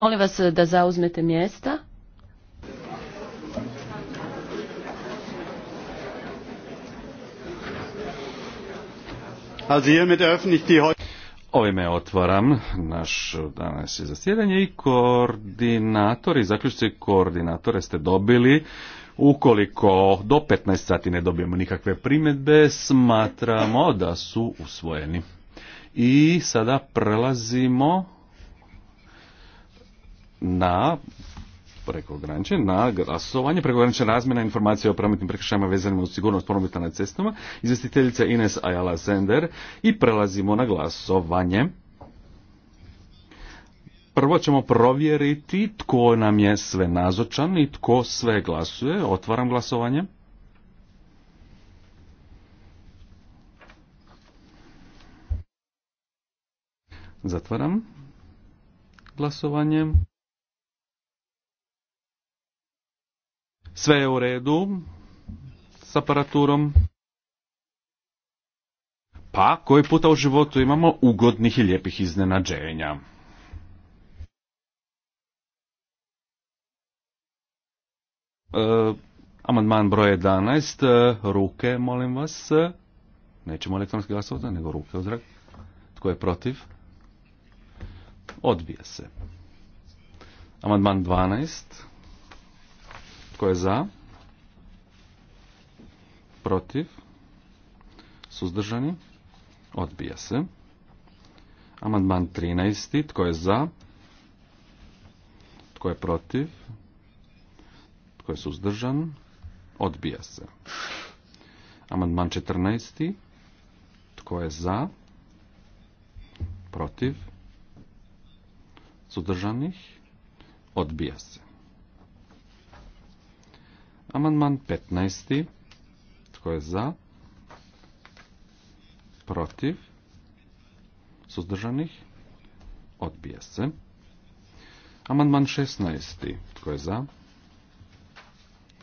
Molim vas eh, da zauzmete mjesta. Ovime otvaram naš danas zasjedanje i koordinatori, zaključci koordinatore ste dobili. Ukoliko do 15 sati ne dobijemo nikakve primjedbe, smatramo da su usvojeni. I sada prelazimo na prekograničen na glasovanje, prekogranična razmjena informacija o prometnim prekršajima vezanima uz sigurnost prometa na cestama, izvestiteljica Ines Ayala Sender i prelazimo na glasovanje. Prvo ćemo provjeriti tko nam je sve nazočan i tko sve glasuje. Otvaram glasovanje. Zatvaram glasovanje. Sve je u redu s aparaturom. Pa koji puta u životu imamo ugodnih i lijepih iznenađenja. E, amandman broj 11. E, ruke, molim vas. Nećemo elektronski glasovati, nego ruke u zrak. Tko je protiv? Odbija se. Amandman 12. Tko je za? Protiv? Suzdržani? Odbija se. Amandman 13. Tko je za? Tko je protiv? Tko je suzdržan? Odbija se. Amandman 14. Tko je za? Protiv? Suzdržanih? Odbija se. Amandman 15. Tko je za? Protiv? Suzdržanih? Odbija se. Amandman 16. Tko je za?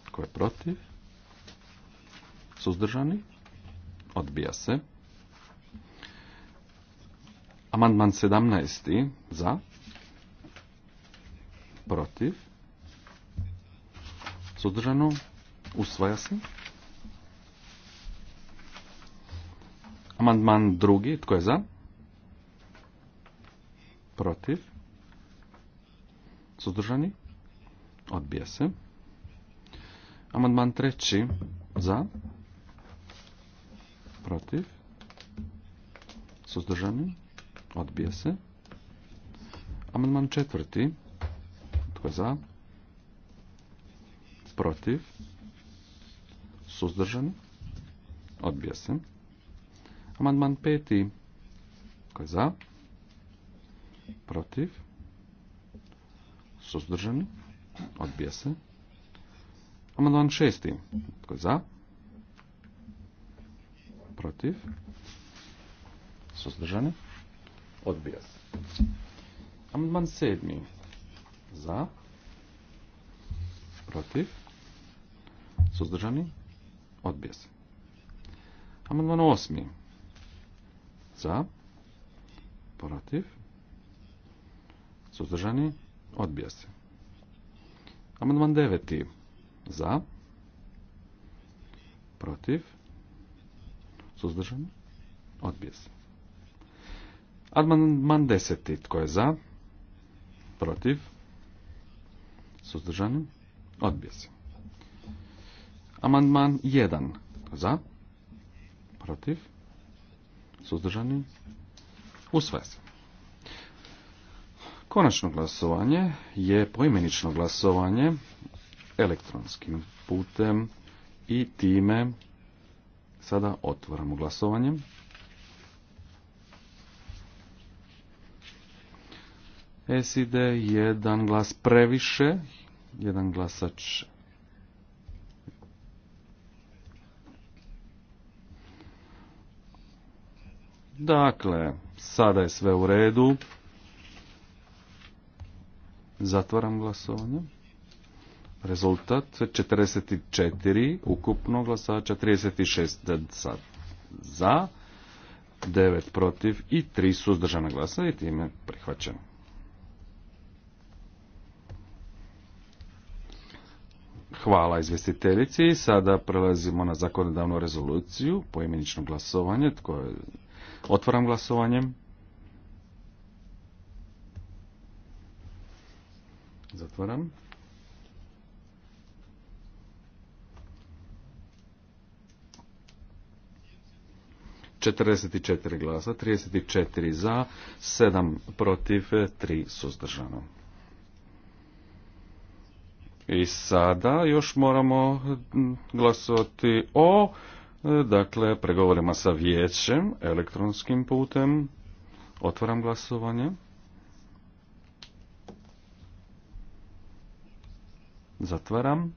Tko je protiv? Suzdržani? Odbija se. Amandman 17. Za? Protiv? suzdržano, usvaja se. Amandman drugi, tko je za? Protiv. Suzdržani. Odbija se. Amandman treći, za? Protiv. Suzdržani. Odbija se. Amandman četvrti, tko je za? protiv, suzdržani, odbija se. Amandman peti, tko je za, protiv, suzdržani, odbija se. Amandman šesti, tko je za, protiv, suzdržani, odbija se. Amandman sedmi, za, protiv, Suzdržani? Odbija se. Amandman osmi. Za? Protiv? Suzdržani? Odbija se. Amandman deveti. Za? Protiv? Suzdržani? Odbija se. Amandman deseti. Tko je za? Protiv? Suzdržani? Odbija se. Amandman 1. Za. Protiv. Suzdržani. Usvaja se. Konačno glasovanje je poimenično glasovanje elektronskim putem i time sada otvoramo glasovanje. SID jedan glas previše, jedan glasač Dakle, sada je sve u redu. Zatvaram glasovanje. Rezultat 44 ukupno glasača, 36 za, za 9 protiv i 3 suzdržana glasa i time prihvaćeno. Hvala izvjestiteljici. Sada prelazimo na zakonodavnu rezoluciju, imeničnom glasovanje. Tko je Otvaram glasovanje. Zatvaram. Četrdeset četiri glasa, trideset četiri za, sedam protiv, tri suzdržano. I sada još moramo glasovati o E, dakle, pregovorima sa vijećem, elektronskim putem. Otvaram glasovanje. Zatvaram.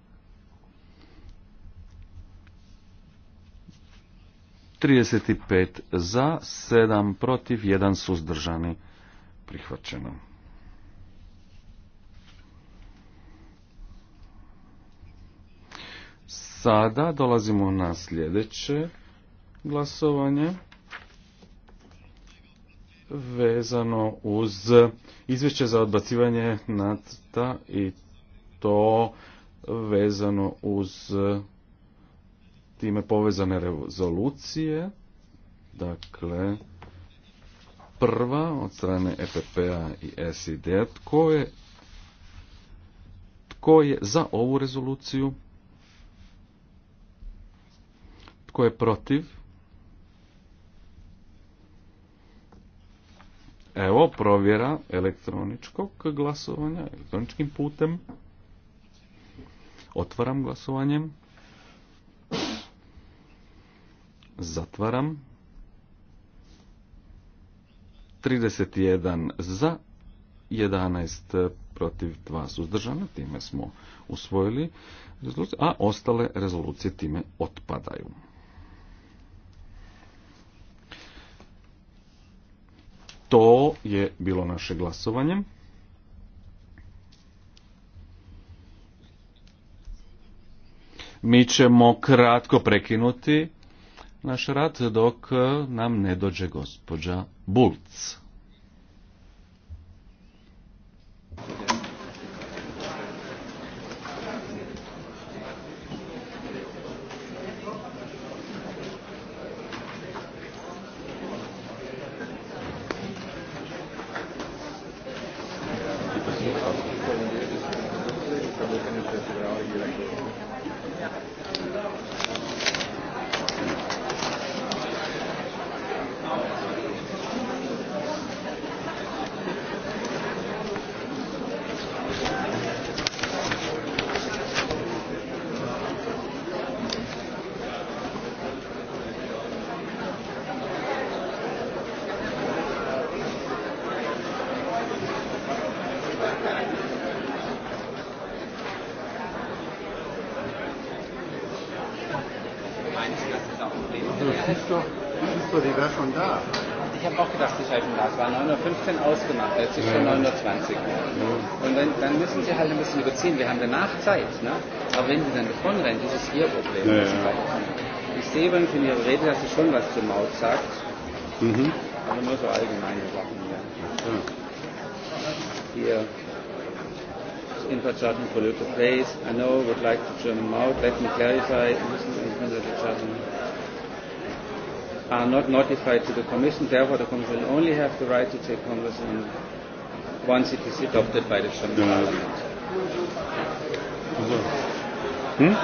pet za, sedam protiv, jedan suzdržani. Prihvaćeno. Sada dolazimo na sljedeće glasovanje vezano uz izvješće za odbacivanje nacrta i to vezano uz time povezane rezolucije. Dakle, prva od strane EPP-a i SID. Tko je, tko je za ovu rezoluciju? Tko je protiv? Evo, provjera elektroničkog glasovanja, elektroničkim putem. Otvaram glasovanjem. Zatvaram. 31 za, 11 protiv 2 suzdržana, time smo usvojili rezolucije, a ostale rezolucije time otpadaju. to je bilo naše glasovanje. Mi ćemo kratko prekinuti naš rad dok nam ne dođe gospođa Bulc. sein, das ist ihr Problem. Ja, ja. Ich sehe übrigens in Ihrer Rede, dass Sie er schon was zur Maut sagt. Mhm. Aber nur so allgemeine Sachen hier. Ja. Hier. Infrastructure for local place. I know would like the German Maut. Let me clarify. Are not notified to the Commission. Therefore, the Commission will only have the right to take Congress in once it is adopted by the German Parliament. Yeah. Hm?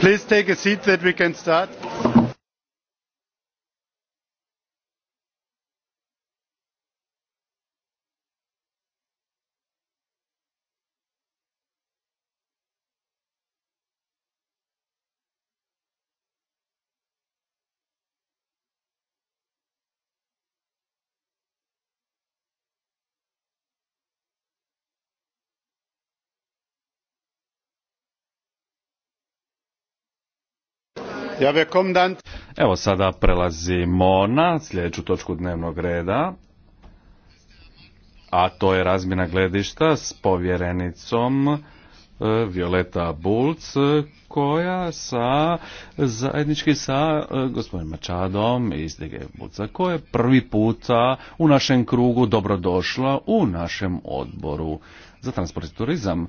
Please take a seat that we can start. Evo sada prelazimo na sljedeću točku dnevnog reda, a to je razmjena gledišta s povjerenicom e, Violeta Bulc koja sa zajednički sa e, gospodinom Mačadom iz DG Bulca koja je prvi puta u našem krugu dobrodošla u našem odboru za transport i turizam.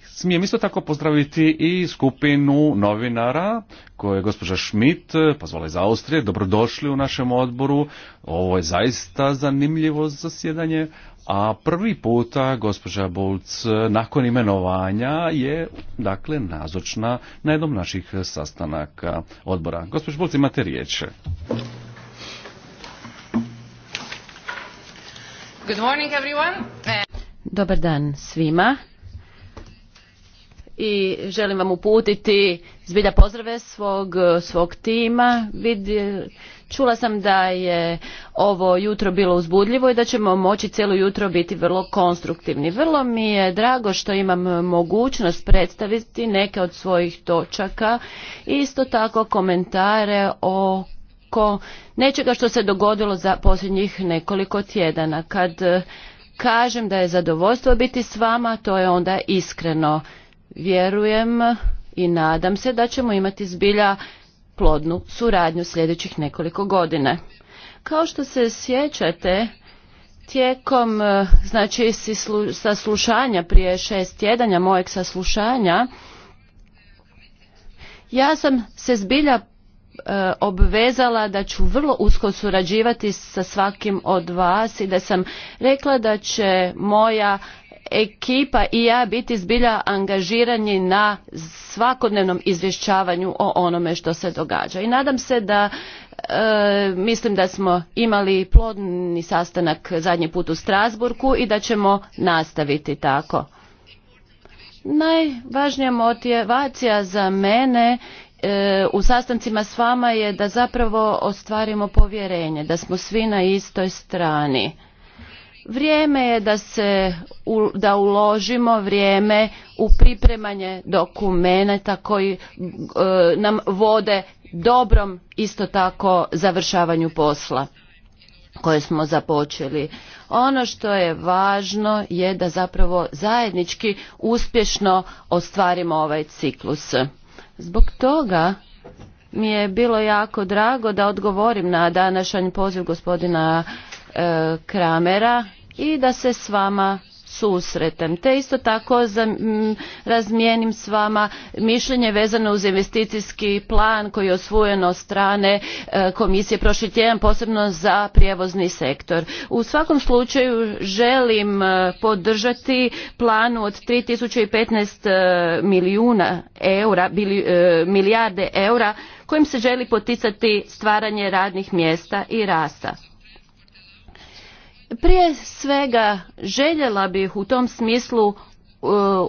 Smijem isto tako pozdraviti i skupinu novinara koje je gospođa Schmidt pozvala iz Austrije. Dobrodošli u našem odboru. Ovo je zaista zanimljivo zasjedanje. A prvi puta gospođa Bulc nakon imenovanja je dakle nazočna na jednom naših sastanaka odbora. Gospođa Bulc imate riječ. Dobar dan svima i želim vam uputiti zbilja pozdrave svog, svog tima. čula sam da je ovo jutro bilo uzbudljivo i da ćemo moći cijelo jutro biti vrlo konstruktivni. Vrlo mi je drago što imam mogućnost predstaviti neke od svojih točaka i isto tako komentare o oko nečega što se dogodilo za posljednjih nekoliko tjedana. Kad kažem da je zadovoljstvo biti s vama, to je onda iskreno vjerujem i nadam se da ćemo imati zbilja plodnu suradnju sljedećih nekoliko godine. Kao što se sjećate, tijekom e, znači saslušanja prije šest tjedanja mojeg saslušanja, ja sam se zbilja e, obvezala da ću vrlo usko surađivati sa svakim od vas i da sam rekla da će moja ekipa i ja biti zbilja angažirani na svakodnevnom izvješćavanju o onome što se događa. I nadam se da e, mislim da smo imali plodni sastanak zadnji put u Strasburgu i da ćemo nastaviti tako. Najvažnija motivacija za mene e, u sastancima s vama je da zapravo ostvarimo povjerenje, da smo svi na istoj strani. Vrijeme je da se da uložimo vrijeme u pripremanje dokumenta koji e, nam vode dobrom isto tako završavanju posla koje smo započeli. Ono što je važno je da zapravo zajednički uspješno ostvarimo ovaj ciklus. Zbog toga mi je bilo jako drago da odgovorim na današnji poziv gospodina E, Kramera i da se s vama susretem. Te isto tako za, razmijenim s vama mišljenje vezano uz investicijski plan koji je osvojen od strane e, komisije prošli tjedan posebno za prijevozni sektor. U svakom slučaju želim e, podržati planu od 3015 milijuna eura, bili, milijarde eura kojim se želi poticati stvaranje radnih mjesta i rasta. Prije svega željela bih u tom smislu uh,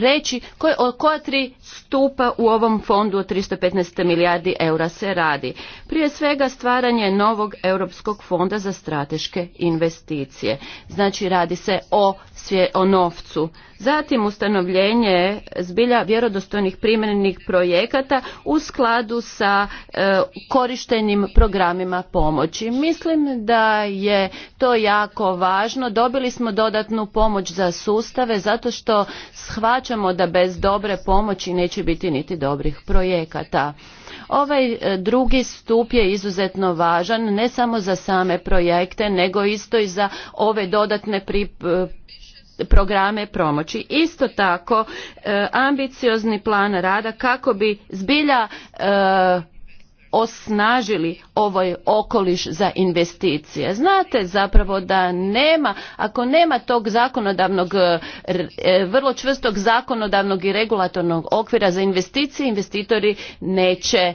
reći o koja tri stupa u ovom fondu od 315 milijardi eura se radi. Prije svega stvaranje novog Europskog fonda za strateške investicije. Znači radi se o svje, o novcu. Zatim ustanovljenje zbilja vjerodostojnih primjenih projekata u skladu sa e, korištenim programima pomoći. Mislim da je to jako važno. Dobili smo dodatnu pomoć za sustave zato što shvaćamo da bez dobre pomoći neće biti niti dobrih projekata. Ovaj e, drugi stup je izuzetno važan ne samo za same projekte nego isto i za ove dodatne pri e, programe pomoći. Isto tako e, ambiciozni plan rada kako bi zbilja e, osnažili ovaj okoliš za investicije. Znate zapravo da nema, ako nema tog zakonodavnog, e, vrlo čvrstog zakonodavnog i regulatornog okvira za investicije, investitori neće,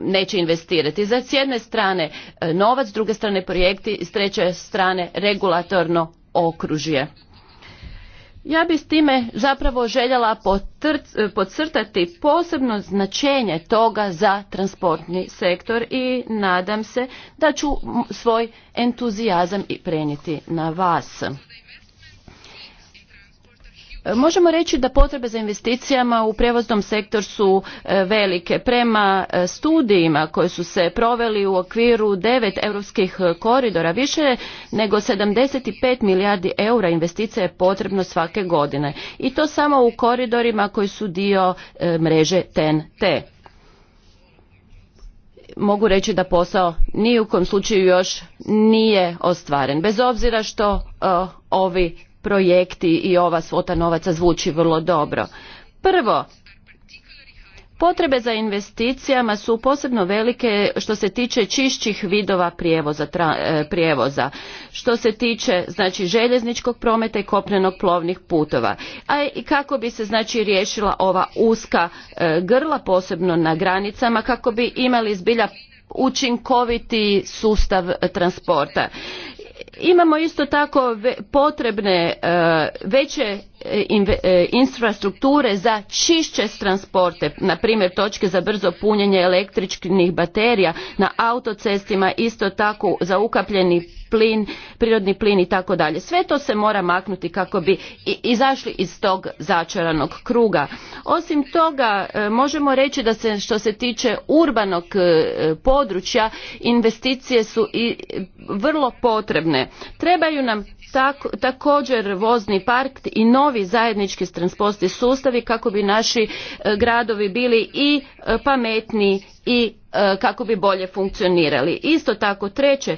neće investirati. Za s jedne strane novac, s druge strane projekti, s treće strane regulatorno okružje. Ja bih s time zapravo željela podcrtati posebno značenje toga za transportni sektor i nadam se da ću svoj entuzijazam i prenijeti na vas. E, možemo reći da potrebe za investicijama u prijevoznom sektor su e, velike. Prema e, studijima koji su se proveli u okviru devet europskih koridora, više nego 75 milijardi eura investicija je potrebno svake godine. I to samo u koridorima koji su dio mreže TNT mogu reći da posao ni u kom slučaju još nije ostvaren bez obzira što ovi projekti i ova svota novaca zvuči vrlo dobro. Prvo, Potrebe za investicijama su posebno velike što se tiče čišćih vidova prijevoza, e, prijevoza što se tiče znači željezničkog prometa i kopnenog plovnih putova. A i kako bi se znači riješila ova uska e, grla posebno na granicama kako bi imali zbilja učinkoviti sustav transporta Imamo isto tako potrebne e, veće e, e, infrastrukture za čišće transporte, na primjer točke za brzo punjenje električnih baterija na autocestama, isto tako za ukapljeni plin, prirodni plin i tako dalje. Sve to se mora maknuti kako bi izašli iz tog začaranog kruga. Osim toga, e, možemo reći da se što se tiče urbanog e, područja, investicije su i vrlo potrebne. Trebaju nam također vozni park i novi zajednički transportni sustavi kako bi naši e, gradovi bili i pametni i kako bi bolje funkcionirali. Isto tako treće,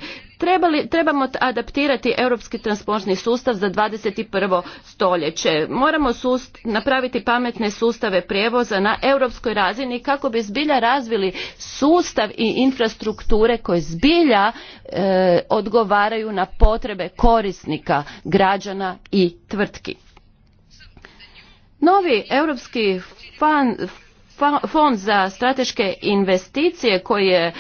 trebamo adaptirati europski transportni sustav za 21. stoljeće. Moramo sust, napraviti pametne sustave prijevoza na europskoj razini kako bi zbilja razvili sustav i infrastrukture koje zbilja e, odgovaraju na potrebe korisnika, građana i tvrtki. Novi europski fan, fond za strateške investicije koji je e,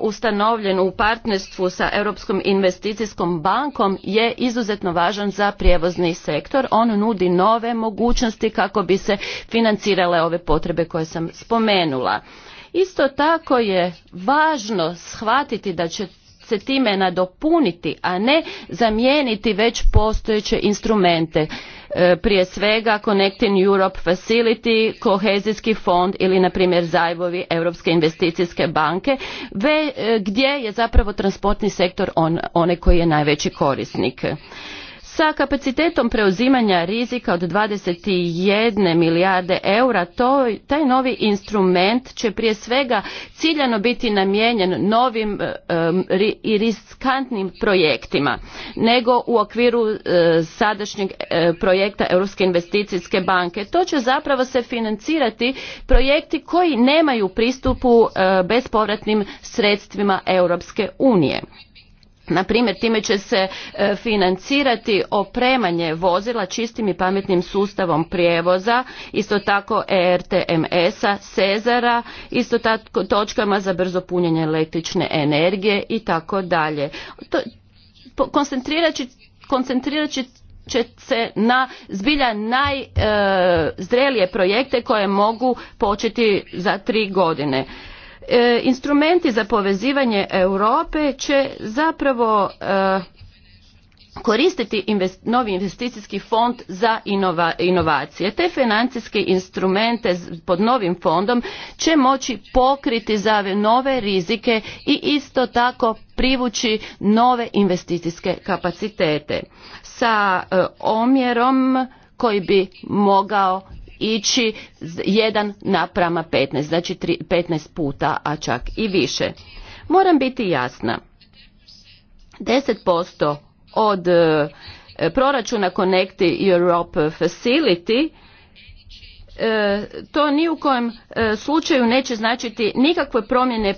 ustanovljen u partnerstvu sa Europskom investicijskom bankom je izuzetno važan za prijevozni sektor. On nudi nove mogućnosti kako bi se financirale ove potrebe koje sam spomenula. Isto tako je važno shvatiti da će se time nadopuniti, a ne zamijeniti već postojeće instrumente e, prije svega Connecting Europe Facility, kohezijski fond ili na primjer zajmovi Europske investicijske banke, e, gdje je zapravo transportni sektor onaj koji je najveći korisnik sa kapacitetom preuzimanja rizika od 21 milijarde eura to, taj novi instrument će prije svega ciljano biti namijenjen novim e, i riskantnim projektima nego u okviru e, sadašnjeg e, projekta Europske investicijske banke. To će zapravo se financirati projekti koji nemaju pristupu bespovratnim sredstvima Europske unije. Na primjer, time će se e, financirati opremanje vozila čistim i pametnim sustavom prijevoza, isto tako ERTMS-a, Cezara, isto tako točkama za brzo punjenje električne energije i tako dalje. Koncentrirat će, se na zbilja najzrelije e, projekte koje mogu početi za tri godine. E, instrumenti za povezivanje Europe će zapravo e, koristiti novi investicijski fond za inovacije. Te financijske instrumente pod novim fondom će moći pokriti za nove rizike i isto tako privući nove investicijske kapacitete sa e, omjerom koji bi mogao ići jedan naprama 15, znači 15 puta, a čak i više. Moram biti jasna, 10% od e, proračuna Connect Europe Facility e, to ni u kojem e, slučaju neće značiti nikakve promjene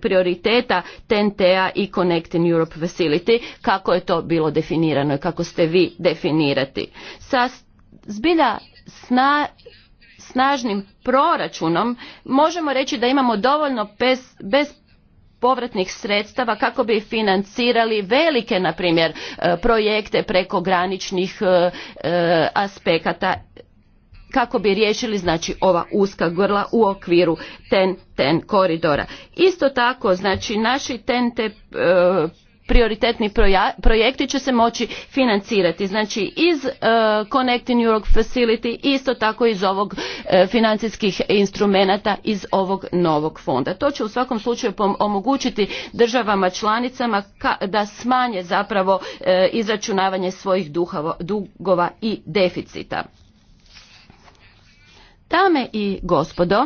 prioriteta TNT-a i Connecting Europe Facility kako je to bilo definirano i kako ste vi definirati. Sa zbilja sna, snažnim proračunom možemo reći da imamo dovoljno bez, povratnih sredstava kako bi financirali velike na primjer e, projekte prekograničnih e, e, aspekata kako bi riješili znači ova uska grla u okviru ten ten koridora. Isto tako znači naši ten prioritetni projekti će se moći financirati. Znači iz e, Connecting Europe Facility isto tako iz ovog e, financijskih instrumenata iz ovog novog fonda. To će u svakom slučaju omogućiti državama članicama da smanje zapravo e, izračunavanje svojih dugova i deficita. Dame i gospodo,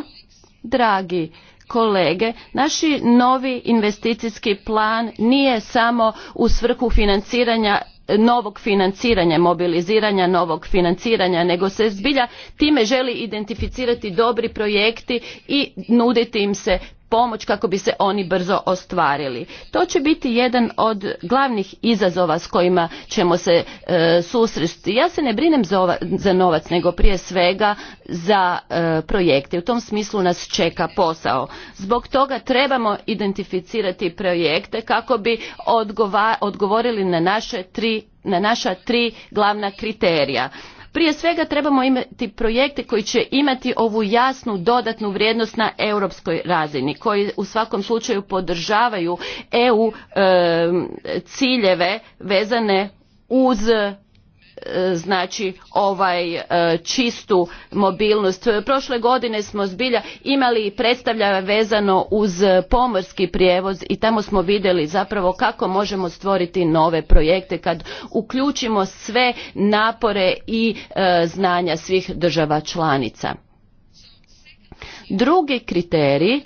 dragi kolege, naši novi investicijski plan nije samo u svrhu financiranja novog financiranja mobiliziranja novog financiranja nego se zbilja time želi identificirati dobri projekti i nuditi im se pomoć kako bi se oni brzo ostvarili. To će biti jedan od glavnih izazova s kojima ćemo se e, susresti. Ja se ne brinem za, novac, nego prije svega za e, projekte. U tom smislu nas čeka posao. Zbog toga trebamo identificirati projekte kako bi odgovorili na naše tri na naša tri glavna kriterija prije svega trebamo imati projekte koji će imati ovu jasnu dodatnu vrijednost na europskoj razini, koji u svakom slučaju podržavaju EU ciljeve vezane uz znači ovaj e, čistu mobilnost. Prošle godine smo zbilja imali predstavlja vezano uz pomorski prijevoz i tamo smo vidjeli zapravo kako možemo stvoriti nove projekte kad uključimo sve napore i e, znanja svih država članica. Drugi kriterij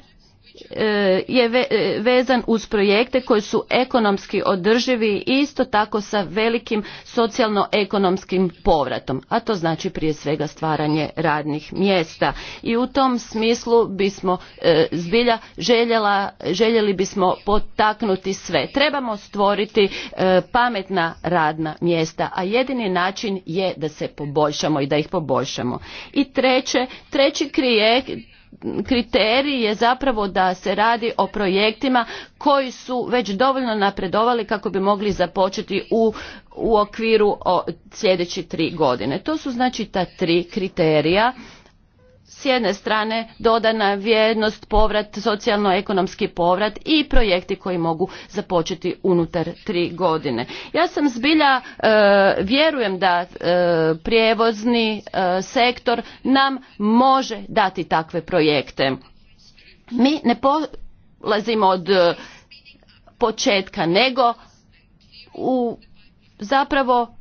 E, je e, vezan uz projekte koji su ekonomski održivi i isto tako sa velikim socijalno-ekonomskim povratom, a to znači prije svega stvaranje radnih mjesta. I u tom smislu bismo e, zbilja željela, željeli bismo potaknuti sve. Trebamo stvoriti pametna radna mjesta, a jedini način je da se poboljšamo i da ih poboljšamo. I treće, treći krije, kriterij je zapravo da se radi o projektima koji su već dovoljno napredovali kako bi mogli započeti u, okviru sljedeće tri godine. To su znači ta tri kriterija s jedne strane dodana vrijednost, povrat, socijalno-ekonomski povrat i projekti koji mogu započeti unutar tri godine. Ja sam zbilja, e, vjerujem da e, prijevozni e, sektor nam može dati takve projekte. Mi ne polazimo od početka, nego u zapravo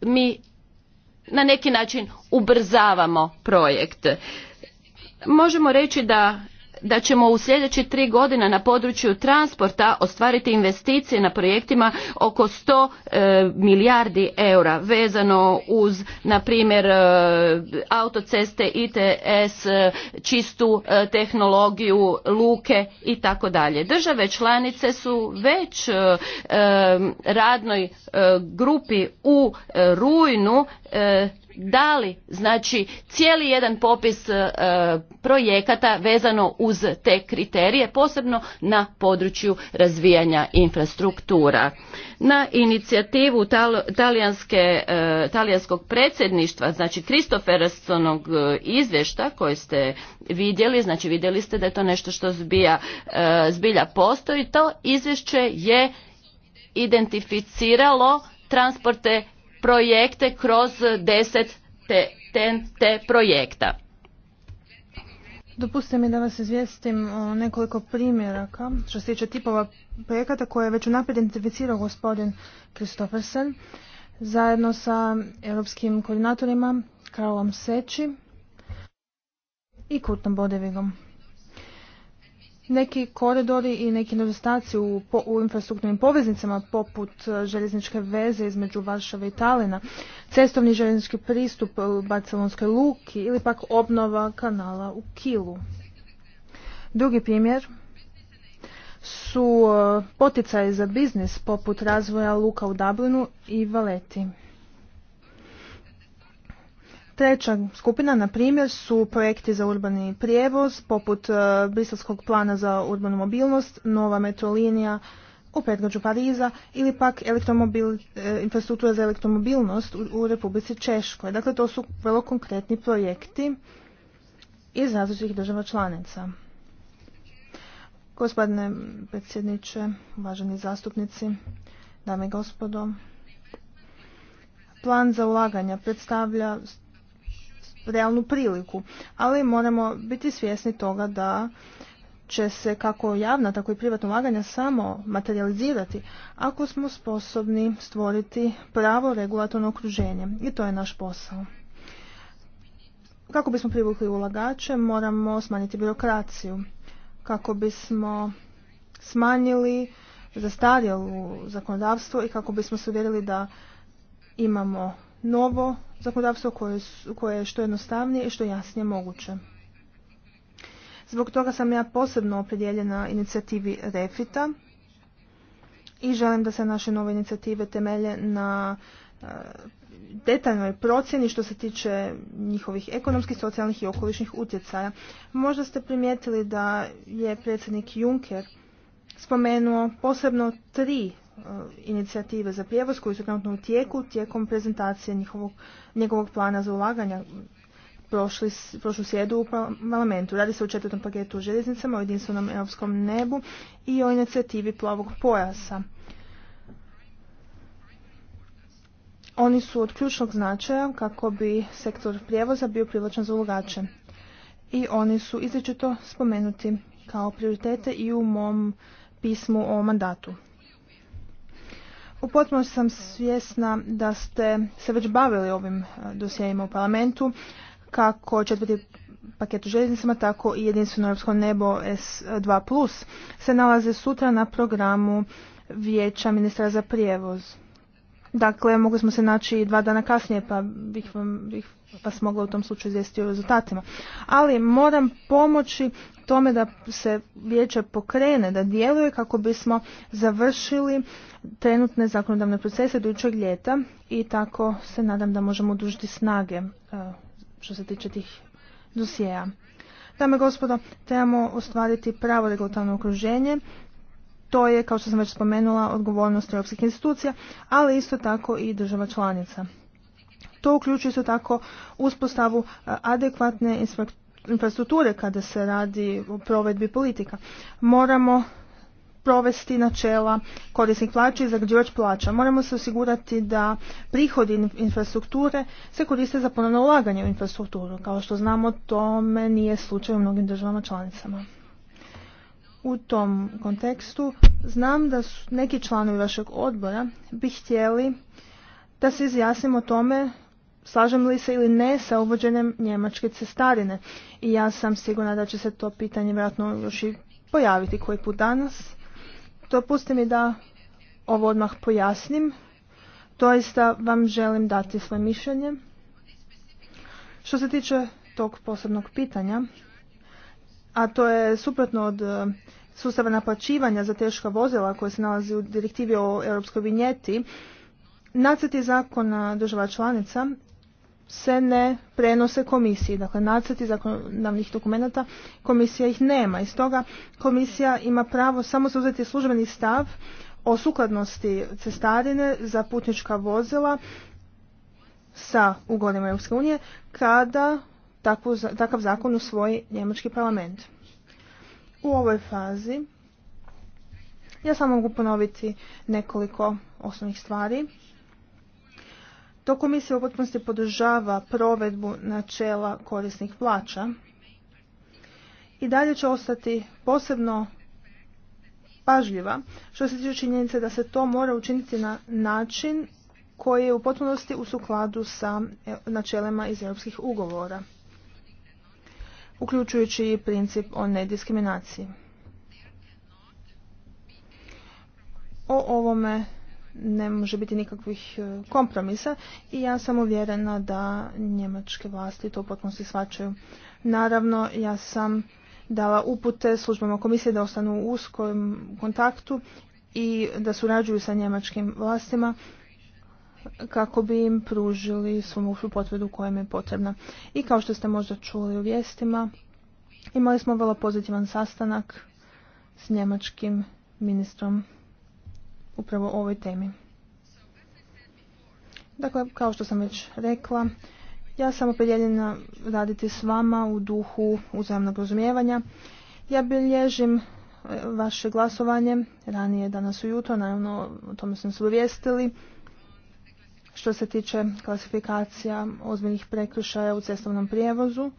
mi na neki način ubrzavamo projekt možemo reći da da ćemo u sljedeći tri godina na području transporta ostvariti investicije na projektima oko 100 e, milijardi eura vezano uz na primjer e, autoceste, ITS, e, čistu tehnologiju, luke i tako dalje. Države članice su već radnoj grupi u rujnu dali znači cijeli jedan popis e, projekata vezano uz te kriterije posebno na području razvijanja infrastruktura na inicijativu talijanske, e, talijanskog predsjedništva znači Kristoferasonog e, izvješta koji ste vidjeli znači vidjeli ste da je to nešto što zbija, zbilja postoji to izvješće je identificiralo transporte projekte kroz deset te, te, te projekta. Dopustite mi da vas izvijestim o nekoliko primjeraka što se tiče tipova projekata koje je već unaprijed identificirao gospodin Kristofersen zajedno sa europskim koordinatorima Karlom Seći i Kurtom Bodevigom neki koridori i neki nedostaci u, infrastrukturnim poveznicama poput e, željezničke veze između Varšave i Talina, cestovni željeznički pristup u e, Barcelonskoj luki ili pak obnova kanala u Kilu. Drugi primjer su e, poticaje za biznis poput razvoja luka u Dublinu i Valeti. Treća skupina, na primjer, su projekti za urbani prijevoz, poput e, Briselskog plana za urbanu mobilnost, nova metrolinija u predgrađu Pariza ili pak e, infrastruktura za elektromobilnost u, Republici Češkoj. Dakle, to su vrlo konkretni projekti iz različitih država članica. Gospodine predsjedniče, uvaženi zastupnici, dame i gospodo, plan za ulaganja predstavlja realnu priliku. Ali moramo biti svjesni toga da će se kako javna, tako i privatna ulaganja samo materializirati ako smo sposobni stvoriti pravo regulatorno okruženje. I to je naš posao. Kako bismo privukli ulagače, moramo smanjiti birokraciju. Kako bismo smanjili zastarjelu zakonodavstvo i kako bismo se uvjerili da imamo novo zakonodavstvo koje, je što jednostavnije i što jasnije moguće. Zbog toga sam ja posebno opredjeljena inicijativi Refita i želim da se naše nove inicijative temelje na e, detaljnoj procjeni što se tiče njihovih ekonomskih, socijalnih i okolišnih utjecaja. Možda ste primijetili da je predsjednik Juncker spomenuo posebno tri E, inicijative za prijevoz koji su trenutno u tijeku tijekom prezentacije njihovog, njegovog plana za ulaganja prošli, prošlu sjedu u parlamentu. Radi se o četvrtom paketu u željeznicama, o jedinstvenom europskom nebu i o inicijativi plavog pojasa. Oni su od ključnog značaja kako bi sektor prijevoza bio privlačan za ulagače. I oni su izričito spomenuti kao prioritete i u mom pismu o mandatu. U potpunosti sam svjesna da ste se već bavili ovim e, dosjejima u parlamentu, kako četvrti paket u željeznicama, tako i jedinstveno europsko nebo S2+, se nalaze sutra na programu vijeća ministra za prijevoz. Dakle, mogli smo se naći i dva dana kasnije, pa bih, vam, bih vas mogla u tom slučaju izvijestiti o rezultatima. Ali moram pomoći tome da se vijeće pokrene, da djeluje kako bismo završili trenutne zakonodavne procese do ljeta i tako se nadam da možemo udužiti snage e, što se tiče tih dosijeja. Dame i gospodo, trebamo ostvariti pravo regulatorno okruženje. To je, kao što sam već spomenula, odgovornost europskih institucija, ali isto tako i država članica. To uključuje isto tako uspostavu e, adekvatne inspektorije infrastrukture kada se radi o provedbi politika. Moramo provesti načela korisnik plaća i zagađivač plaća. Moramo se osigurati da prihodi infrastrukture se koriste za ponovno ulaganje u infrastrukturu. Kao što znamo, tome nije slučaj u mnogim državama članicama. U tom kontekstu znam da su neki članovi vašeg odbora bi htjeli da se izjasnimo o tome slažem li se ili ne sa uvođenjem njemačke cestarine. I ja sam sigurna da će se to pitanje vjerojatno još i pojaviti koji put danas. Dopustite mi da ovo odmah pojasnim. Doista vam želim dati svoje mišljenje. Što se tiče tog posebnog pitanja, a to je suprotno od e, sustava naplaćivanja za teška vozila koja se nalazi u direktivi o europskoj vinjeti, nacrti zakona država članica se ne prenose komisiji. Dakle, nacrti zakonodavnih dokumenata komisija ih nema. I stoga komisija ima pravo samo uzeti službeni stav o sukladnosti cestarine za putnička vozila sa ugovorima EU unije kada takav zakon usvoji njemački parlament. U ovoj fazi ja samo mogu ponoviti nekoliko osnovnih stvari to komisija u potpunosti podržava provedbu načela korisnih plaća i dalje će ostati posebno pažljiva što se tiče činjenice da se to mora učiniti na način koji je u potpunosti u sukladu sa e, načelima iz europskih ugovora, uključujući i princip o nediskriminaciji. O ovome ne može biti nikakvih e, kompromisa i ja sam uvjerena da njemačke vlasti to potpuno se svačaju. Naravno, ja sam dala upute službama komisije da ostanu u uskom kontaktu i da surađuju sa njemačkim vlastima kako bi im pružili svu ušu potvrdu koja im je potrebna. I kao što ste možda čuli u vijestima, imali smo vrlo pozitivan sastanak s njemačkim ministrom upravo o ovoj temi. Dakle, kao što sam već rekla, ja sam opredjeljena raditi s vama u duhu uzajamnog razumijevanja. Ja bilježim e, vaše glasovanje ranije danas ujutro, naravno o tome smo se uvijestili. Što se tiče klasifikacija ozbiljnih prekršaja u cestovnom prijevozu,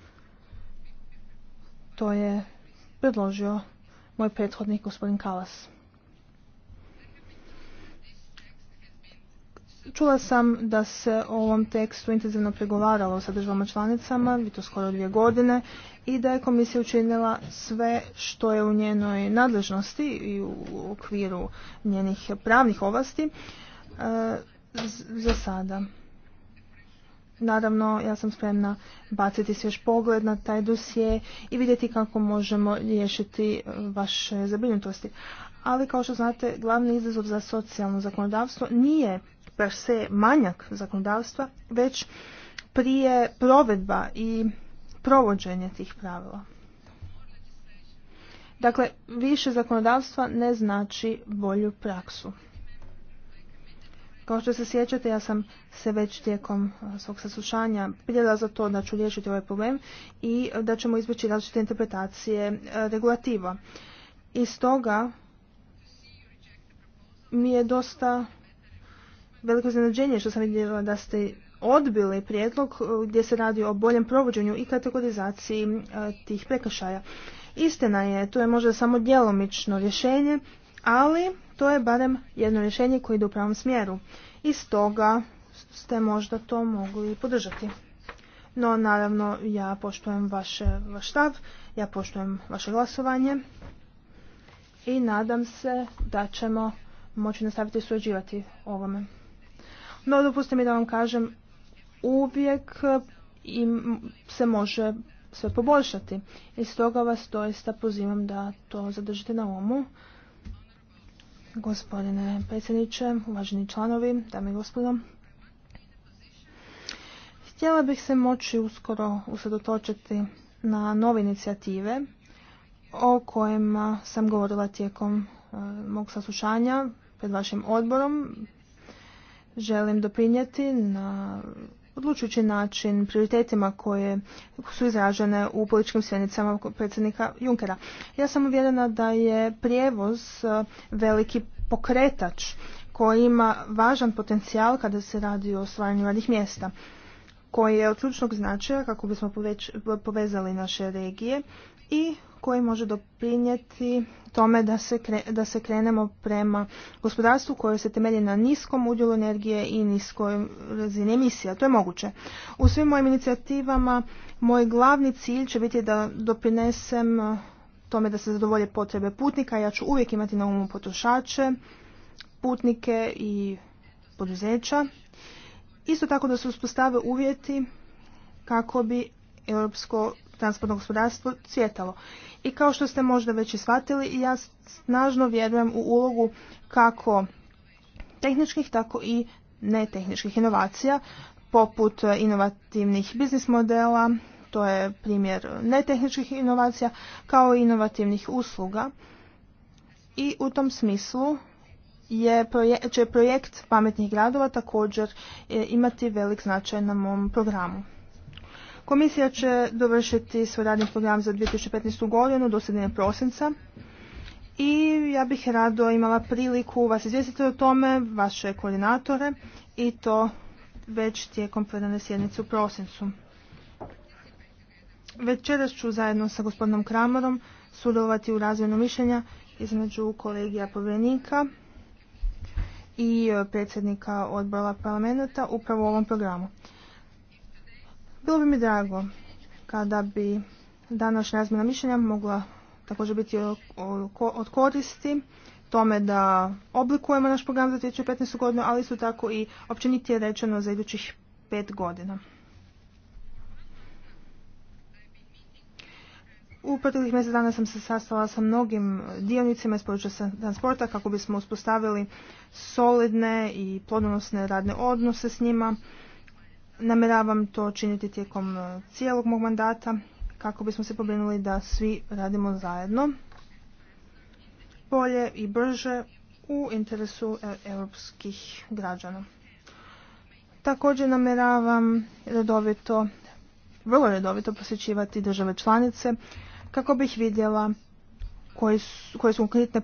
to je predložio moj prethodnik gospodin Kalas. Čula sam da se o ovom tekstu intenzivno pregovaralo sa državama članicama, vi to skoro dvije godine, i da je komisija učinila sve što je u njenoj nadležnosti i u okviru njenih pravnih ovlasti e, za sada. Naravno, ja sam spremna baciti se pogled na taj dosje i vidjeti kako možemo riješiti e, vaše zabrinutosti. Ali, kao što znate, glavni izazov za socijalno zakonodavstvo nije per se manjak zakonodavstva, već prije provedba i provođenje tih pravila. Dakle, više zakonodavstva ne znači bolju praksu. Kao što se sjećate, ja sam se već tijekom svog saslušanja prijela za to da ću riješiti ovaj problem i da ćemo izbjeći različite interpretacije e, regulativa. I stoga mi je dosta veliko iznenađenje što sam vidjela da ste odbili prijedlog e, gdje se radi o boljem provođenju i kategorizaciji e, tih prekršaja. Istina je, to je možda samo djelomično rješenje, ali to je barem jedno rješenje koje ide u pravom smjeru. I stoga ste možda to mogli podržati. No, naravno, ja poštujem vaše, vaš stav, ja poštujem vaše glasovanje i nadam se da ćemo moći nastaviti surađivati ovome. No, dopustite mi da vam kažem, uvijek e, im se može sve poboljšati. I stoga vas doista pozivam da to zadržite na umu. Gospodine predsjedniče, uvaženi članovi, dame i gospodo. Htjela bih se moći uskoro usredotočiti na nove inicijative o kojima sam govorila tijekom e, mog saslušanja pred vašim odborom želim doprinijeti na odlučujući način prioritetima koje su izražene u političkim svjednicama predsjednika Junkera. Ja sam uvjerena da je prijevoz e, veliki pokretač koji ima važan potencijal kada se radi o osvajanju radnih mjesta koji je od ključnog značaja kako bismo povezali naše regije i koji može doprinijeti tome da se, da se krenemo prema gospodarstvu koje se temelji na niskom udjelu energije i niskoj razini emisija. To je moguće. U svim mojim inicijativama moj glavni cilj će biti da doprinesem uh, tome da se zadovolje potrebe putnika. Ja ću uvijek imati na umu potrošače, putnike i poduzeća. Isto tako da se uspostave uvjeti kako bi europsko transportno gospodarstvo cvjetalo. I kao što ste možda već i shvatili, ja snažno vjerujem u ulogu kako tehničkih, tako i netehničkih inovacija, poput e, inovativnih biznis modela, to je primjer netehničkih inovacija, kao i inovativnih usluga. I u tom smislu je, će projekt pametnih gradova također e, imati velik značaj na mom programu. Komisija će dovršiti svoj radni program za 2015. godinu do sredine prosinca i ja bih rado imala priliku vas izvijestiti o tome, vaše koordinatore i to već tijekom plenarne sjednice u prosincu. Večeras ću zajedno sa gospodinom Kramorom sudovati u razvijenu mišljenja između kolegija povjerenika i e, predsjednika odbora parlamenta upravo u ovom programu. Bilo bi mi drago kada bi današnja razmjena mišljenja mogla također biti od koristi tome da oblikujemo naš program za 2015. godinu, ali su tako i općenitije rečeno za idućih pet godina. U proteklih mjesec dana sam se sastala sa mnogim dionicima iz područja transporta kako bismo uspostavili solidne i plodonosne radne odnose s njima namjeravam to činiti tijekom e, cijelog mog mandata kako bismo se pobrinuli da svi radimo zajedno bolje i brže u interesu e, europskih građana. Također namjeravam redovito, vrlo redovito posjećivati države članice kako bih vidjela koje su, koje konkretne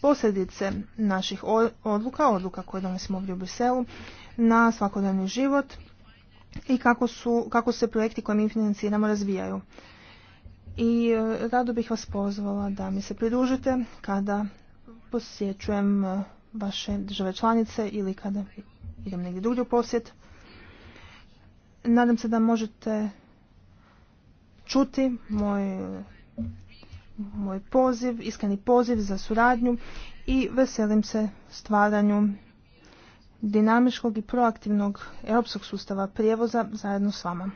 posljedice naših odluka, odluka koje donosimo ovdje u Briselu, na svakodnevni život i kako, su, kako se projekti koje mi financiramo razvijaju. I e, rado bih vas pozvala da mi se pridružite kada posjećujem e, vaše države članice ili kada idem negdje drugdje u posjet. Nadam se da možete čuti moj, moj poziv, iskreni poziv za suradnju i veselim se stvaranju dinamičkog i proaktivnog europskog sustava prijevoza zajedno s vama.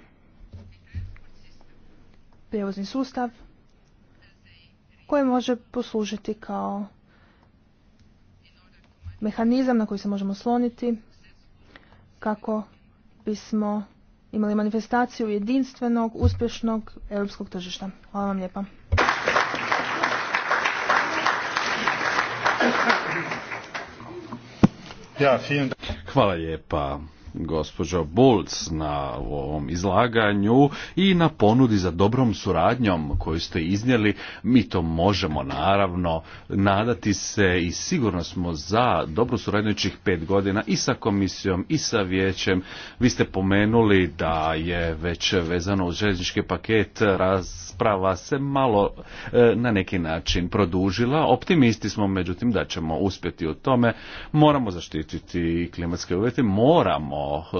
Prijevozni sustav koji može poslužiti kao mehanizam na koji se možemo sloniti kako bismo imali manifestaciju jedinstvenog, uspješnog europskog tržišta. Hvala vam lijepa. Ja, vielen Hvala lijepa gospođo Bulc na ovom izlaganju i na ponudi za dobrom suradnjom koju ste iznijeli. Mi to možemo naravno nadati se i sigurno smo za dobru suradnjućih pet godina i sa komisijom i sa vijećem. Vi ste pomenuli da je već vezano uz željeznički paket rasprava se malo e, na neki način produžila. Optimisti smo međutim da ćemo uspjeti u tome. Moramo zaštititi klimatske uvjete, moramo E,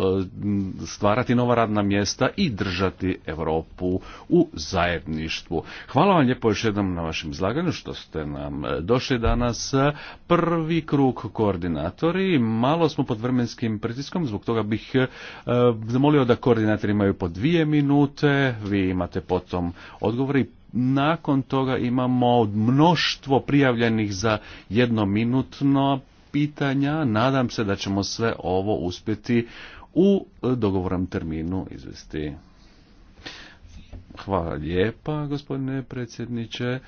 stvarati nova radna mjesta i držati Europu u zajedništvu. Hvala vam lijepo još jednom na vašem izlaganju što ste nam e, došli danas. Prvi krug koordinatori, malo smo pod vremenskim pritiskom, zbog toga bih e, zamolio da koordinatori imaju po dvije minute, vi imate potom odgovori nakon toga imamo mnoštvo prijavljenih za jednominutno pitanja. Nadam se da ćemo sve ovo uspjeti u e, dogovoram terminu izvesti. Hvala lijepa, gospodine predsjedniče.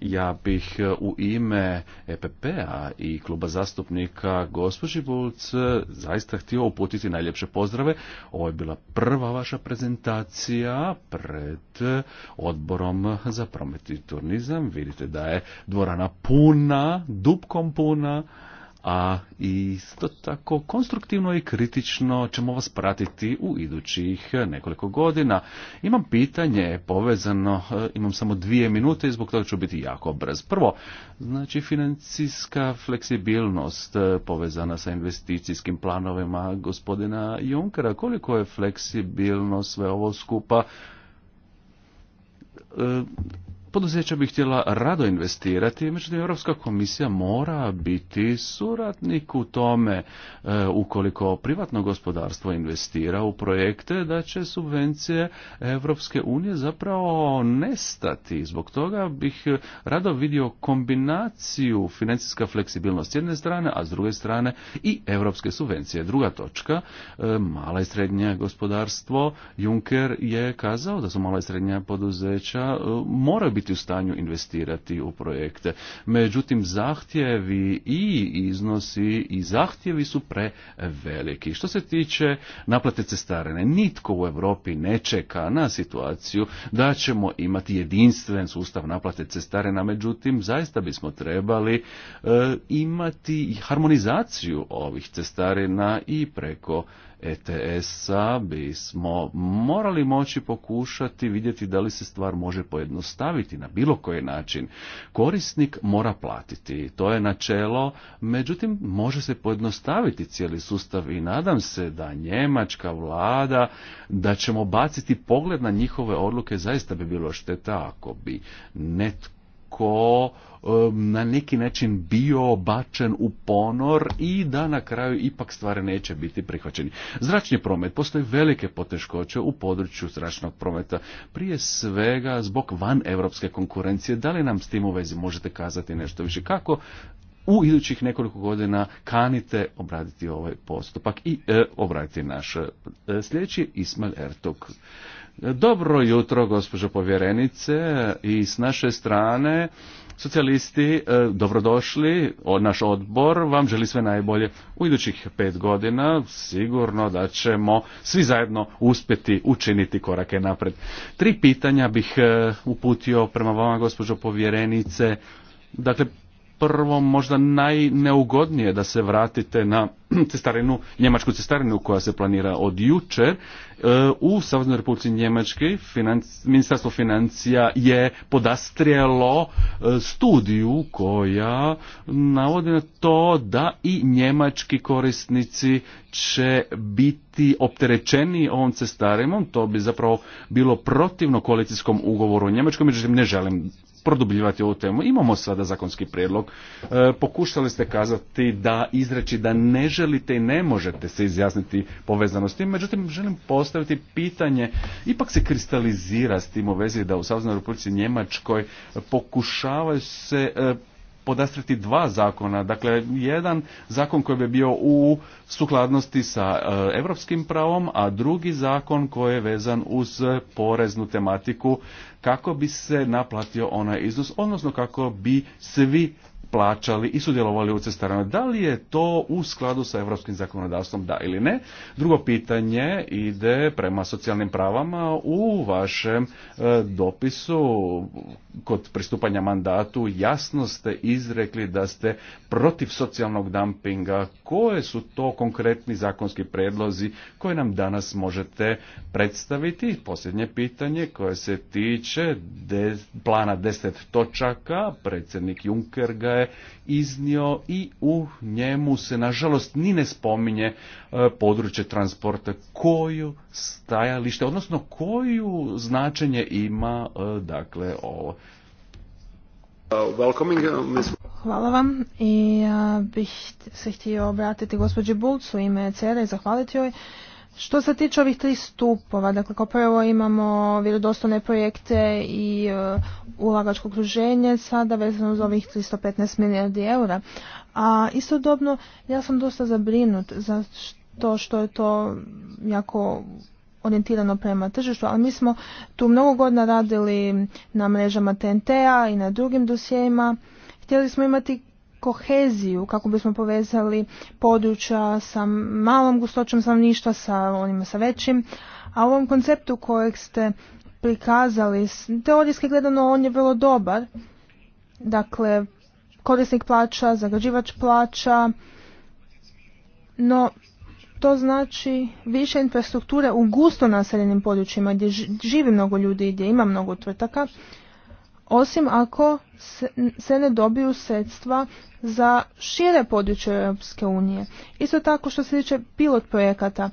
Ja bih e, u ime EPP-a i kluba zastupnika gospođi Bulc e, zaista htio uputiti najljepše pozdrave. Ovo je bila prva vaša prezentacija pred e, odborom za promet i turizam. Vidite da je dvorana puna, dupkom puna a isto tako konstruktivno i kritično ćemo vas pratiti u idućih nekoliko godina. Imam pitanje povezano, e, imam samo dvije minute i zbog toga ću biti jako brz. Prvo, znači financijska fleksibilnost e, povezana sa investicijskim planovima gospodina Junkera. Koliko je fleksibilno sve ovo skupa? E, poduzeća bi htjela rado investirati, međutim Europska komisija mora biti suradnik u tome e, ukoliko privatno gospodarstvo investira u projekte da će subvencije Europske unije zapravo nestati. Zbog toga bih rado vidio kombinaciju financijska fleksibilnost s jedne strane, a s druge strane i europske subvencije. Druga točka, e, mala i srednja gospodarstvo, Juncker je kazao da su mala i srednja poduzeća e, moraju biti biti u stanju investirati u projekte. Međutim, zahtjevi i iznosi i zahtjevi su preveliki. Što se tiče naplate cestarene, nitko u Europi ne čeka na situaciju da ćemo imati jedinstven sustav naplate cestarena, međutim, zaista bismo trebali e, imati harmonizaciju ovih cestarina i preko ETS-a bismo morali moći pokušati vidjeti da li se stvar može pojednostaviti na bilo koji način. Korisnik mora platiti, to je načelo, međutim može se pojednostaviti cijeli sustav i nadam se da njemačka vlada, da ćemo baciti pogled na njihove odluke, zaista bi bilo šteta ako bi netko ko na neki način bio bačen u ponor i da na kraju ipak stvari neće biti prihvaćeni. Zračni promet postoji velike poteškoće u području zračnog prometa, prije svega zbog van europske konkurencije. Da li nam s tim u vezi možete kazati nešto više? Kako u idućih nekoliko godina kanite obraditi ovaj postupak i e, obraditi naš e, sljedeći Ismail Ertug. Dobro jutro, gospođo povjerenice, i s naše strane socijalisti, e, dobrodošli, naš odbor vam želi sve najbolje u idućih pet godina, sigurno da ćemo svi zajedno uspjeti učiniti korake napred. Tri pitanja bih e, uputio prema vama, gospođo povjerenice. Dakle, Prvo, možda najneugodnije da se vratite na cestarinu, njemačku cestarinu koja se planira od jučer. E, u Saveznoj Republici Njemački ministarstvo financija je podastrijelo e, studiju koja navodi na to da i njemački korisnici će biti opterećeni ovom cestarinom To bi zapravo bilo protivno koalicijskom ugovoru u Njemačkoj, međutim ne želim produbljivati ovu temu. Imamo sada zakonski prijedlog. E, pokušali ste kazati da izreći da ne želite i ne možete se izjasniti povezano s tim. Međutim, želim postaviti pitanje. Ipak se kristalizira s tim u vezi da u Saveznoj Republici Njemačkoj pokušavaju se e, podastrati dva zakona. Dakle, jedan zakon koji bi bio u sukladnosti sa europskim pravom, a drugi zakon koji je vezan uz poreznu tematiku kako bi se naplatio onaj iznos, odnosno kako bi svi plaćali i sudjelovali u cestarama. Da li je to u skladu sa europskim zakonodavstvom, da ili ne? Drugo pitanje ide prema socijalnim pravama u vašem e, dopisu kod pristupanja mandatu jasno ste izrekli da ste protiv socijalnog dumpinga. Koje su to konkretni zakonski predlozi koje nam danas možete predstaviti? Posljednje pitanje koje se tiče plana deset točaka, predsjednik Juncker iznio i u njemu se nažalost ni ne spominje e, područje transporta koju stajalište, odnosno koju značenje ima e, dakle ovo. Uh, Hvala vam i ja bih se htio obratiti gospođi Bulcu ime Cera i zahvaliti joj što se tiče ovih tri stupova, dakle kao prvo imamo vjerodostojne projekte i e, ulagačko okruženje sada vezano uz ovih 315 milijardi eura, a istodobno ja sam dosta zabrinut za to što je to jako orijentirano prema tržištu, ali mi smo tu mnogo godina radili na mrežama TNT-a i na drugim dosjejima. Htjeli smo imati koheziju kako bismo povezali područja sa malom gustoćom stanovništva sa onima sa većim a u ovom konceptu kojeg ste prikazali teorijski gledano on je vrlo dobar dakle korisnik plaća zagađivač plaća no to znači više infrastrukture u gusto naseljenim područjima gdje živi mnogo ljudi i gdje ima mnogo tvrtaka osim ako se ne dobiju sredstva za šire područje Europske unije. Isto tako što se tiče pilot projekata,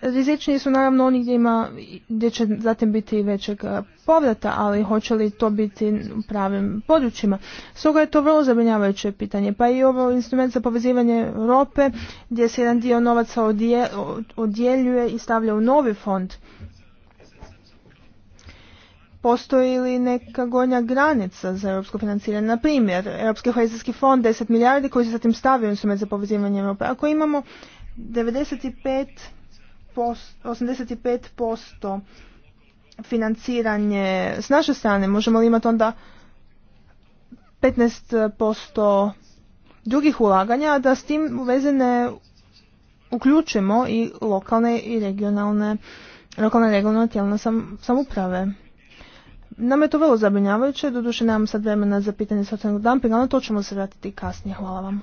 rizičniji su naravno oni gdje, ima, gdje će zatim biti i većeg e, povrata, ali hoće li to biti u pravim područjima. Stoga je to vrlo zabrinjavajuće pitanje. Pa i ovo instrument za povezivanje Europe gdje se jedan dio novaca odjeljuje i stavlja u novi fond postoji li neka gornja granica za europsko financiranje. Na primjer, Europski kohezijski fond 10 milijardi koji se zatim stavio instrument za povezivanje Europe. Ako imamo 95 post, 85% financiranje s naše strane, možemo li imati onda 15% drugih ulaganja, da s tim uvezene uključimo i lokalne i regionalne lokalne regionalne tijelne Nama je to vrlo zabrinjavajuće, doduše nemam sad vremena za pitanje socijalnog dumpinga, ali to ćemo se vratiti kasnije. Hvala vam.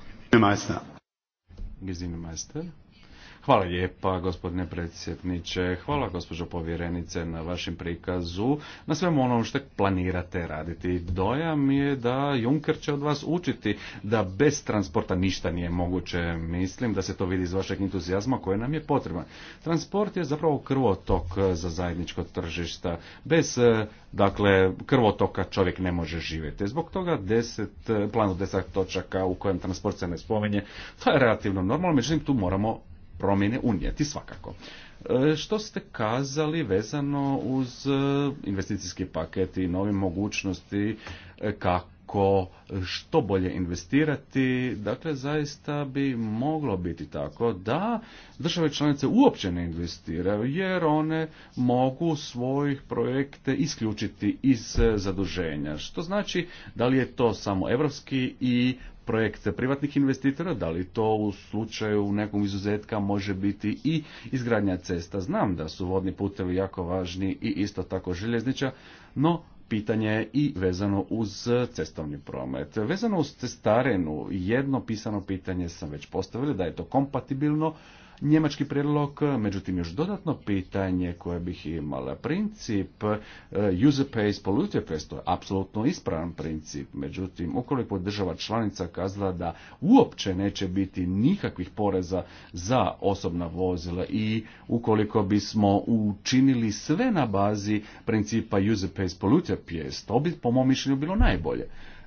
Hvala lijepa, gospodine predsjedniče. Hvala, gospođo povjerenice, na vašem prikazu, na svemu onom što planirate raditi. Dojam je da Junker će od vas učiti da bez transporta ništa nije moguće. Mislim da se to vidi iz vašeg entuzijazma koje nam je potreban. Transport je zapravo krvotok za zajedničko tržišta. Bez eh, dakle, krvotoka čovjek ne može živjeti. Zbog toga deset, eh, plan od deset točaka u kojem transport se ne spominje, to je relativno normalno, međutim tu moramo promjene unijeti svakako. E, što ste kazali vezano uz e, investicijski paket i nove mogućnosti e, kako što bolje investirati, dakle zaista bi moglo biti tako da države članice uopće ne investiraju jer one mogu svojih projekte isključiti iz zaduženja. Što znači da li je to samo evropski i projekt privatnih investitora, da li to u slučaju nekog izuzetka može biti i izgradnja cesta. Znam da su vodni putevi jako važni i isto tako željezniča, no pitanje je i vezano uz cestovni promet. Vezano uz cestarenu, jedno pisano pitanje sam već postavili, da je to kompatibilno njemački prijedlog, međutim još dodatno pitanje koje bih imala. Princip e, user pays polluter pays, to je apsolutno ispravan princip, međutim ukoliko država članica kazala da uopće neće biti nikakvih poreza za osobna vozila i ukoliko bismo učinili sve na bazi principa user pays polluter pays, to bi po mom mišljenju bilo najbolje.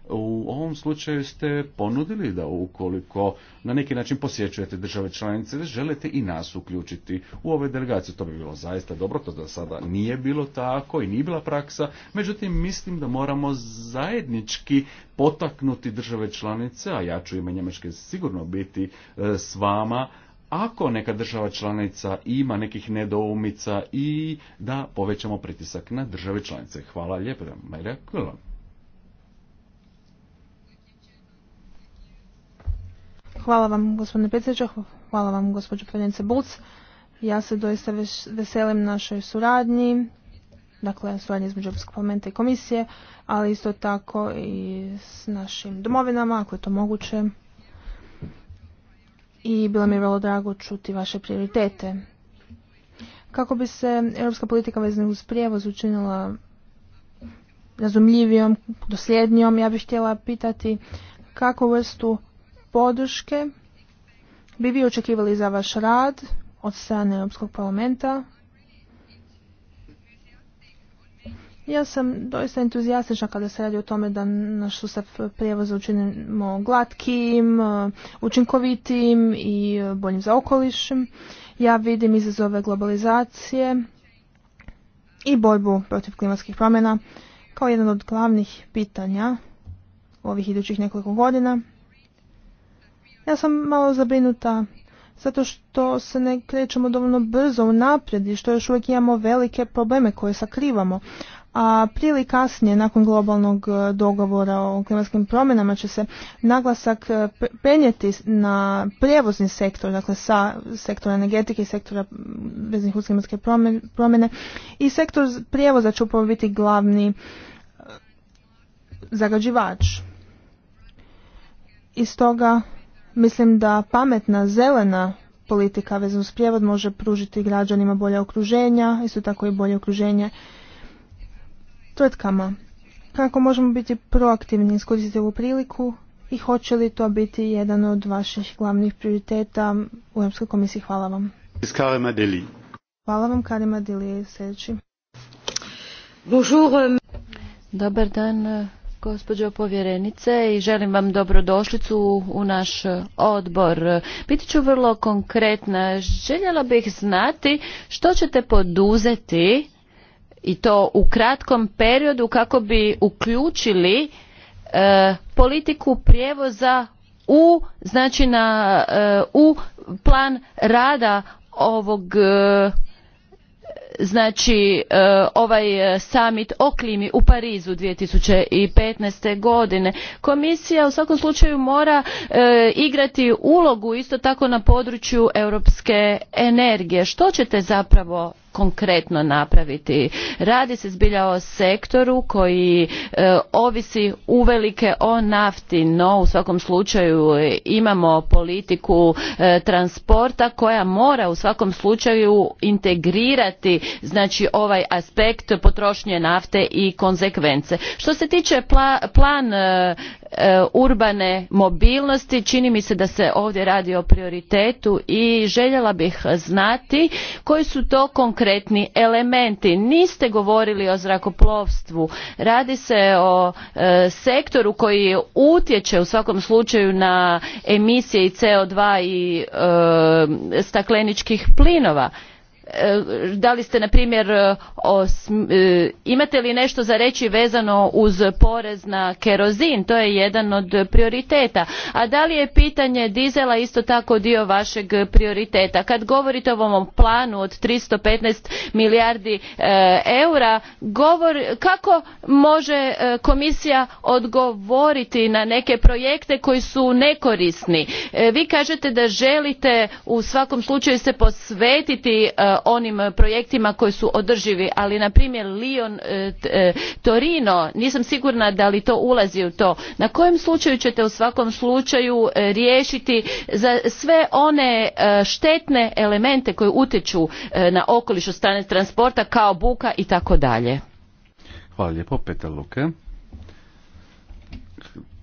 U ovom slučaju ste ponudili da ukoliko na neki način posjećujete države članice, da želite i nas uključiti u ove delegacije. To bi bilo zaista dobro, to da sada nije bilo tako i nije bila praksa. Međutim, mislim da moramo zajednički potaknuti države članice, a ja ću ime Njemačke sigurno biti e, s vama, ako neka država članica ima nekih nedoumica i da povećamo pritisak na države članice. Hvala lijepo, Hvala vam gospodine predsjedniče, hvala vam gospođo Feljenice Buc Ja se doista veselim našoj suradnji, dakle suradnji između Europskog parlamenta i komisije, ali isto tako i s našim domovinama, ako je to moguće. I bilo mi je vrlo drago čuti vaše prioritete. Kako bi se europska politika vezana uz prijevoz učinila razumljivijom, dosljednijom, ja bih htjela pitati kako vrstu podrške bi vi očekivali za vaš rad od strane Europskog parlamenta? Ja sam doista entuzijastična kada se radi o tome da naš sustav prijevoza učinimo glatkim, učinkovitim i boljim za okolišem. Ja vidim izazove globalizacije i borbu protiv klimatskih promjena kao jedan od glavnih pitanja ovih idućih nekoliko godina. Ja sam malo zabrinuta zato što se ne krećemo dovoljno brzo u naprijed i što još uvijek imamo velike probleme koje sakrivamo. A prije ili kasnije, nakon globalnog e, dogovora o klimatskim promjenama, će se naglasak e, penjeti na prijevozni sektor, dakle sa sektora energetike i sektora veznih uz klimatske promjene. I sektor prijevoza će upravo biti glavni e, zagađivač. I toga Mislim da pametna zelena politika vezan uz prijevod može pružiti građanima bolje okruženja, isto tako i bolje okruženje tvrtkama. Kako možemo biti proaktivni, iskoristiti ovu priliku i hoće li to biti jedan od vaših glavnih prioriteta u Europskoj komisiji? Hvala vam. Hvala vam, Karima Dili, sljedeći. Euh, Dobar dan, gospođo povjerenice i želim vam dobrodošlicu u naš odbor. Biti ću vrlo konkretna. Željela bih znati što ćete poduzeti i to u kratkom periodu kako bi uključili e, politiku prijevoza u znači na e, u plan rada ovog e, znači e, ovaj e, summit o klimi u parizu 2015. godine komisija u svakom slučaju mora e, igrati ulogu isto tako na području europske energije što ćete zapravo konkretno napraviti. Radi se zbilja o sektoru koji e, ovisi uvelike o nafti, no u svakom slučaju imamo politiku e, transporta koja mora u svakom slučaju integrirati znači ovaj aspekt potrošnje nafte i konzekvence. Što se tiče plan e, E, urbane mobilnosti. Čini mi se da se ovdje radi o prioritetu i željela bih znati koji su to konkretni elementi. Niste govorili o zrakoplovstvu. Radi se o e, sektoru koji utječe u svakom slučaju na emisije CO2 i e, stakleničkih plinova. E, da li ste na primjer e, e, imate li nešto za reći vezano uz porez na kerozin to je jedan od prioriteta a da li je pitanje dizela isto tako dio vašeg prioriteta kad govorite o ovom planu od 315 milijardi eura kako može komisija odgovoriti na neke projekte koji su nekorisni vi kažete da želite u svakom slučaju se posvetiti onim e, projektima koji su održivi ali na primjer Lyon e, e, Torino nisam sigurna da li to ulazi u to na kojem slučaju ćete u svakom slučaju riješiti za sve one štetne elemente koji utječu na okoliš od strane transporta kao buka i tako dalje Hvala lijepo, Luke.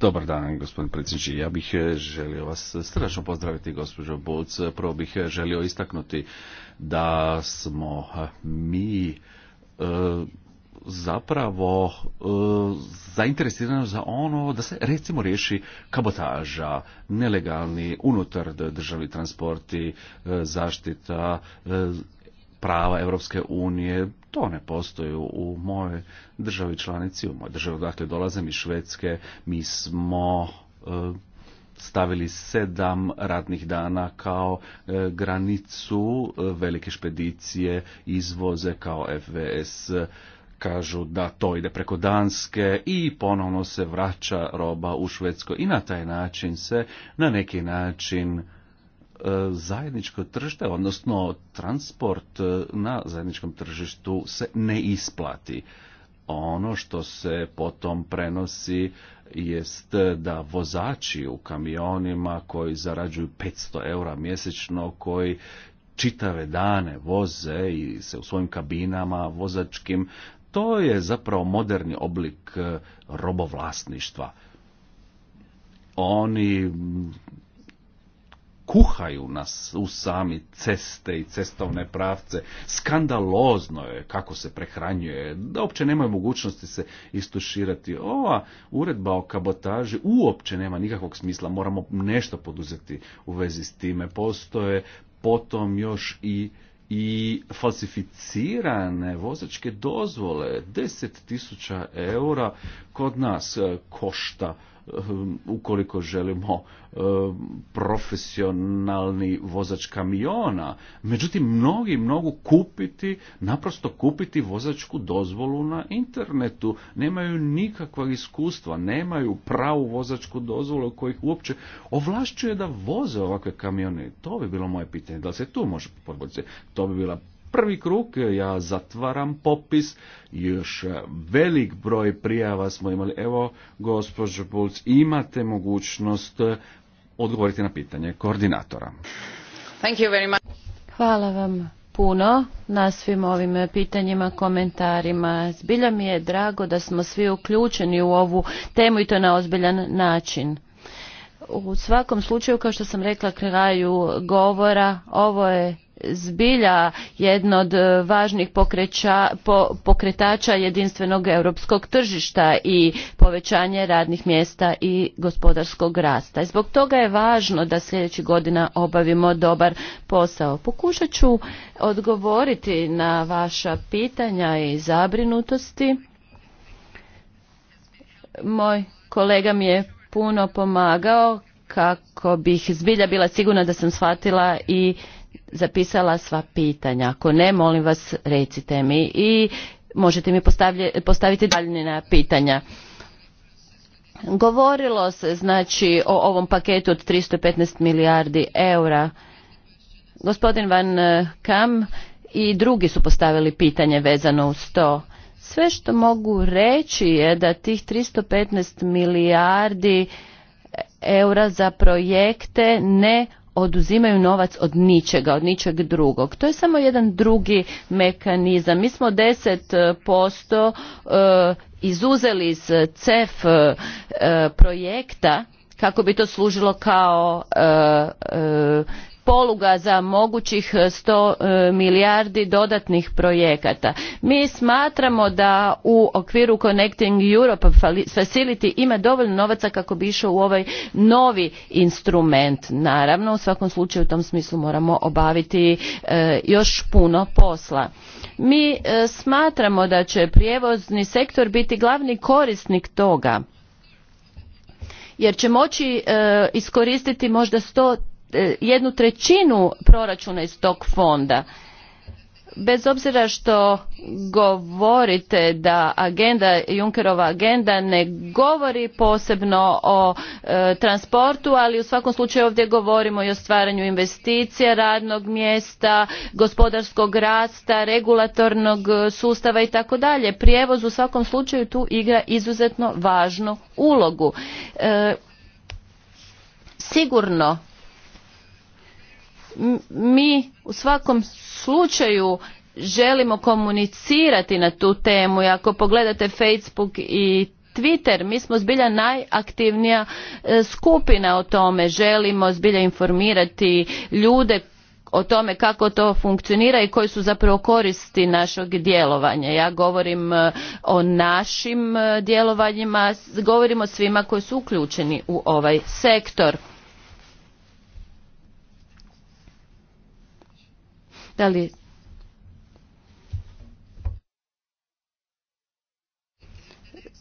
Dobar dan, gospodin predsjedniče. Ja bih želio vas strašno pozdraviti, gospođo Buc. Prvo bih želio istaknuti da smo eh, mi eh, zapravo eh, zainteresirani za ono da se recimo riješi kabotaža, nelegalni unutar državni transporti, zaštita prava Europske unije, to ne postoji u mojoj državi članici, u mojoj državi odakle dolazem iz Švedske, mi smo stavili sedam radnih dana kao e, granicu e, velike špedicije izvoze kao FVS kažu da to ide preko Danske i ponovno se vraća roba u Švedsko i na taj način se na neki način e, zajedničko tržište, odnosno transport na zajedničkom tržištu se ne isplati. Ono što se potom prenosi jest da vozači u kamionima koji zarađuju 500 eura mjesečno, koji čitave dane voze i se u svojim kabinama vozačkim, to je zapravo moderni oblik eh, robovlasništva. Oni kuhaju nas u sami ceste i cestovne pravce. Skandalozno je kako se prehranjuje, da uopće nemaju mogućnosti se istuširati. Ova uredba o kabotaži uopće nema nikakvog smisla, moramo nešto poduzeti u vezi s time. Postoje potom još i falsificirane vozačke dozvole 10.000 eura kod nas e, košta Ehm, ukoliko želimo ehm, profesionalni vozač kamiona. Međutim, mnogi mogu kupiti, naprosto kupiti vozačku dozvolu na internetu. Nemaju nikakva iskustva, nemaju pravu vozačku dozvolu kojih uopće ovlašćuje da voze ovakve kamione. To bi bilo moje pitanje. Da li se tu može poboljšati? To bi bila prvi krug, ja zatvaram popis, još velik broj prijava smo imali. Evo, gospođo Bulc, imate mogućnost odgovoriti na pitanje koordinatora. Thank you very much. Hvala vam puno na svim ovim pitanjima, komentarima. Zbilja mi je drago da smo svi uključeni u ovu temu i to na ozbiljan način. U svakom slučaju, kao što sam rekla kraju govora, ovo je zbilja jedno od e, važnih pokretača jedinstvenog europskog tržišta i povećanje radnih mjesta i gospodarskog rasta. Zbog toga je važno da sljedećih godina obavimo dobar posao. Pokušat ću odgovoriti na vaša pitanja i zabrinutosti. Moj kolega mi je puno pomagao kako bih zbilja bila sigurna da sam shvatila i zapisala sva pitanja. Ako ne, molim vas, recite mi i možete mi postaviti na pitanja. Govorilo se znači o ovom paketu od 315 milijardi eura. Gospodin Van eh, Kam i drugi su postavili pitanje vezano uz to. Sve što mogu reći je da tih 315 milijardi eura za projekte ne oduzimaju novac od ničega, od ničeg drugog. To je samo jedan drugi mekanizam. Mi smo 10% e, e, izuzeli iz CEF e, projekta kako bi to služilo kao poluga za mogućih 100 e, milijardi dodatnih projekata. Mi smatramo da u okviru Connecting Europe Facility ima dovoljno novaca kako bi išao u ovaj novi instrument. Naravno, u svakom slučaju u tom smislu moramo obaviti e, još puno posla. Mi e, smatramo da će prijevozni sektor biti glavni korisnik toga jer će moći iskoristiti možda sto E, jednu trećinu proračuna iz tog fonda bez obzira što govorite da agenda Junckerova agenda ne govori posebno o e, transportu ali u svakom slučaju ovdje govorimo i o stvaranju investicija radnog mjesta gospodarskog rasta regulatornog sustava i tako dalje prijevoz u svakom slučaju tu igra izuzetno važnu ulogu e, sigurno mi u svakom slučaju želimo komunicirati na tu temu i ako pogledate Facebook i Twitter, mi smo zbilja najaktivnija e, skupina o tome, želimo zbilja informirati ljude o tome kako to funkcionira i koji su zapravo koristi našeg djelovanja. Ja govorim e, o našim e, djelovanjima, govorim o svima koji su uključeni u ovaj sektor. Da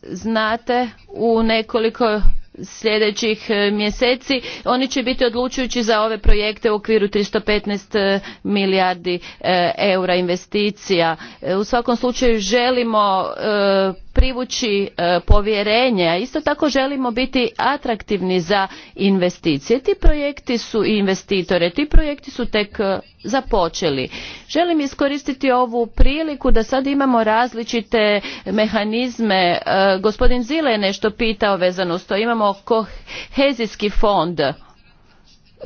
znate u nekoliko sljedećih e, mjeseci oni će biti odlučujući za ove projekte u okviru 315 e, milijardi e, eura investicija u svakom slučaju želimo privući povjerenje a isto tako želimo biti atraktivni za investicije ti projekti su i investitore ti projekti su tek započeli. Želim iskoristiti ovu priliku da sad imamo različite mehanizme. E, gospodin Zile je nešto pitao vezano s to. Imamo kohezijski fond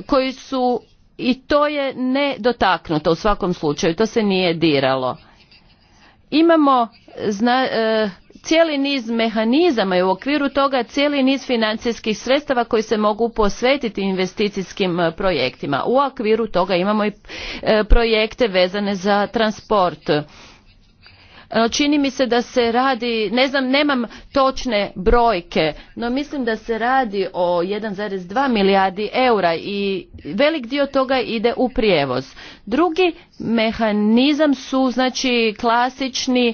koji su i to je nedotaknuto u svakom slučaju. To se nije diralo. Imamo zna, e, cijeli niz mehanizama i u okviru toga cijeli niz financijskih sredstava koji se mogu posvetiti investicijskim e, projektima. U okviru toga imamo i e, projekte vezane za transport. E, čini mi se da se radi ne znam nemam točne brojke no mislim da se radi o 1,2 milijardi eura i velik dio toga ide u prijevoz drugi mehanizam su znači klasični e,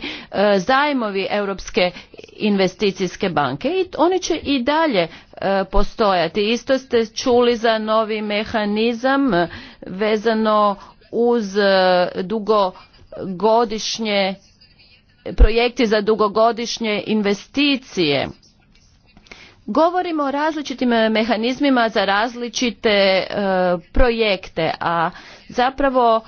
zajmovi europske investicijske banke i oni će i dalje e, postojati. Isto ste čuli za novi mehanizam vezano uz godišnje projekti za dugogodišnje investicije. Govorimo o različitim e, mehanizmima za različite e, projekte, a zapravo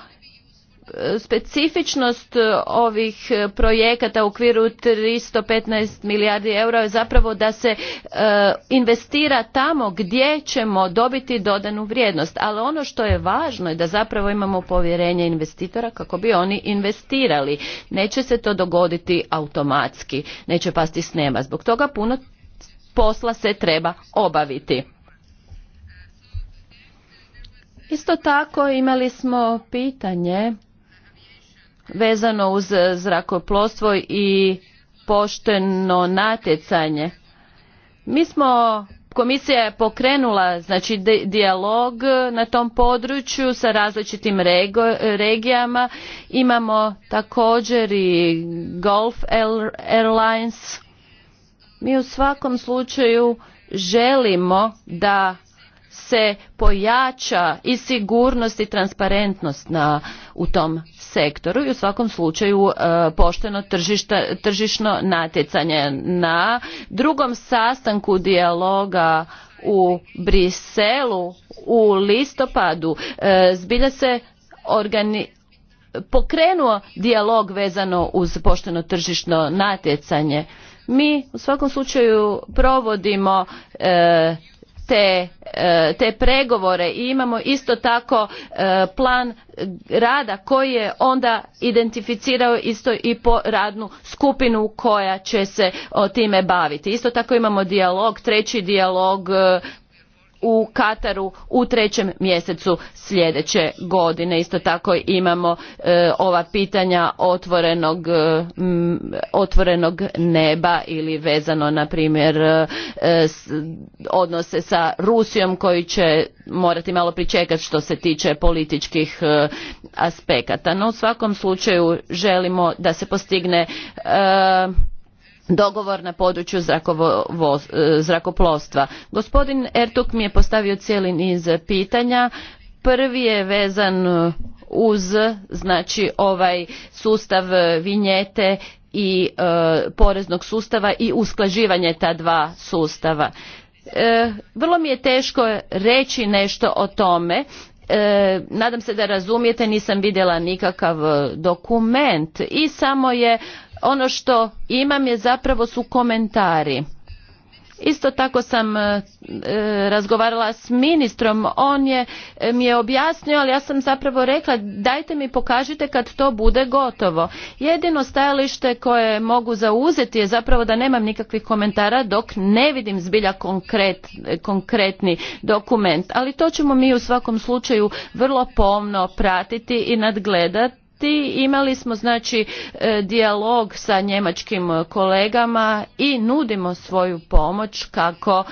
specifičnost e, ovih e, projekata u okviru 315 milijardi eura je zapravo da se e, investira tamo gdje ćemo dobiti dodanu vrijednost. Ali ono što je važno je da zapravo imamo povjerenje investitora kako bi oni investirali. Neće se to dogoditi automatski, neće pasti s nema. Zbog toga puno posla se treba obaviti. Isto tako imali smo pitanje vezano uz zrakoplovstvo i pošteno natjecanje. Mi smo Komisija je pokrenula znači dijalog na tom području sa različitim regijama. Imamo također i Golf Airlines. Mi u svakom slučaju želimo da se pojača i sigurnost i transparentnost na, u tom sektoru i u svakom slučaju e, pošteno tržišta, tržišno natjecanje. Na drugom sastanku dijaloga u Briselu u listopadu e, zbilja se pokrenuo dijalog vezano uz pošteno tržišno natjecanje mi u svakom slučaju provodimo e, E, te, pregovore i imamo isto tako e, plan rada koji je onda identificirao isto i po radnu skupinu koja će se time baviti. Isto tako imamo dijalog, treći dijalog e, u Kataru u trećem mjesecu sljedeće godine. Isto tako imamo e, ova pitanja otvorenog, e, otvorenog neba ili vezano na primjer e, odnose sa Rusijom koji će morati malo pričekati što se tiče političkih aspekata. No u svakom slučaju želimo da se postigne dogovor na području e, zrakoplovstva. Gospodin Ertug mi je postavio cijeli niz pitanja. Prvi je vezan e, uz znači ovaj sustav vinjete i e, poreznog sustava i usklađivanje ta dva sustava. vrlo mi je teško reći nešto o tome. nadam se da razumijete, nisam vidjela nikakav dokument i samo je ono što imam je zapravo su komentari isto tako sam e, e, razgovarala s ministrom on je e, mi je objasnio ali ja sam zapravo rekla dajte mi pokažite kad to bude gotovo jedino stajalište koje mogu zauzeti je zapravo da nemam nikakvih komentara dok ne vidim zbilja konkretni dokument ali to ćemo mi u svakom slučaju vrlo pomno pratiti i nadgledati Imali smo znači e, dijalog sa njemačkim kolegama i nudimo svoju pomoć kako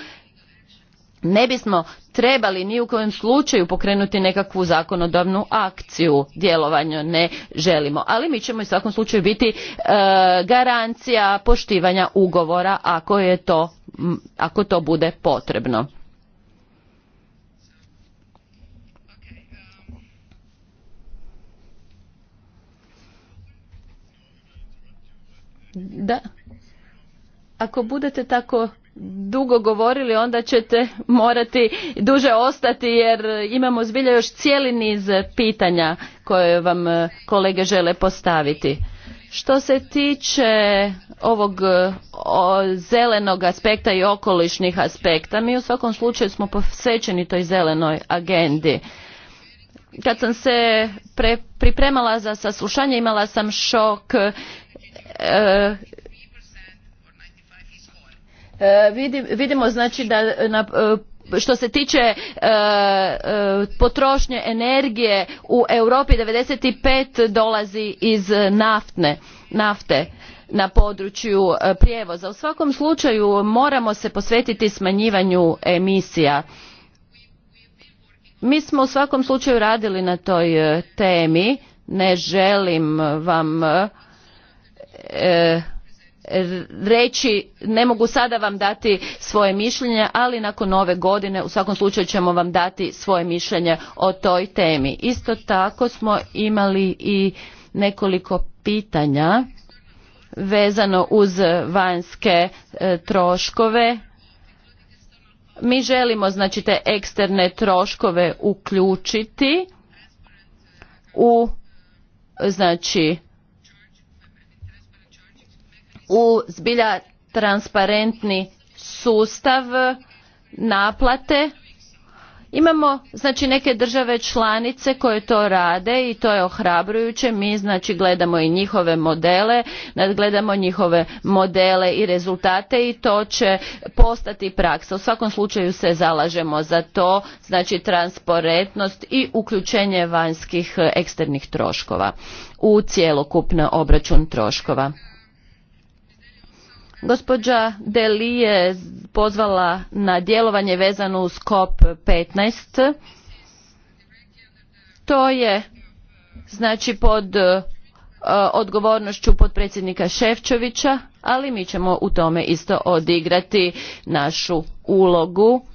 ne bismo trebali ni u kojem slučaju pokrenuti nekakvu zakonodavnu akciju djelovanja ne želimo ali mi ćemo u svakom slučaju biti e, garancija poštivanja ugovora ako je to ako to bude potrebno Da. Ako budete tako dugo govorili, onda ćete morati duže ostati jer imamo zbilja još cijeli niz pitanja koje vam e, kolege žele postaviti. Što se tiče ovog e, zelenog aspekta i okolišnih aspekta, mi u svakom slučaju smo posvećeni toj zelenoj agendi. Kad sam se pripremala za saslušanje imala sam šok E, e, vidimo znači da e, što se tiče potrošnje energije u Europi 95 dolazi iz naftne nafte na području prijevoza u svakom slučaju moramo se posvetiti smanjivanju emisija mi smo u svakom slučaju radili na toj temi ne želim vam E, reći ne mogu sada vam dati svoje mišljenje ali nakon nove godine u svakom slučaju ćemo vam dati svoje mišljenje o toj temi isto tako smo imali i nekoliko pitanja vezano uz vanjske e, troškove mi želimo znači te eksterne troškove uključiti u znači u zbilja transparentni sustav naplate Imamo znači neke države članice koje to rade i to je ohrabrujuće. Mi znači gledamo i njihove modele, nadgledamo njihove modele i rezultate i to će postati praksa. U svakom slučaju se zalažemo za to, znači transparentnost i uključenje vanjskih eh, eksternih troškova u cjelokupni obračun troškova. Gospođa Deli je pozvala na djelovanje vezano uz COP15. To je znači pod e, odgovornošću potpredsjednika Ševčovića, ali mi ćemo u tome isto odigrati našu ulogu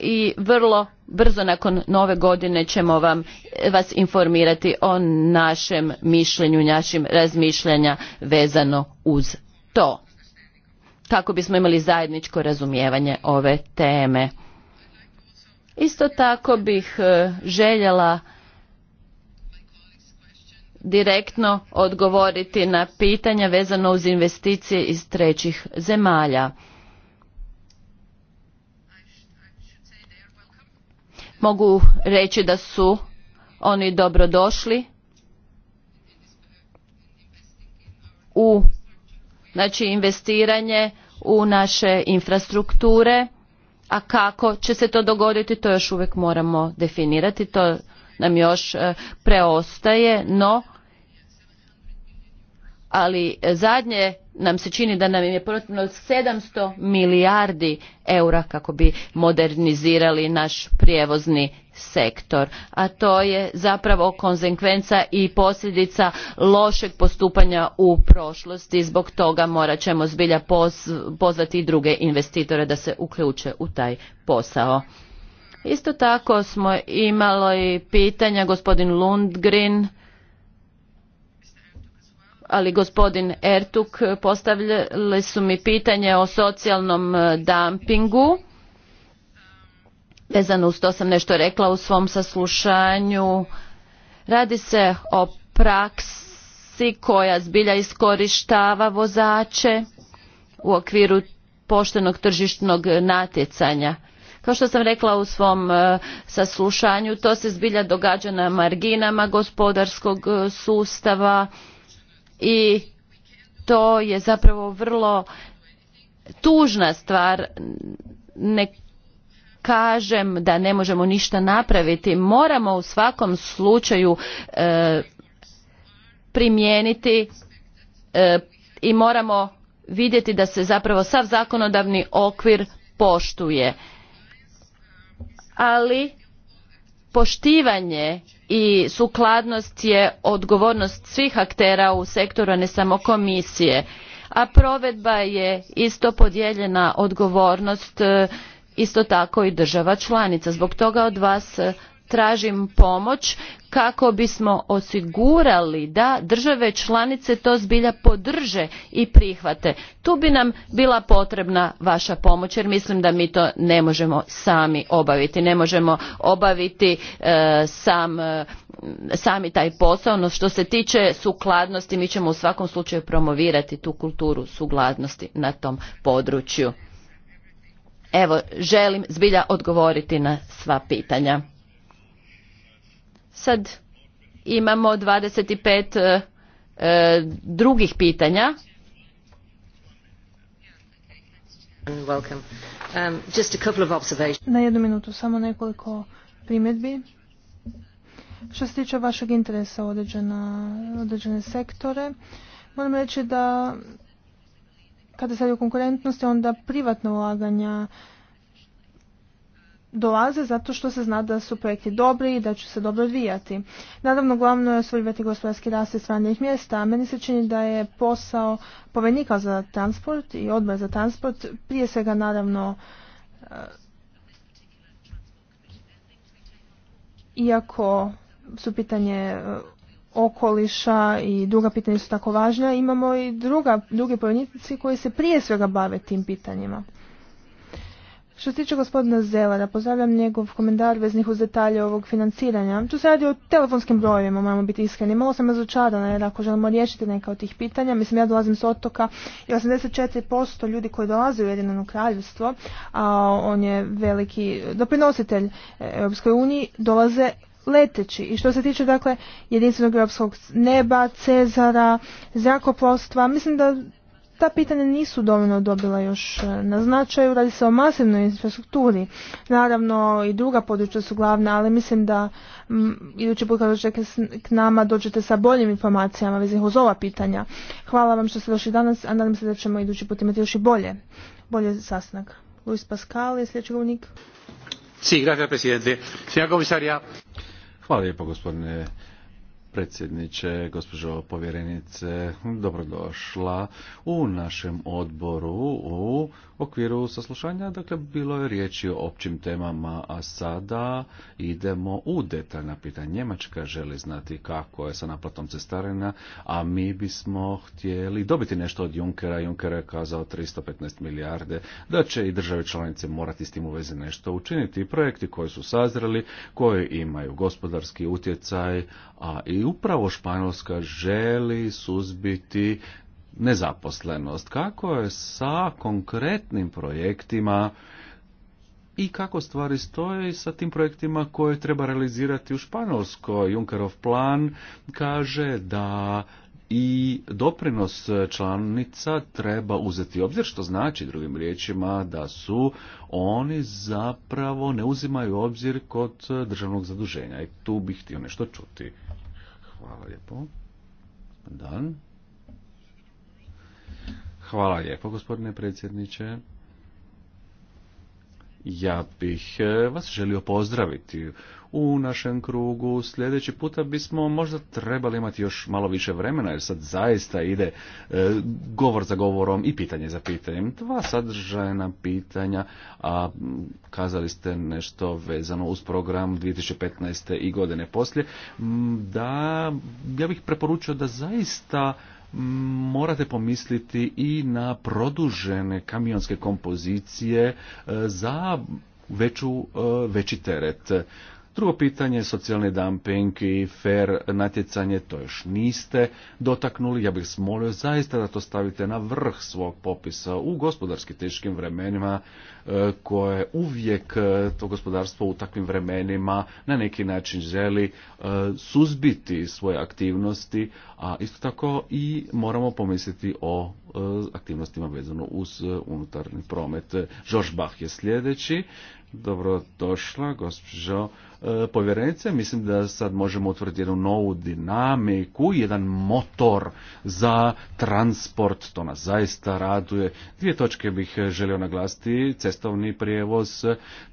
i vrlo brzo nakon nove godine ćemo vam, e, vas informirati o našem mišljenju, našim razmišljanja vezano uz to kako bismo imali zajedničko razumijevanje ove teme. Isto tako bih e, željela direktno odgovoriti na pitanja vezano uz investicije iz trećih zemalja. Mogu reći da su oni dobro došli u znači investiranje u naše infrastrukture, a kako će se to dogoditi to još uvijek moramo definirati, to nam još e, preostaje, no ali zadnje nam se čini da nam je potrebno 700 milijardi eura kako bi modernizirali naš prijevozni sektor a to je zapravo konzekvenca i posljedica lošeg postupanja u prošlosti zbog toga morat ćemo zbilja pozvati i druge investitore da se uključe u taj posao isto tako smo imali pitanja gospodin Lundgren ali gospodin Ertuk eh, postavljali su mi pitanje o socijalnom eh, dumpingu. Vezano uz to sam nešto rekla u svom saslušanju. Radi se o praksi koja zbilja iskorištava vozače u okviru poštenog tržišnog natjecanja. Kao što sam rekla u svom eh, saslušanju, to se zbilja događa na marginama gospodarskog sustava i to je zapravo vrlo tužna stvar ne kažem da ne možemo ništa napraviti moramo u svakom slučaju e, primijeniti e, i moramo vidjeti da se zapravo sav zakonodavni okvir poštuje ali poštivanje i sukladnost je odgovornost svih aktera u sektoru, a ne samo komisije. A provedba je isto podijeljena odgovornost e, isto tako i država članica. Zbog toga od vas tražim pomoć kako bismo osigurali da države članice to zbilja podrže i prihvate. Tu bi nam bila potrebna vaša pomoć jer mislim da mi to ne možemo sami obaviti. Ne možemo obaviti e, sam, e, sami taj posao. No što se tiče sukladnosti mi ćemo u svakom slučaju promovirati tu kulturu sukladnosti na tom području. Evo, želim zbilja odgovoriti na sva pitanja. Sad imamo 25 e, e, drugih pitanja. Um, Na jednu minutu samo nekoliko primjedbi. Što se tiče vašeg interesa u određene sektore, moram reći da kada se radi o konkurentnosti, onda privatna ulaganja dolaze zato što se zna da su projekti dobri i da će se dobro odvijati. Naravno, glavno je osvojivati gospodarski rast i stranih mjesta, a meni se čini da je posao povednika za transport i odbor za transport prije svega naravno e, iako su pitanje e, okoliša i druga pitanja su tako važna, imamo i druga, druge povjednici koji se prije svega bave tim pitanjima. Što se tiče gospodina Zelara, pozdravljam njegov komentar veznih uz detalje ovog financiranja. Tu se radi o telefonskim brojevima, moramo biti iskreni. Malo sam razočarana jer ako želimo riješiti neka od tih pitanja, mislim ja dolazim s otoka i 84% ljudi koji dolaze u Jedinano kraljevstvo, a on je veliki doprinositelj Europskoj uniji, dolaze leteći. I što se tiče dakle jedinstvenog europskog neba, Cezara, zrakoplovstva, mislim da ta pitanja nisu dovoljno dobila još e, na značaju, radi se o masivnoj infrastrukturi. Naravno i druga područja su glavna, ali mislim da idući put kada ćete k nama dođete sa boljim informacijama vezih uz ova pitanja. Hvala vam što ste došli danas, a nadam se da ćemo idući put imati još i bolje, bolje sastanak. Luis Pascal je sljedeći govornik. Hvala lijepo, gospodine predsjedniče, gospođo povjerenice, dobrodošla u našem odboru u okviru saslušanja. Dakle, bilo je riječi o općim temama, a sada idemo u detaljna pitanja. Njemačka želi znati kako je sa naplatom cestarina, a mi bismo htjeli dobiti nešto od Junkera. Junker je kazao 315 milijarde da će i države članice morati s tim u vezi nešto učiniti. Projekti koji su sazreli, koji imaju gospodarski utjecaj, a i upravo Španjolska želi suzbiti nezaposlenost. Kako je sa konkretnim projektima i kako stvari stoje sa tim projektima koje treba realizirati u Španjolskoj. Junkerov plan kaže da i doprinos članica treba uzeti obzir, što znači drugim riječima da su oni zapravo ne uzimaju obzir kod državnog zaduženja. I e, tu bih htio nešto čuti. Hvala lijepo. Dan. Hvala lijepo, gospodine predsjedniče. Ja bih eh, vas želio pozdraviti u našem krugu. Sljedeći puta bismo možda trebali imati još malo više vremena jer sad zaista ide e, govor za govorom i pitanje za pitanjem. Dva sadržajna pitanja, a kazali ste nešto vezano uz program 2015. i godine poslije. Da, ja bih preporučio da zaista morate pomisliti i na produžene kamionske kompozicije e, za veću, e, veći teret. Drugo pitanje, socijalni dumping i fair natjecanje, to još niste dotaknuli. Ja bih molio zaista da to stavite na vrh svog popisa u gospodarski teškim vremenima e, koje uvijek e, to gospodarstvo u takvim vremenima na neki način želi e, suzbiti svoje aktivnosti, a isto tako i moramo pomisliti o aktivnostima vezano uz unutarnji promet. Žorž Bach je sljedeći. Dobro došla, gospođo e, povjerenice. Mislim da sad možemo utvrditi jednu novu dinamiku, jedan motor za transport. To nas zaista raduje. Dvije točke bih želio naglasiti. Cestovni prijevoz.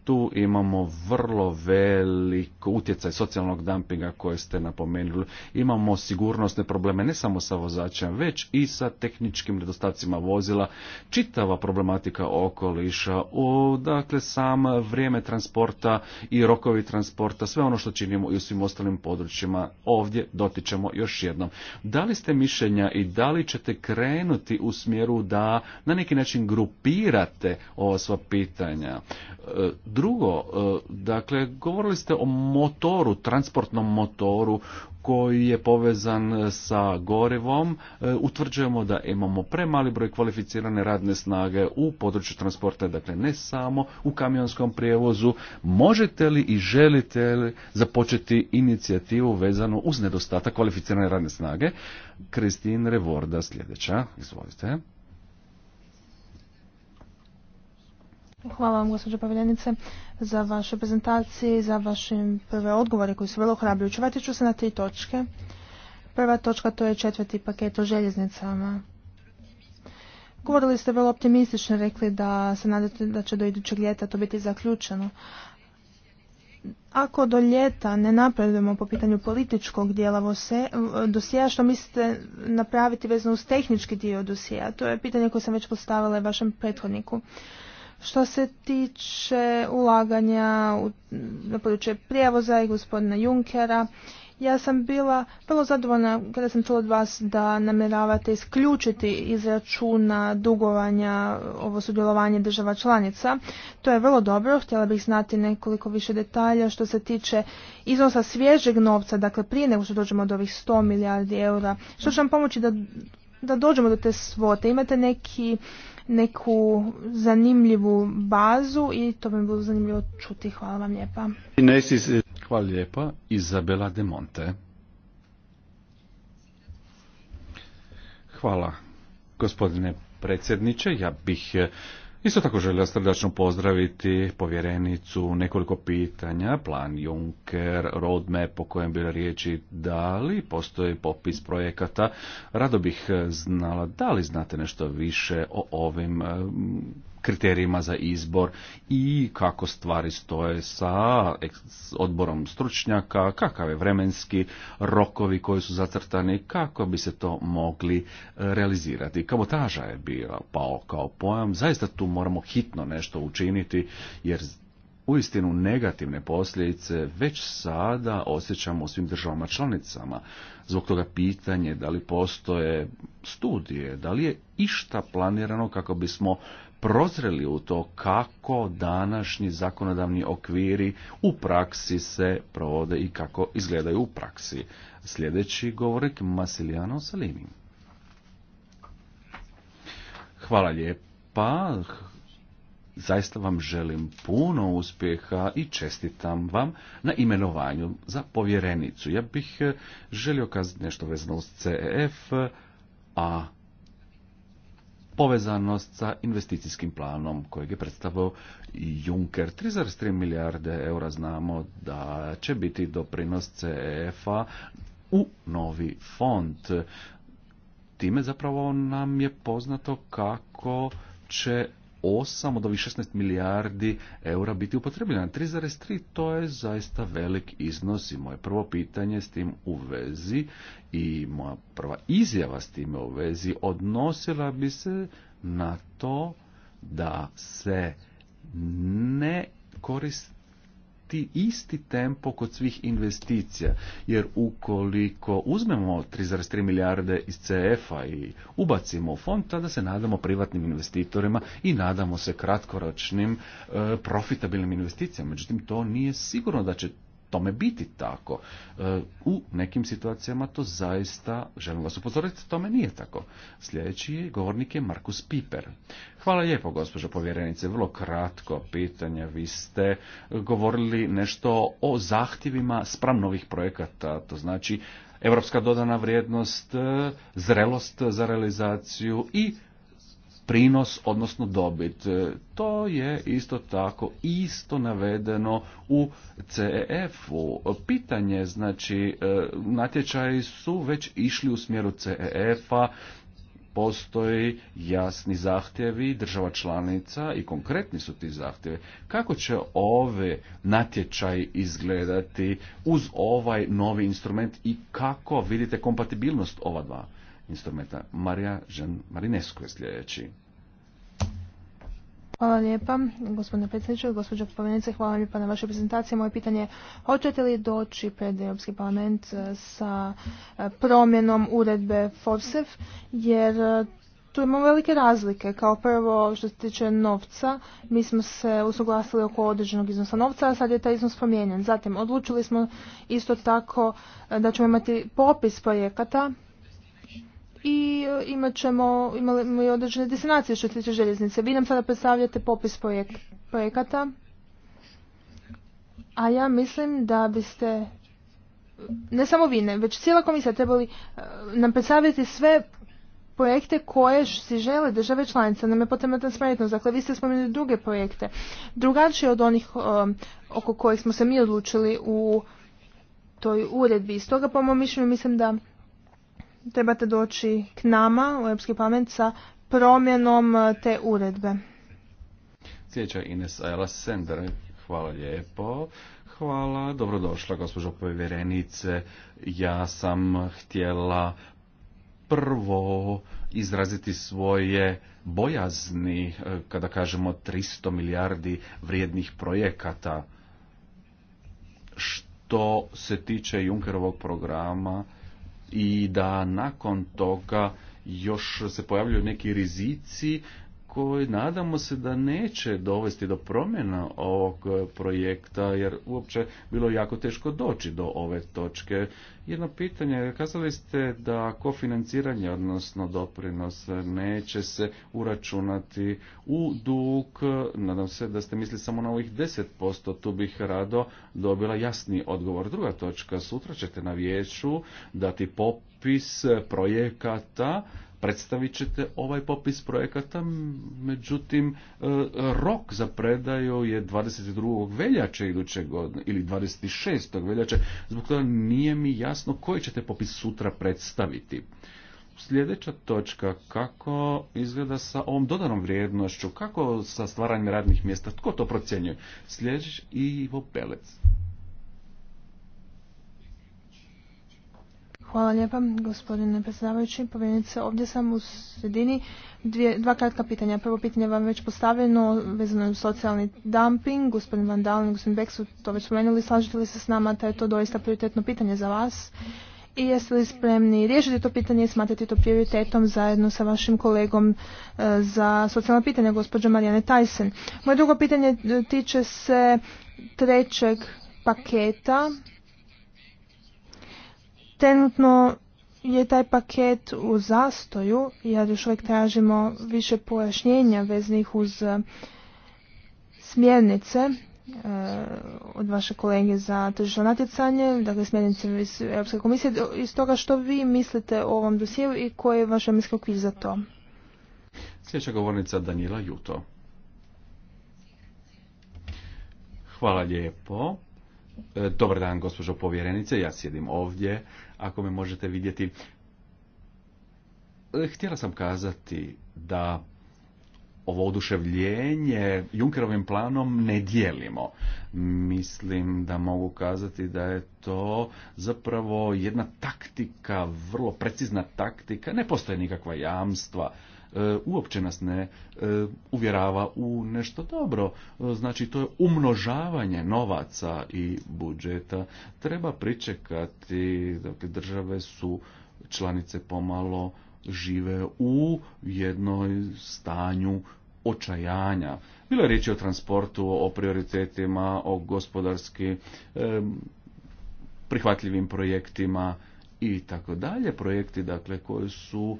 Tu imamo vrlo velik utjecaj socijalnog dumpinga koje ste napomenuli. Imamo sigurnosne probleme ne samo sa vozačem, već i sa tehničkim nedostacima vozila. Čitava problematika okoliša. O, dakle, sam vrijeme transporta i rokovi transporta, sve ono što činimo i u svim ostalim područjima ovdje dotičemo još jednom. Da li ste mišljenja i da li ćete krenuti u smjeru da na neki način grupirate ova sva pitanja? E, drugo, e, dakle, govorili ste o motoru, transportnom motoru koji je povezan e, sa gorivom, e, utvrđujemo da imamo premali broj kvalificirane radne snage u području transporta, dakle ne samo u kamionskom prijevozu. Možete li i želite li započeti inicijativu vezanu uz nedostatak kvalificirane radne snage? Kristin Revorda sljedeća, izvolite. Hvala vam, gospođo povjerenice, za vaše prezentacije i za vaše prve odgovore koji su vrlo hrabri. Vratit ću se na tri točke. Prva točka to je četvrti paket o željeznicama. Govorili ste vrlo optimistično, rekli da se nadate da će do idućeg ljeta to biti zaključeno. Ako do ljeta ne napravimo po pitanju političkog dijela dosija, što mislite napraviti vezano uz tehnički dio dosija? To je pitanje koje sam već postavila vašem prethodniku. Što se tiče ulaganja na područje prijevoza i gospodina Junkera, ja sam bila vrlo zadovoljna kada sam čula od vas da namjeravate isključiti iz računa dugovanja ovo sudjelovanje država članica. To je vrlo dobro, htjela bih znati nekoliko više detalja što se tiče iznosa svježeg novca, dakle prije nego što dođemo do ovih 100 milijardi eura. Što će vam pomoći da da dođemo do te svote. Imate neki neku zanimljivu bazu i to bi bilo zanimljivo čuti. Hvala vam lijepa. Hvala lijepa. Izabela de Hvala gospodine predsjedniče. Ja bih eh, Isto tako želim srdačno pozdraviti povjerenicu nekoliko pitanja, plan Juncker, roadmap po kojem bila riječi da li postoji popis projekata. Rado bih znala da li znate nešto više o ovim kriterijima za izbor i kako stvari stoje sa odborom stručnjaka, kakav je vremenski rokovi koji su zacrtani, kako bi se to mogli e, realizirati. Kabotaža je bila pao kao pojam, zaista tu moramo hitno nešto učiniti jer uistinu negativne posljedice već sada osjećamo u svim državama članicama. Zbog toga pitanje da li postoje studije, da li je išta planirano kako bismo prozreli u to kako današnji zakonodavni okviri u praksi se provode i kako izgledaju u praksi. Sljedeći govorik Masiliano Salini. Hvala lijepa. Zaista vam želim puno uspjeha i čestitam vam na imenovanju za povjerenicu. Ja bih eh, želio kazati nešto vezano s CEF, a povezanost sa investicijskim planom kojeg je predstavio Juncker. 3,3 milijarde eura znamo da će biti doprinos CEF-a u novi fond. Time zapravo nam je poznato kako će 8 od ovih 16 milijardi eura biti upotrebljena. 3,3 to je zaista velik iznos i moje prvo pitanje s tim u vezi i moja prva izjava s time u vezi odnosila bi se na to da se ne koristi ti isti tempo kod svih investicija. Jer ukoliko uzmemo 3,3 milijarde iz CF-a i ubacimo u fond, tada se nadamo privatnim investitorima i nadamo se kratkoročnim e, profitabilnim investicijama. Međutim, to nije sigurno da će tome biti tako. E, u nekim situacijama to zaista, želim vas upozoriti, tome nije tako. Sljedeći govornik je Markus Piper. Hvala lijepo, gospođo povjerenice. Vrlo kratko pitanje. Vi ste govorili nešto o zahtjevima spram novih projekata, to znači evropska dodana vrijednost, e, zrelost za realizaciju i prinos, odnosno dobit. E, to je isto tako isto navedeno u CEF-u. Pitanje, znači, e, natječaji su već išli u smjeru CEF-a, postoji jasni zahtjevi država članica i konkretni su ti zahtjevi. Kako će ove natječaji izgledati uz ovaj novi instrument i kako vidite kompatibilnost ova dva? instrumenta. Marija Žen Marinesku je sljedeći. Hvala lijepa, gospodine predsjedniče, gospođo povjerenice, hvala lijepa na vašoj prezentaciji. Moje pitanje je, hoćete li doći pred Europski parlament e, sa e, promjenom uredbe FORSEF, jer e, tu imamo velike razlike. Kao prvo što se tiče novca, mi smo se usuglasili oko određenog iznosa novca, a sad je taj iznos promijenjen. Zatim odlučili smo isto tako da ćemo imati popis projekata i e, imat ćemo, imali i određene destinacije što se tiče željeznice. Vi nam sada predstavljate popis projekata, a ja mislim da biste, ne samo vi, ne, već cijela komisija trebali e, nam predstaviti sve projekte koje si žele države članice. Nam je potrebna transparentnost. Dakle, vi ste spomenuli druge projekte. Drugačije od onih e, oko kojih smo se mi odlučili u toj uredbi. Stoga, po mom mišljenju, mislim da trebate doći k nama u Europski parlament sa promjenom e, te uredbe. Sljedeća Ines Ayala Sender. Hvala lijepo. Hvala, dobrodošla gospođo povjerenice. Ja sam htjela prvo izraziti svoje bojazni, e, kada kažemo 300 milijardi vrijednih projekata. Što se tiče Junkerovog programa, i da nakon toga još se pojavljuju neki rizici koji nadamo se da neće dovesti do promjena ovog e, projekta, jer uopće bilo jako teško doći do ove točke. Jedno pitanje, kazali ste da kofinanciranje, odnosno doprinos, neće se uračunati u dug. Nadam se da ste mislili samo na ovih 10%, tu bih rado dobila jasni odgovor. Druga točka, sutra ćete na vijeću dati popis projekata predstavit ćete ovaj popis projekata, međutim e, rok za predaju je 22. veljače iduće godine ili 26. veljače, zbog toga nije mi jasno koji ćete popis sutra predstaviti. Sljedeća točka, kako izgleda sa ovom dodanom vrijednošću, kako sa stvaranjem radnih mjesta, tko to procjenjuje? Sljedeći Ivo Pelec. Hvala lijepa, gospodine predsjedavajući. Povjerenice, ovdje sam u sredini. dva kratka pitanja. Prvo pitanje vam već postavljeno, vezano je socijalni dumping. Gospodin Van Dalen i gospodin su to već spomenuli. Slažete li se s nama da je to doista prioritetno pitanje za vas? I jeste li spremni riješiti to pitanje i smatrati to prioritetom zajedno sa vašim kolegom e, za socijalna pitanja, gospođa Marijane Tyson? Moje drugo pitanje e, tiče se trećeg paketa Trenutno je taj paket u zastoju ja još uvijek tražimo više pojašnjenja veznih uz e, smjernice e, od vaše kolege za tržišno natjecanje, dakle smjernice iz Europske komisije, iz toga što vi mislite o ovom dosjeu i koji je vaš emisko za to. Sljedeća govornica Danila Juto. Hvala lijepo. E, dobar dan, gospođo povjerenice, ja sjedim ovdje, ako me možete vidjeti. E, htjela sam kazati da ovo oduševljenje Junkerovim planom ne dijelimo. Mislim da mogu kazati da je to zapravo jedna taktika, vrlo precizna taktika, ne postoje nikakva jamstva E, uopće nas ne e, uvjerava u nešto dobro. E, znači to je umnožavanje novaca i budžeta. Treba pričekati, dakle države su članice pomalo žive u jednoj stanju očajanja. Bilo je riječi o transportu, o prioritetima, o gospodarski prihvatljivim projektima i tako dalje. Projekti dakle koji su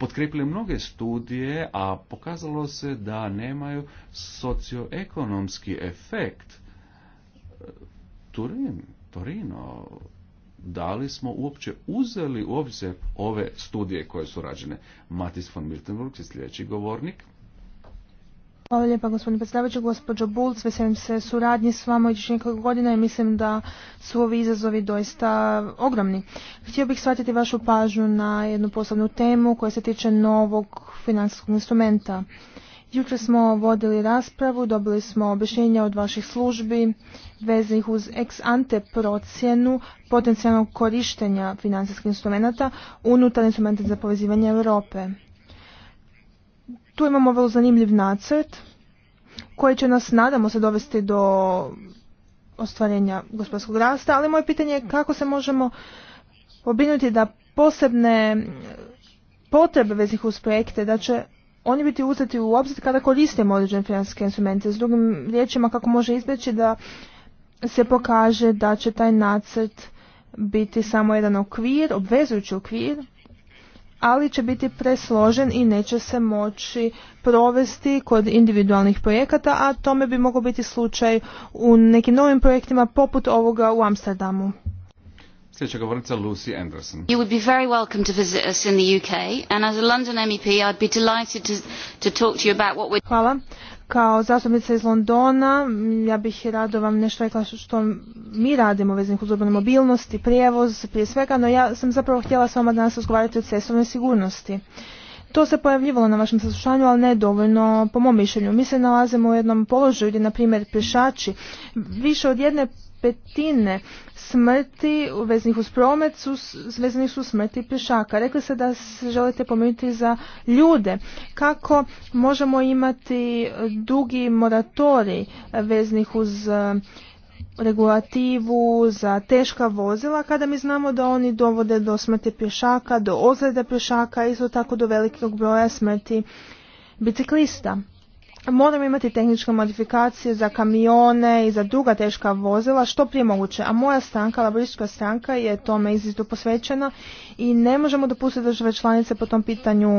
potkrepile mnoge studije, a pokazalo se da nemaju socioekonomski efekt. Turin, Torino, da li smo uopće uzeli u obzir ove studije koje su rađene? Matis von Miltenburg je sljedeći govornik. Hvala lijepa gospodine predsjedavajući. Gospođo Bulc, veselim se suradnji s vama ići nekoliko godina i mislim da su ovi izazovi doista ogromni. Htio bih shvatiti vašu pažnju na jednu posebnu temu koja se tiče novog financijskog instrumenta. Jučer smo vodili raspravu, dobili smo objašnjenja od vaših službi vezanih uz ex ante procjenu potencijalnog korištenja financijskih instrumenata unutar instrumenta za povezivanje Europe. Tu imamo vrlo zanimljiv nacrt koji će nas, nadamo se, dovesti do ostvarenja gospodarskog rasta, ali moje pitanje je kako se možemo pobrinuti da posebne potrebe veznih uz projekte, da će oni biti uzeti u obzir kada koristimo određene financijske instrumente. S drugim riječima kako može izbjeći da se pokaže da će taj nacrt biti samo jedan okvir, obvezujući okvir, ali će biti presložen i neće se moći provesti kod individualnih projekata, a tome bi mogao biti slučaj u nekim novim projektima poput ovoga u Amsterdamu. Sljedeća govornica Lucy Anderson. You would be very welcome to visit us in the UK and as a London MEP I'd be delighted to, to talk to you about what we... Hvala. Kao zastupnica iz Londona, ja bih rado vam nešto rekla što mi radimo u uz urbanu mobilnosti, prijevoz prije svega, no ja sam zapravo htjela s vama danas razgovarati o cestovnoj sigurnosti. To se pojavljivalo na vašem saslušanju, ali ne dovoljno po mom mišljenju. Mi se nalazimo u jednom položaju gdje, na primjer, pješači više od jedne petine smrti vezanih uz promet su vezani su smrti pješaka. Rekli ste da se želite pomenuti za ljude. Kako možemo imati dugi moratorij veznih uz e, regulativu za teška vozila kada mi znamo da oni dovode do smrti pješaka, do ozljeda pješaka, isto tako do velikog broja smrti biciklista moramo imati tehničke modifikacije za kamione i za druga teška vozila što prije moguće. A moja stranka, laboristička stranka, je tome izdu posvećena i ne možemo dopustiti da države članice po tom pitanju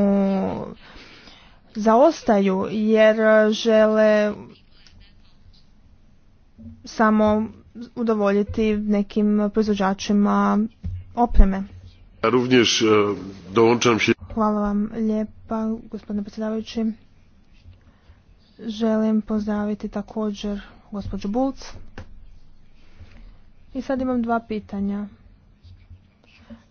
zaostaju jer žele samo udovoljiti nekim proizvođačima opreme. E, Hvala vam lijepa, gospodine predsjedavajući. Želim pozdraviti također gospođu Bulc. I sad imam dva pitanja.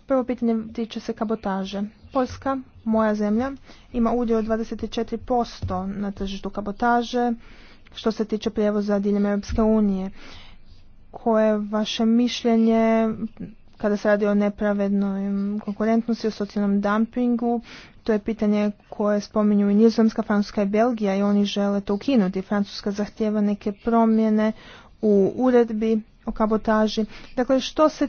Prvo pitanje tiče se kabotaže. Poljska, moja zemlja, ima udio od 24% na tržištu kabotaže što se tiče prijevoza diljem Europske unije. Koje je vaše mišljenje kada se radi o nepravednoj konkurentnosti, o socijalnom dumpingu. To je pitanje koje spominju i Nizozemska, Francuska i Belgija i oni žele to ukinuti. Francuska zahtjeva neke promjene u uredbi o kabotaži. Dakle, što se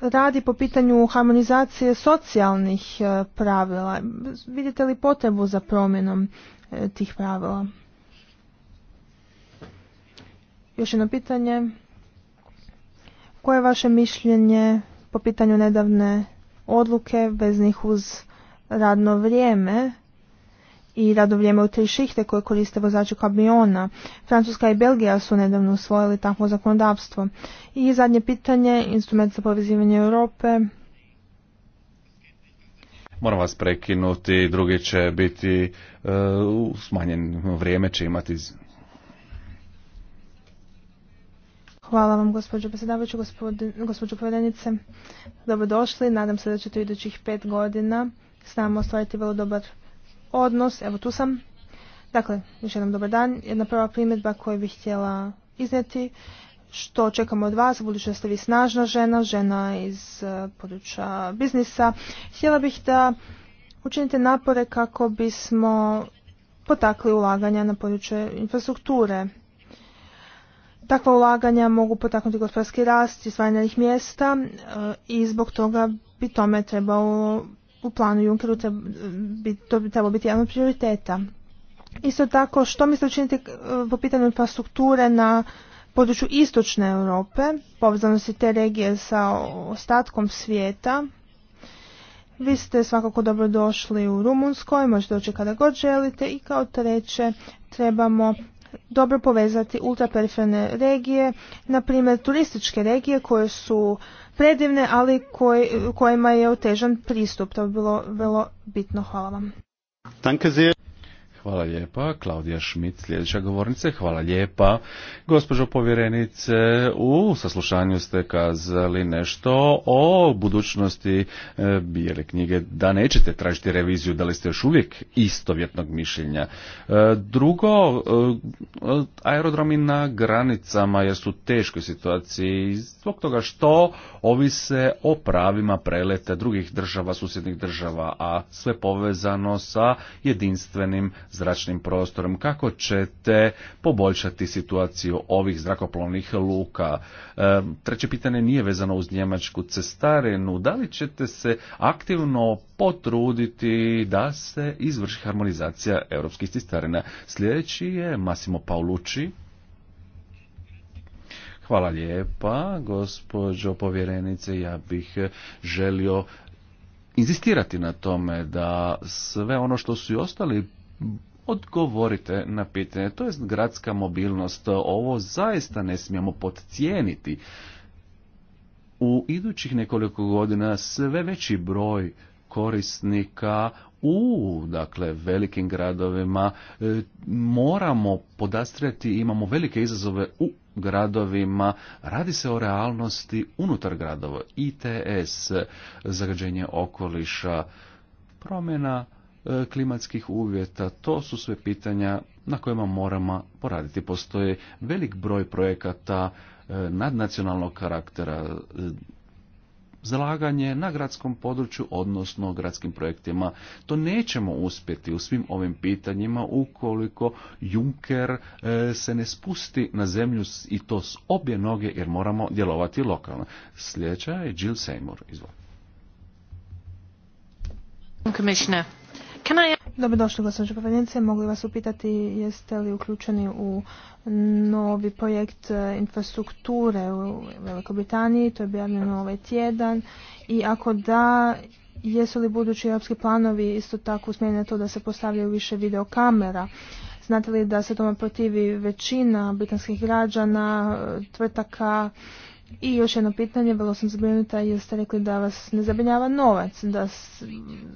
radi po pitanju harmonizacije socijalnih e, pravila? Vidite li potrebu za promjenom e, tih pravila? Još jedno pitanje koje je vaše mišljenje po pitanju nedavne odluke veznih uz radno vrijeme i radno vrijeme u tri šihte koje koriste vozači kamiona. Francuska i Belgija su nedavno usvojili takvo zakonodavstvo. I zadnje pitanje, instrument za povezivanje Europe. Moram vas prekinuti, drugi će biti e, uh, smanjen vrijeme, će imati Hvala vam gospođo predsjedavajuće, gospođo povedenice. Dobrodošli. Nadam se da ćete u idućih pet godina s nama ostvariti vrlo dobar odnos. Evo tu sam. Dakle, još jednom dobar dan. Jedna prva primjedba koju bih htjela iznijeti što čekamo od vas, budući da ste vi snažna žena, žena iz e, područja biznisa. Htjela bih da učinite napore kako bismo potakli ulaganja na područje infrastrukture. Takva ulaganja mogu potaknuti gospodarski rast i stvarnih mjesta e, i zbog toga bi tome trebao u planu Junkeru to bi trebalo biti jedan od prioriteta. Isto tako, što mislite učiniti e, po pitanju infrastrukture na području istočne Europe, povezanosti te regije sa ostatkom svijeta? Vi ste svakako dobro došli u Rumunskoj, možete doći kada god želite i kao treće trebamo dobro povezati ultraperiferne regije, na primjer turističke regije koje su predivne, ali kojima je otežan pristup. To bi bilo vrlo bitno. Hvala vam. Hvala lijepa. Klaudija Šmit, sljedeća govornice. Hvala lijepa. Gospođo povjerenice, u saslušanju ste kazali nešto o budućnosti e, bijele knjige, da nećete tražiti reviziju, da li ste još uvijek istovjetnog mišljenja. E, drugo, e, aerodromi na granicama jer su u teškoj situaciji zbog toga što ovise o pravima preleta drugih država, susjednih država, a sve povezano sa jedinstvenim zračnim prostorom, kako ćete poboljšati situaciju ovih zrakoplovnih luka. E, treće pitanje nije vezano uz njemačku cestarinu. Da li ćete se aktivno potruditi da se izvrši harmonizacija europskih cestarina? Sljedeći je Massimo Paulucci. Hvala lijepa, gospođo povjerenice, ja bih želio inzistirati na tome da sve ono što su i ostali odgovorite na pitanje. To je gradska mobilnost. Ovo zaista ne smijemo podcijeniti. U idućih nekoliko godina sve veći broj korisnika u dakle velikim gradovima e, moramo podastrijati. imamo velike izazove u gradovima radi se o realnosti unutar gradova ITS zagađenje okoliša promjena E, klimatskih uvjeta, to su sve pitanja na kojima moramo poraditi. Postoje velik broj projekata e, nadnacionalnog karaktera, e, zalaganje na gradskom području, odnosno gradskim projektima. To nećemo uspjeti u svim ovim pitanjima ukoliko Juncker se ne spusti na zemlju i to s obje noge jer moramo djelovati lokalno. Sljedeća je Jill Seymour. Izvolite. Dobrodošli, gospođo povjerenice. Mogu li vas upitati jeste li uključeni u novi projekt e, infrastrukture u Velikoj Britaniji? To je objavljeno ovaj tjedan. I ako da, jesu li budući europski planovi isto tako usmjereni na to da se postavljaju više videokamera? Znate li da se tome protivi većina britanskih građana, e, tvrtaka, i još jedno pitanje, velo sam zabrinuta jer ste rekli da vas ne zabrinjava novac, da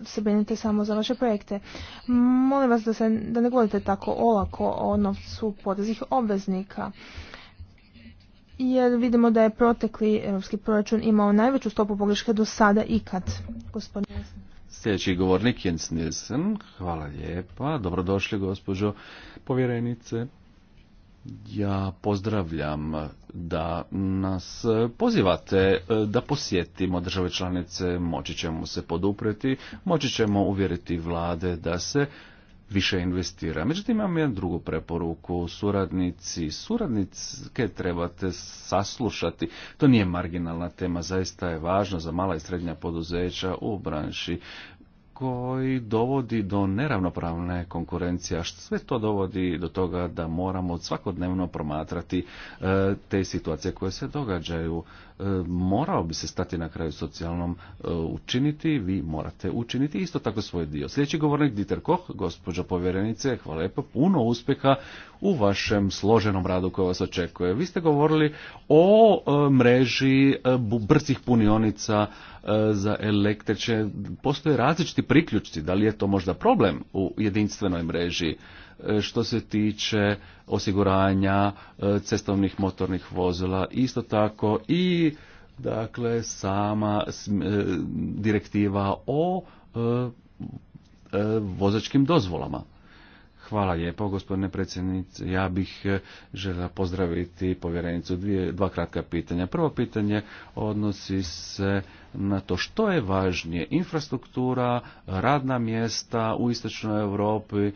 se brinete samo za vaše projekte. Molim vas da, se, da ne govorite tako olako o novcu poreznih obveznika. Jer vidimo da je protekli europski proračun imao najveću stopu pogreške do sada ikad. Gospodin. Sljedeći govornik Jens Nilsen. Hvala lijepa. Dobrodošli gospođo povjerenice. Ja pozdravljam da nas pozivate e, da posjetimo države članice, moći ćemo se podupreti, moći ćemo uvjeriti vlade da se više investira. Međutim, imam jednu drugu preporuku. Suradnici, suradnice trebate saslušati. To nije marginalna tema, zaista je važno za mala i srednja poduzeća u branši koji dovodi do neravnopravne konkurencije, a sve to dovodi do toga da moramo svakodnevno promatrati e, te situacije koje se događaju. E, morao bi se stati na kraju socijalnom e, učiniti, vi morate učiniti isto tako svoj dio. Sljedeći govornik Dieter Koch, gospođa povjerenice, hvala lijepo, puno uspjeha u vašem složenom radu koje vas očekuje. Vi ste govorili o e, mreži brzih punionica za električe. postoje različiti priključci, da li je to možda problem u jedinstvenoj mreži? što se tiče osiguranja e, cestovnih motornih vozila, isto tako i dakle sama e, direktiva o e, vozačkim dozvolama. Hvala lijepo, gospodine predsjednice. Ja bih e, želio pozdraviti povjerenicu. Dvije, dva kratka pitanja. Prvo pitanje odnosi se na to što je važnije. Infrastruktura, radna mjesta u istočnoj Europi, e,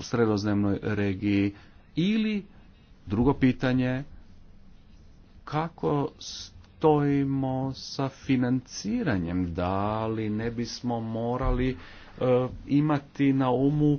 sredozemnoj regiji ili drugo pitanje kako stojimo sa financiranjem, da li ne bismo morali e, imati na umu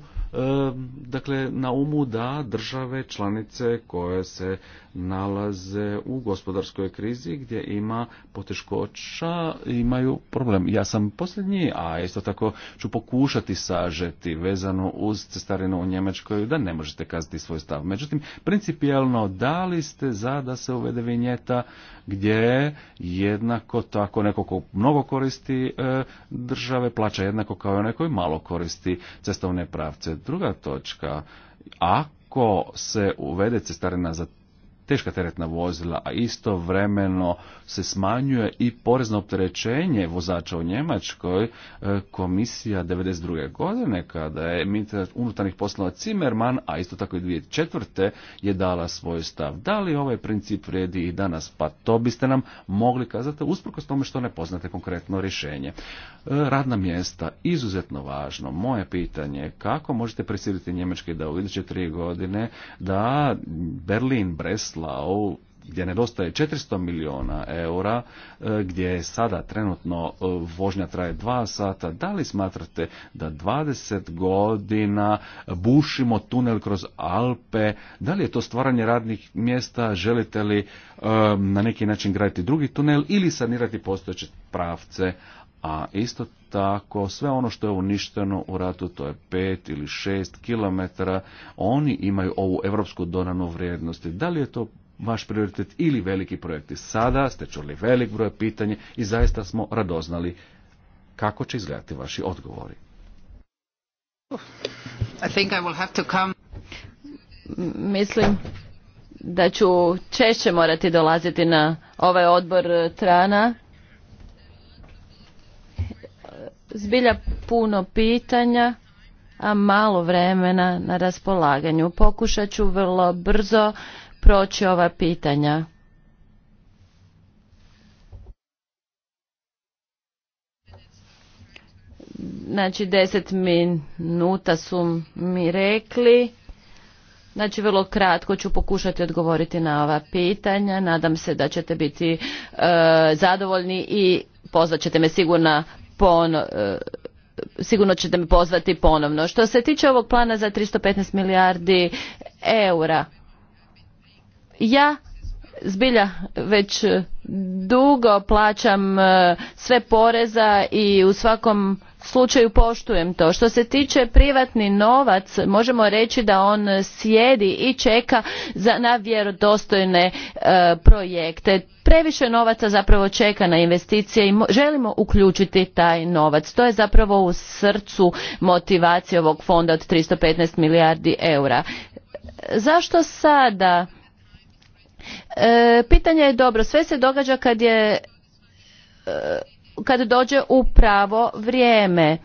dakle na umu da države članice koje se nalaze u gospodarskoj krizi gdje ima poteškoća imaju problem. Ja sam posljednji, a isto tako ću pokušati sažeti vezano uz cestarinu u Njemačkoj da ne možete kazati svoj stav. Međutim, principijalno, da li ste za da se uvede vinjeta gdje jednako tako neko ko mnogo koristi e, države plaća jednako kao i onaj malo koristi cestovne pravce druga točka, ako se uvede cestarina za teška teretna vozila, a istovremeno se smanjuje i porezno opterećenje vozača u Njemačkoj, e, komisija 1992. godine, kada je ministar unutarnjih poslova Cimerman, a isto tako i 2004. je dala svoj stav. Da li ovaj princip vredi i danas? Pa to biste nam mogli kazati, usprkos tome što ne poznate konkretno rješenje. E, radna mjesta, izuzetno važno. Moje pitanje je kako možete prisiliti Njemačke da u iduće tri godine da Berlin, Bresla, Breslau gdje nedostaje 400 milijuna eura, e, gdje je sada trenutno e, vožnja traje dva sata, da li smatrate da 20 godina bušimo tunel kroz Alpe, da li je to stvaranje radnih mjesta, želite li e, na neki način graditi drugi tunel ili sanirati postojeće pravce, a isto tako sve ono što je uništeno u ratu, to je pet ili šest kilometara, oni imaju ovu evropsku donanu vrijednost. Da li je to vaš prioritet ili veliki projekti? Sada ste čuli velik broj pitanja i zaista smo radoznali kako će izgledati vaši odgovori. I think I will have to come. Mislim da ću češće morati dolaziti na ovaj odbor eh, trana zbilja puno pitanja, a malo vremena na raspolaganju. Pokušat ću vrlo brzo proći ova pitanja. Znači, deset minuta su mi rekli. Znači, vrlo kratko ću pokušati odgovoriti na ova pitanja. Nadam se da ćete biti e, zadovoljni i pozvat ćete me sigurno ono, e, sigurno ćete me pozvati ponovno. Što se tiče ovog plana za 315 milijardi eura, ja zbilja već dugo plaćam e, sve poreza i u svakom slučaju poštujem to. Što se tiče privatni novac, možemo reći da on sjedi i čeka za, na vjerodostojne e, projekte. Previše novaca zapravo čeka na investicije i želimo uključiti taj novac. To je zapravo u srcu motivacije ovog fonda od 315 milijardi eura. Zašto sada? E, pitanje je dobro. Sve se događa kad je e, kad dođe u pravo vrijeme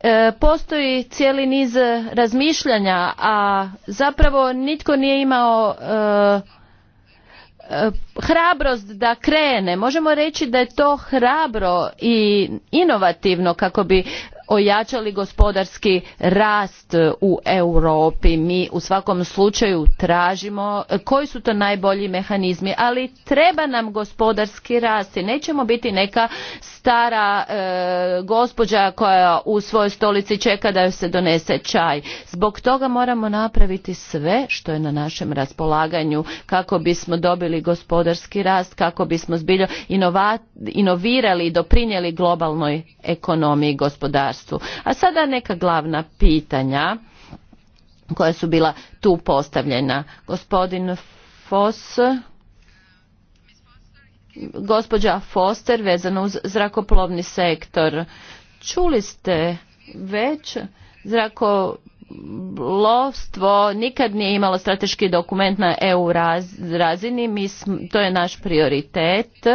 e, postoji cijeli niz razmišljanja a zapravo nitko nije imao e, e, hrabrost da krene možemo reći da je to hrabro i inovativno kako bi ojačali gospodarski rast u Europi. Mi u svakom slučaju tražimo koji su to najbolji mehanizmi, ali treba nam gospodarski rast i nećemo biti neka stara e, gospođa koja u svojoj stolici čeka da joj se donese čaj. Zbog toga moramo napraviti sve što je na našem raspolaganju kako bismo dobili gospodarski rast, kako bismo zbilja inovirali i doprinijeli globalnoj ekonomiji gospodarstva a sada neka glavna pitanja koja su bila tu postavljena. Gospodin Foss, gospođa Foster vezano uz zrakoplovni sektor. Čuli ste već zrako lovstvo nikad nije imalo strateški dokument na EU razini, to je naš prioritet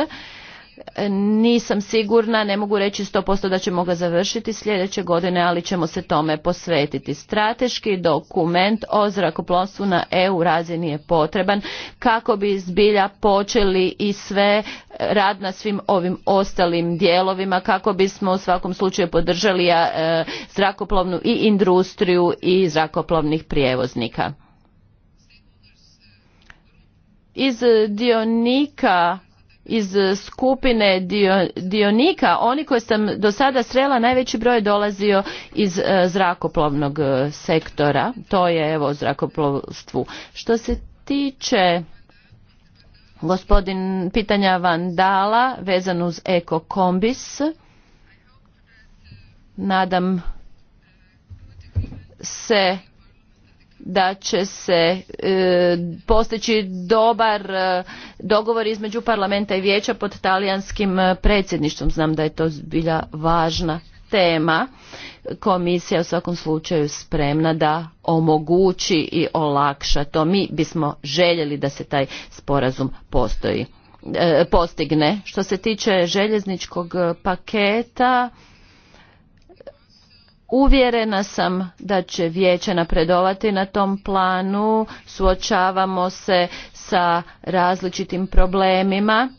nisam sigurna, ne mogu reći 100% da ćemo ga završiti sljedeće godine, ali ćemo se tome posvetiti. Strateški dokument o zrakoplovstvu na EU razini je potreban kako bi zbilja počeli i sve rad na svim ovim ostalim dijelovima, kako bismo u svakom slučaju podržali e, zrakoplovnu i industriju i zrakoplovnih prijevoznika. Iz dionika iz eh, skupine dionika, oni koje sam do sada srela, najveći broj dolazio iz eh, zrakoplovnog eh, sektora. To je evo zrakoplovstvu. Što se tiče gospodin pitanja Vandala vezan uz Eko Kombis, nadam se da će se e, postići dobar e, dogovor između parlamenta i vijeća pod talijanskim e, predsjedništvom znam da je to zbilja važna tema komisija u svakom slučaju spremna da omogući i olakša to mi bismo željeli da se taj sporazum postoji postigne što se tiče željezničkog paketa Uvjerena sam da će vijeće napredovati na tom planu, suočavamo se sa različitim problemima.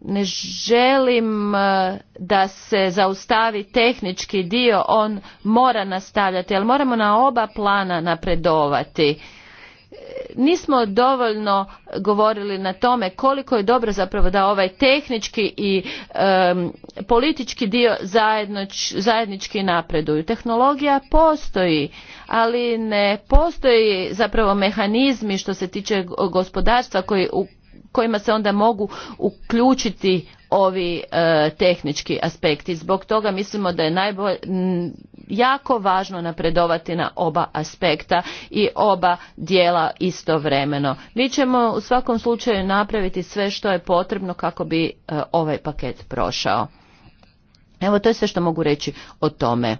Ne želim eh, da se zaustavi tehnički dio, on mora nastavljati, ali moramo na oba plana napredovati nismo dovoljno govorili na tome koliko je dobro zapravo da ovaj tehnički i politički dio zajednički napreduju tehnologija postoji ali ne postoji zapravo mehanizmi što se tiče gospodarstva kojima se onda mogu uključiti ovi e, tehnički aspekti zbog toga mislimo da je jako važno napredovati na oba aspekta i oba dijela istovremeno mi ćemo u svakom slučaju napraviti sve što je potrebno kako bi e, ovaj paket prošao evo to je sve što mogu reći o tome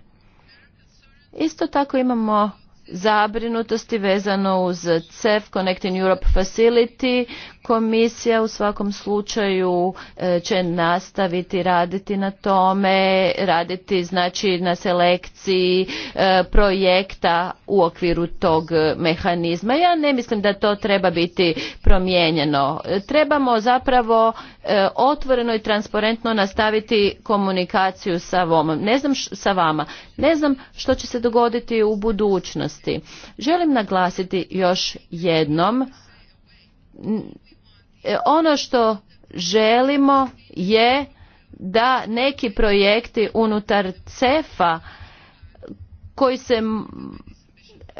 isto tako imamo zabrinutosti vezano uz CEF, Connecting Europe Facility. Komisija u svakom slučaju e, će nastaviti raditi na tome, raditi znači na selekciji e, projekta u okviru tog mehanizma. Ja ne mislim da to treba biti promijenjeno. E, trebamo zapravo E, otvoreno i transparentno nastaviti komunikaciju sa vama. Ne znam sa vama. Ne znam što će se dogoditi u budućnosti. Želim naglasiti još jednom e, ono što želimo je da neki projekti unutar CEFA koji se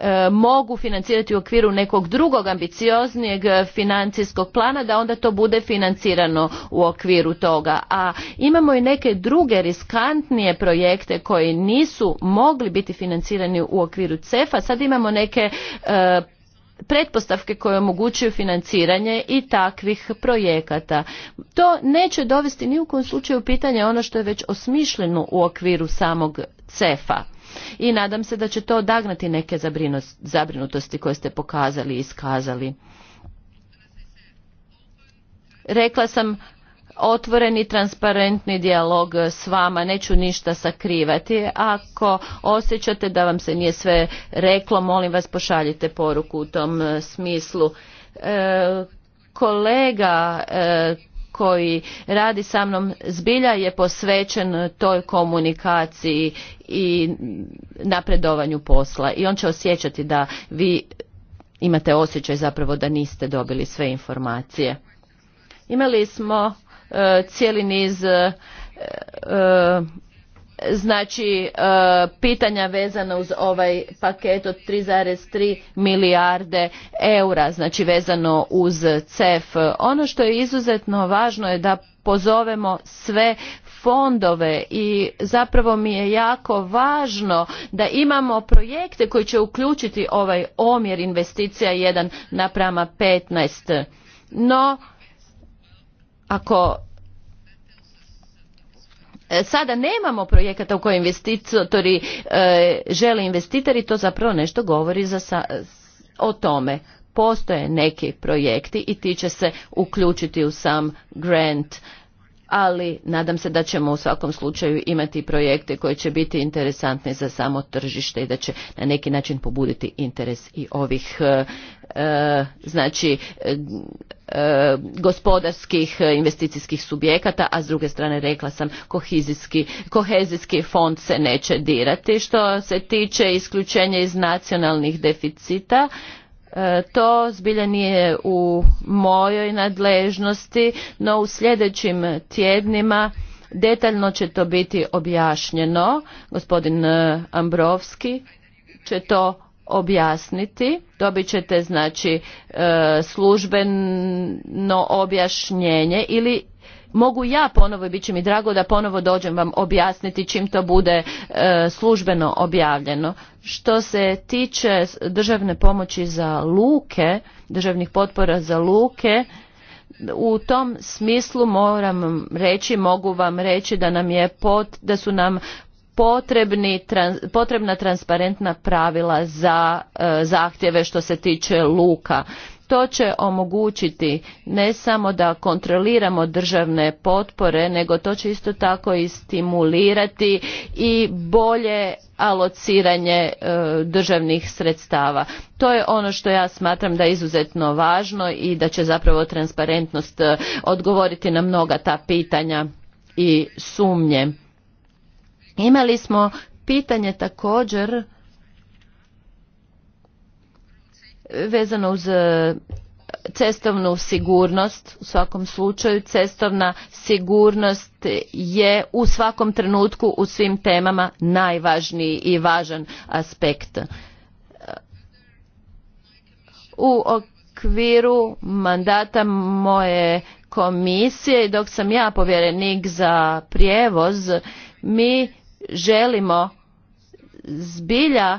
E, mogu financirati u okviru nekog drugog ambicioznijeg financijskog plana da onda to bude financirano u okviru toga a imamo i neke druge riskantnije projekte koji nisu mogli biti financirani u okviru cefa sad imamo neke e, pretpostavke koje omogućuju financiranje i takvih projekata. To neće dovesti ni u kom slučaju pitanje ono što je već osmišljeno u okviru samog CEFA i nadam se da će to odagnati neke zabrinutosti koje ste pokazali i iskazali. Rekla sam otvoreni transparentni dijalog s vama neću ništa sakrivati ako osjećate da vam se nije sve reklo molim vas pošaljite poruku u tom e, smislu e, kolega e, koji radi sa mnom zbilja je posvećen toj komunikaciji i napredovanju posla i on će osjećati da vi imate osjećaj zapravo da niste dobili sve informacije. Imali smo e, cijeli niz e, e, znači e, pitanja vezana uz ovaj paket od 3,3 milijarde eura, znači vezano uz CEF. Ono što je izuzetno važno je da pozovemo sve fondove i zapravo mi je jako važno da imamo projekte koji će uključiti ovaj omjer investicija 1 prama 15. No, ako E, sada nemamo projekata u koje investitori e, žele investitori, to zapravo nešto govori za o tome. Postoje neki projekti i ti će se uključiti u sam grant ali nadam se da ćemo u svakom slučaju imati projekte koji će biti interesantni za samo tržište i da će na neki način pobuditi interes i ovih e, e, znači e, gospodarskih investicijskih subjekata, a s druge strane rekla sam kohezijski kohezijski fond se neće dirati. Što se tiče isključenja iz nacionalnih deficita, E, to zbilje nije u mojoj nadležnosti, no u sljedećim tjednima detaljno će to biti objašnjeno. Gospodin e, Ambrovski će to objasniti. Dobit ćete znači e, službeno objašnjenje ili mogu ja ponovo i bit će mi drago da ponovo dođem vam objasniti čim to bude e, službeno objavljeno. Što se tiče državne pomoći za luke, državnih potpora za luke, u tom smislu moram reći, mogu vam reći da nam je da su nam Potrebni, potrebna transparentna pravila za e, zahtjeve što se tiče luka to će omogućiti ne samo da kontroliramo državne potpore, nego to će isto tako i stimulirati i bolje alociranje e, državnih sredstava. To je ono što ja smatram da je izuzetno važno i da će zapravo transparentnost e, odgovoriti na mnoga ta pitanja i sumnje. Imali smo pitanje također vezano uz e, cestovnu sigurnost u svakom slučaju cestovna sigurnost je u svakom trenutku u svim temama najvažniji i važan aspekt e, u okviru mandata moje komisije i dok sam ja povjerenik za prijevoz mi želimo zbilja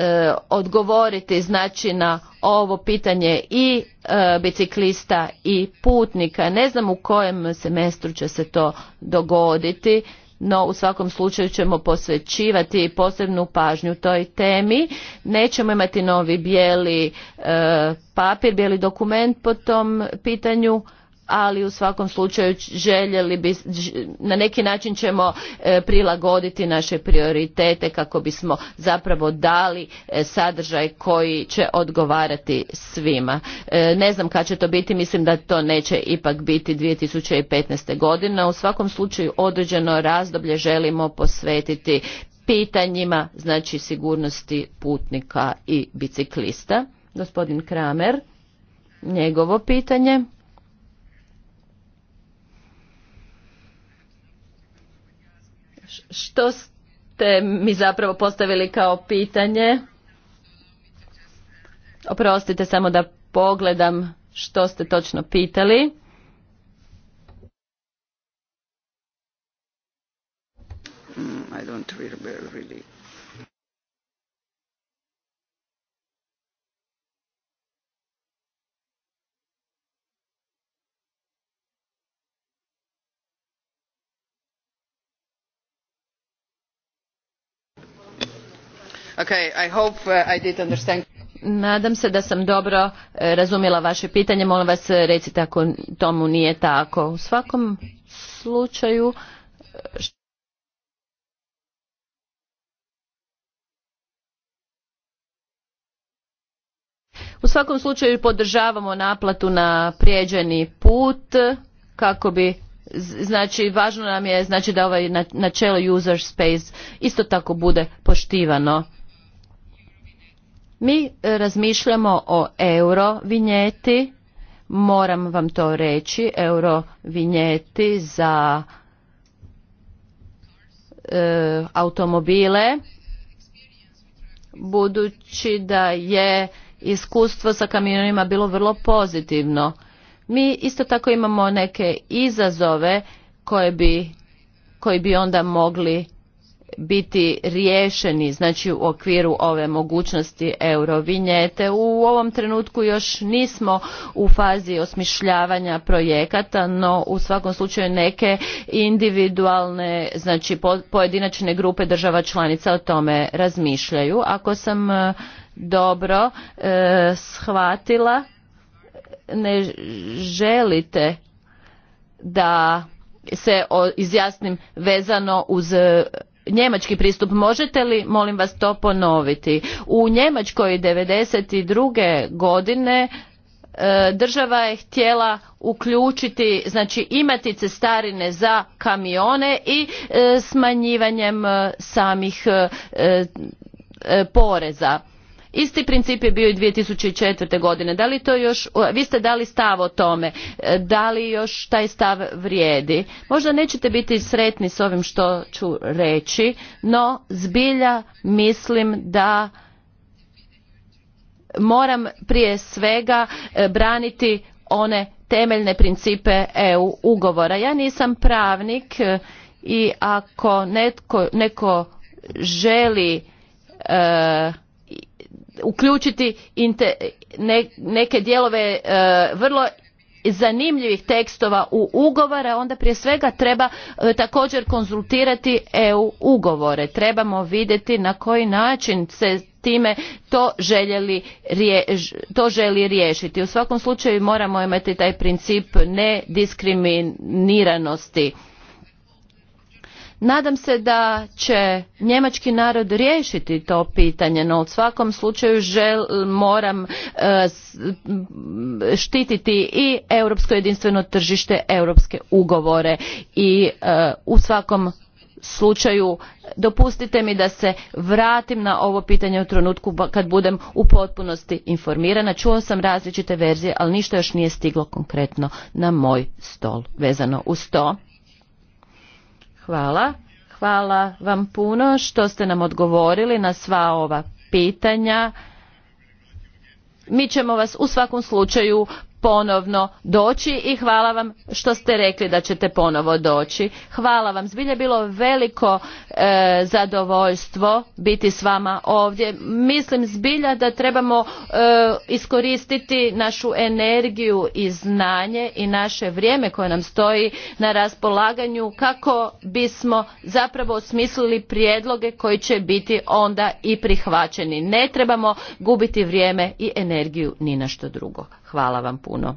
E, odgovoriti znači na ovo pitanje i e, biciklista i putnika. Ne znam u kojem semestru će se to dogoditi, no u svakom slučaju ćemo posvećivati posebnu pažnju toj temi. Nećemo imati novi bijeli e, papir, bijeli dokument po tom pitanju ali u svakom slučaju željeli bi, na neki način ćemo e, prilagoditi naše prioritete kako bismo zapravo dali e, sadržaj koji će odgovarati svima. E, ne znam kad će to biti, mislim da to neće ipak biti 2015. godina. U svakom slučaju određeno razdoblje želimo posvetiti pitanjima, znači sigurnosti putnika i biciklista. Gospodin Kramer, njegovo pitanje. što ste mi zapravo postavili kao pitanje? Oprostite samo da pogledam što ste točno pitali. Mm, I don't really Uh, Nadam se da sam dobro uh, razumjela vaše pitanje. Molim vas uh, recite ako tomu nije tako. U svakom slučaju... U svakom slučaju podržavamo naplatu na prijeđeni put kako bi znači važno nam je znači, da ovaj načelo user space isto tako bude poštivano. Mi e, razmišljamo o euro vinjeti, moram vam to reći, euro vinjeti za e, automobile, budući da je iskustvo sa kamionima bilo vrlo pozitivno. Mi isto tako imamo neke izazove koje bi, koji bi onda mogli biti riješeni znači u okviru ove mogućnosti eurovinjete. U ovom trenutku još nismo u fazi osmišljavanja projekata, no u svakom slučaju neke individualne, znači pojedinačne grupe država članica o tome razmišljaju. Ako sam e, dobro e, shvatila, ne želite da se izjasnim vezano uz njemački pristup. Možete li, molim vas, to ponoviti? U Njemačkoj 1992. godine e, država je htjela uključiti znači imati cestarine za kamione i e, smanjivanjem e, samih poreza Isti princip je bio i 2004. godine. Da li to još, vi ste dali stav o tome, e, da li još taj stav vrijedi? Možda nećete biti sretni s ovim što ću reći, no zbilja mislim da moram prije svega e, braniti one temeljne principe EU ugovora. Ja nisam pravnik e, i ako netko, neko želi uključiti neke dijelove e, vrlo zanimljivih tekstova u ugovore onda prije svega treba e, također konzultirati eu ugovore trebamo vidjeti na koji način se time to, željeli, to želi riješiti u svakom slučaju moramo imati taj princip nediskriminiranosti Nadam se da će njemački narod riješiti to pitanje, no u svakom slučaju žel, moram e, štititi i europsko jedinstveno tržište, europske ugovore i e, u svakom slučaju dopustite mi da se vratim na ovo pitanje u trenutku kad budem u potpunosti informirana. Čuo sam različite verzije, ali ništa još nije stiglo konkretno na moj stol vezano uz to. Hvala. Hvala vam puno što ste nam odgovorili na sva ova pitanja. Mi ćemo vas u svakom slučaju ponovno doći i hvala vam što ste rekli da ćete ponovo doći. Hvala vam, zbilje bilo veliko e, zadovoljstvo biti s vama ovdje. Mislim zbilja da trebamo e, iskoristiti našu energiju i znanje i naše vrijeme koje nam stoji na raspolaganju kako bismo zapravo osmislili prijedloge koji će biti onda i prihvaćeni. Ne trebamo gubiti vrijeme i energiju ni na što drugo. Hvala vam puno.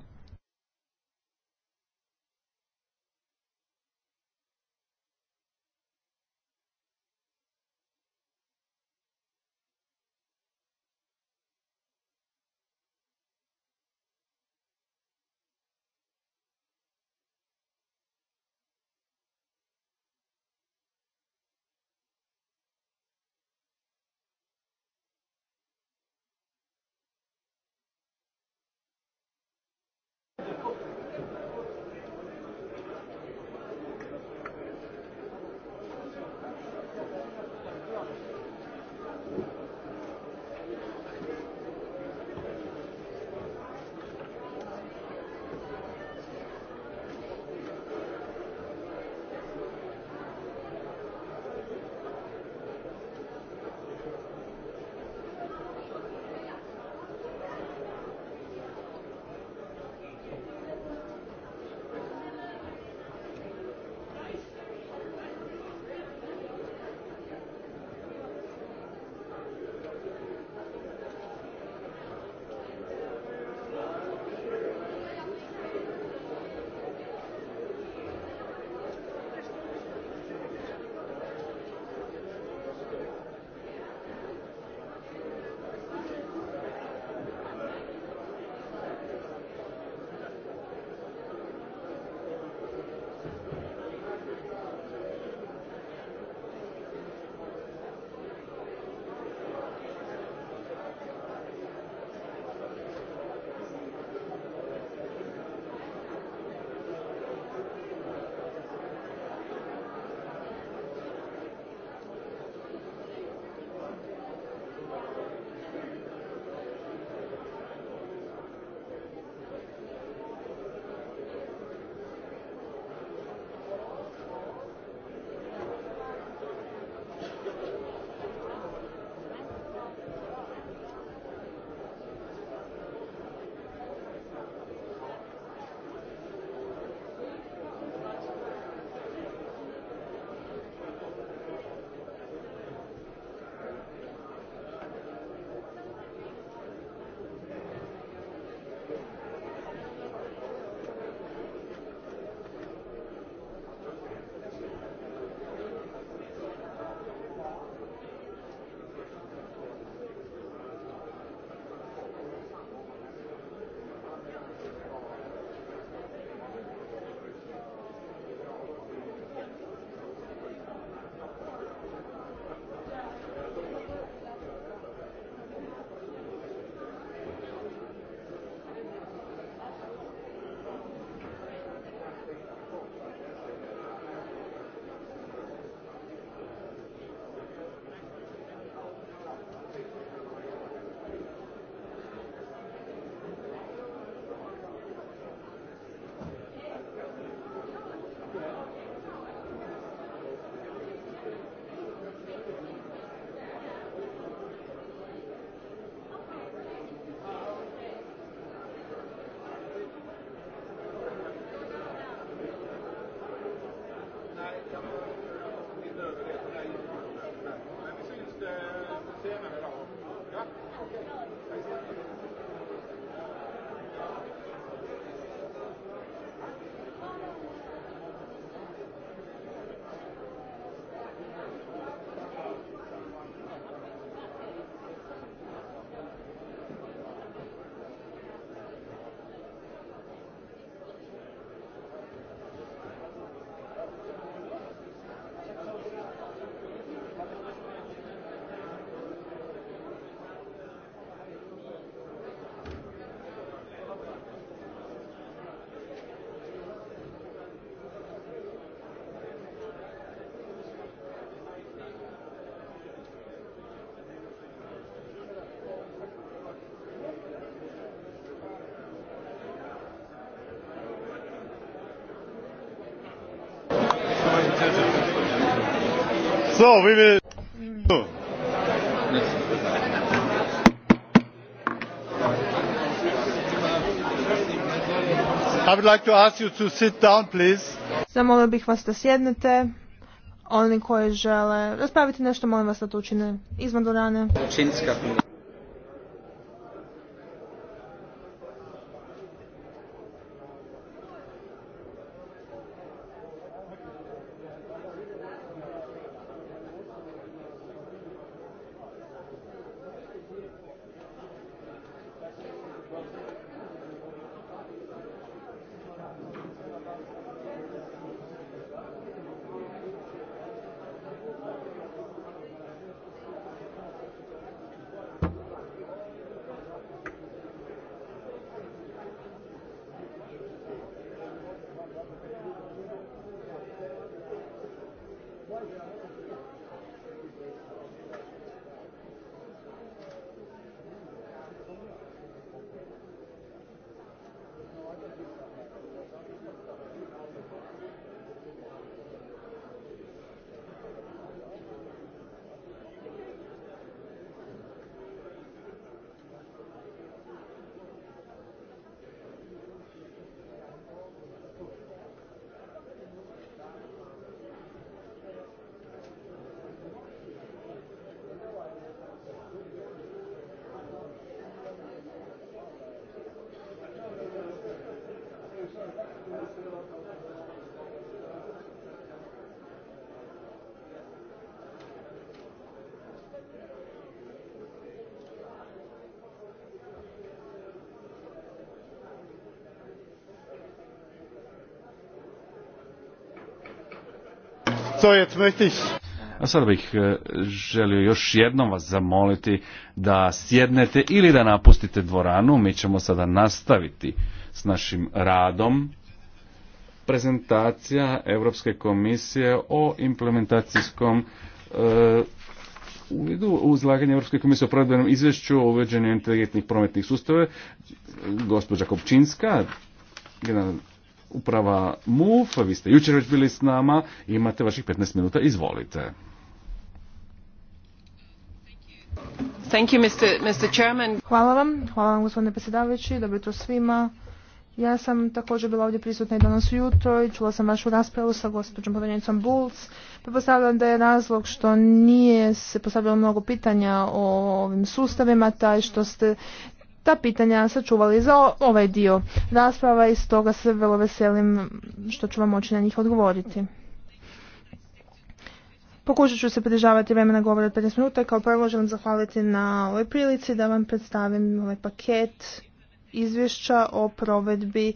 So, we will... I would like to ask you to sit down, please. Zamolio bih vas da sjednete. Oni koji žele raspraviti nešto, molim vas da to učine izvan Činska. A sada bih e, želio još jednom vas zamoliti da sjednete ili da napustite dvoranu. Mi ćemo sada nastaviti s našim radom. Prezentacija Europske komisije o implementacijskom e, uvidu u izlaganje Europske komisije o provedbenom izvješću o uveđenju inteligentnih prometnih sustava, gospođa Kopčinska, generalna uprava MUF, vi ste jučer već bili s nama, imate vaših 15 minuta, izvolite. Hvala vam, hvala vam gospodine predsjedavajući, dobro svima. Ja sam također bila ovdje prisutna i danas ujutro i čula sam vašu raspravu sa gospođom povjerenicom Bulc. Prepostavljam da je razlog što nije se postavilo mnogo pitanja o ovim sustavima, taj što ste ta pitanja sačuvali za ovaj dio rasprava i stoga se vrlo veselim što ću vam moći na njih odgovoriti. Pokušat ću se pridržavati vremena govora od 15 minuta. Kao prvo želim zahvaliti na ovoj prilici da vam predstavim ovaj paket izvješća o provedbi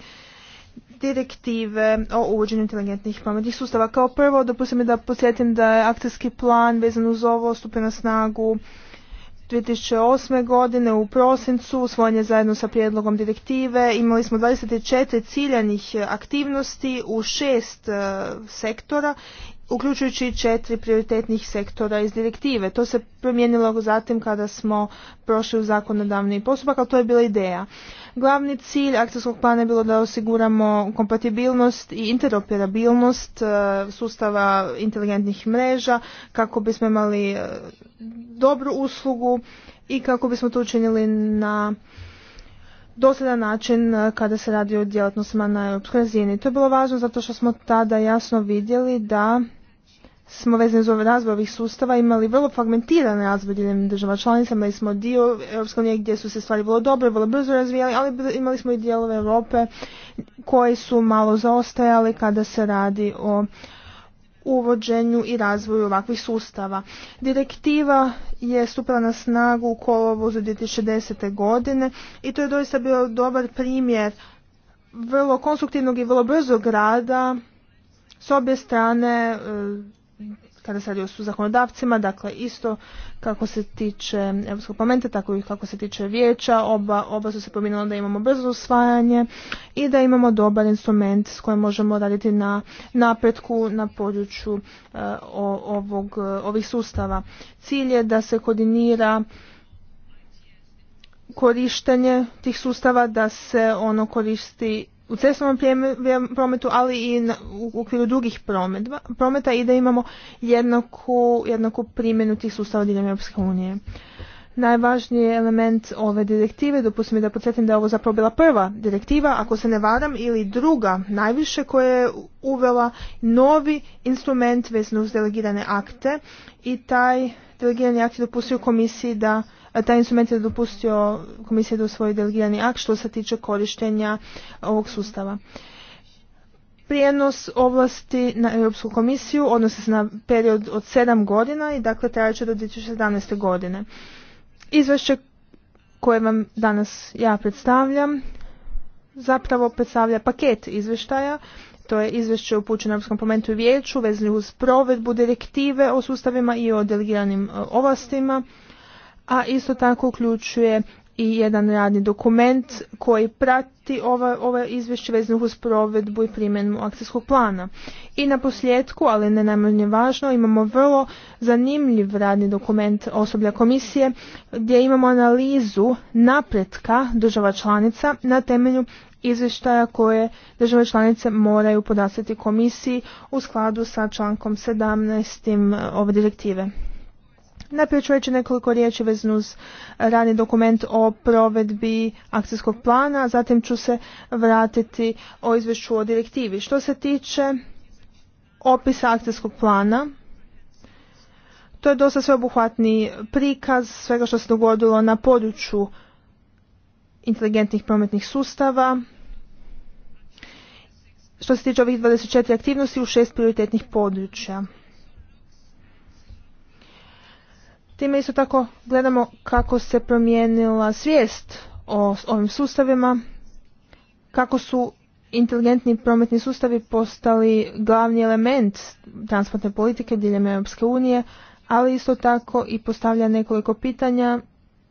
direktive o uvođenju inteligentnih pametnih sustava. Kao prvo, dopustim mi da posjetim da je akcijski plan vezan uz ovo stupio na snagu 2008. godine u prosincu usvojen je zajedno sa prijedlogom direktive. Imali smo 24 ciljanih aktivnosti u šest e, sektora uključujući četiri prioritetnih sektora iz direktive. To se promijenilo zatim kada smo prošli u zakonodavni postupak, ali to je bila ideja. Glavni cilj akcijskog plana je bilo da osiguramo kompatibilnost i interoperabilnost e, sustava inteligentnih mreža kako bismo imali e, dobru uslugu i kako bismo to učinili na dosljedan način e, kada se radi o djelatnostima na europskoj razini. To je bilo važno zato što smo tada jasno vidjeli da smo vezani ovaj razvoj ovih sustava imali vrlo fragmentirane razvoj država članicama i smo dio Europske unije gdje su se stvari vrlo dobro, vrlo brzo razvijali, ali imali smo i dijelove Europe koji su malo zaostajali kada se radi o uvođenju i razvoju ovakvih sustava. Direktiva je stupila na snagu u kolovozu 2010. godine i to je doista bio dobar primjer vrlo konstruktivnog i vrlo brzog rada s obje strane e, kada se radi o zakonodavcima, dakle isto kako se tiče Europskog parlamenta, tako i kako se tiče vijeća, oba, su se pominjala da imamo brzo usvajanje i da imamo dobar instrument s kojim možemo raditi na napretku na području eh, ovog, eh, ovih sustava. Cilj je da se koordinira korištenje tih sustava, da se ono koristi u cestovnom prometu, ali i u okviru drugih prometa i da imamo jednaku, jednaku primjenu tih sustava diljem Europske unije. Najvažniji element ove direktive, dopustim mi da podsjetim da je ovo zapravo bila prva direktiva, ako se ne varam, ili druga najviše koja je uvela novi instrument vezno uz delegirane akte i taj delegirani akt je dopustio komisiji da taj instrument je dopustio komisije do usvoji delegirani akt što se tiče korištenja ovog sustava. Prijenos ovlasti na Europsku komisiju odnosi se na period od 7 godina i dakle trajeće do 2017. godine. Izvješće koje vam danas ja predstavljam zapravo predstavlja paket izvještaja to je izvješće upućeno Europskom parlamentu i vijeću vezno uz provedbu direktive o sustavima i o delegiranim e, ovlastima a isto tako uključuje i jedan radni dokument koji prati ova, ova izvješće vezano uz provedbu i primjenu akcijskog plana. I na posljedku, ali ne najmanje važno, imamo vrlo zanimljiv radni dokument osoblja komisije gdje imamo analizu napretka država članica na temelju izvještaja koje države članice moraju podastati komisiji u skladu sa člankom 17. E, ove direktive. Najprije ću reći nekoliko riječi vezno uz rani dokument o provedbi akcijskog plana, zatim ću se vratiti o izvješću o direktivi. Što se tiče opisa akcijskog plana, to je dosta sveobuhvatni prikaz svega što se dogodilo na području inteligentnih prometnih sustava. Što se tiče ovih 24 aktivnosti u šest prioritetnih područja. Time isto tako gledamo kako se promijenila svijest o ovim sustavima, kako su inteligentni prometni sustavi postali glavni element transportne politike diljem Europske unije, ali isto tako i postavlja nekoliko pitanja,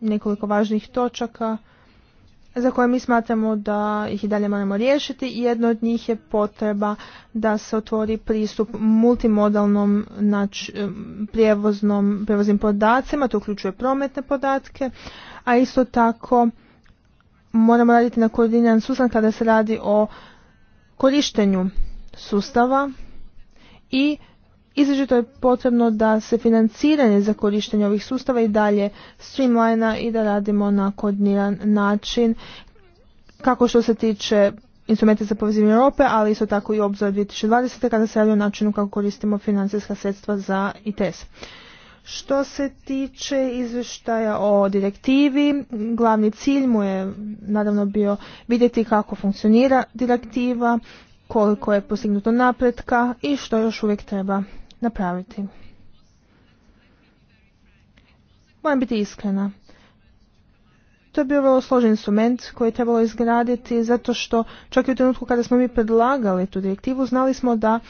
nekoliko važnih točaka za koje mi smatramo da ih i dalje moramo riješiti. Jedno od njih je potreba da se otvori pristup multimodalnom nač, prijevoznom, prijevoznim podacima, to uključuje prometne podatke, a isto tako moramo raditi na koordiniran sustav kada se radi o korištenju sustava i Izrežito je potrebno da se financiranje za korištenje ovih sustava i dalje streamlina i da radimo na koordiniran način kako što se tiče instrumente za povezivanje Europe, ali isto tako i obzor 2020. kada se radi o načinu kako koristimo financijska sredstva za ITS. Što se tiče izvještaja o direktivi, glavni cilj mu je naravno bio vidjeti kako funkcionira direktiva, koliko je postignuto napretka i što još uvijek treba napraviti. Moram biti iskrena. To je bio vrlo složen instrument koji je trebalo izgraditi zato što čak i u trenutku kada smo mi predlagali tu direktivu znali smo da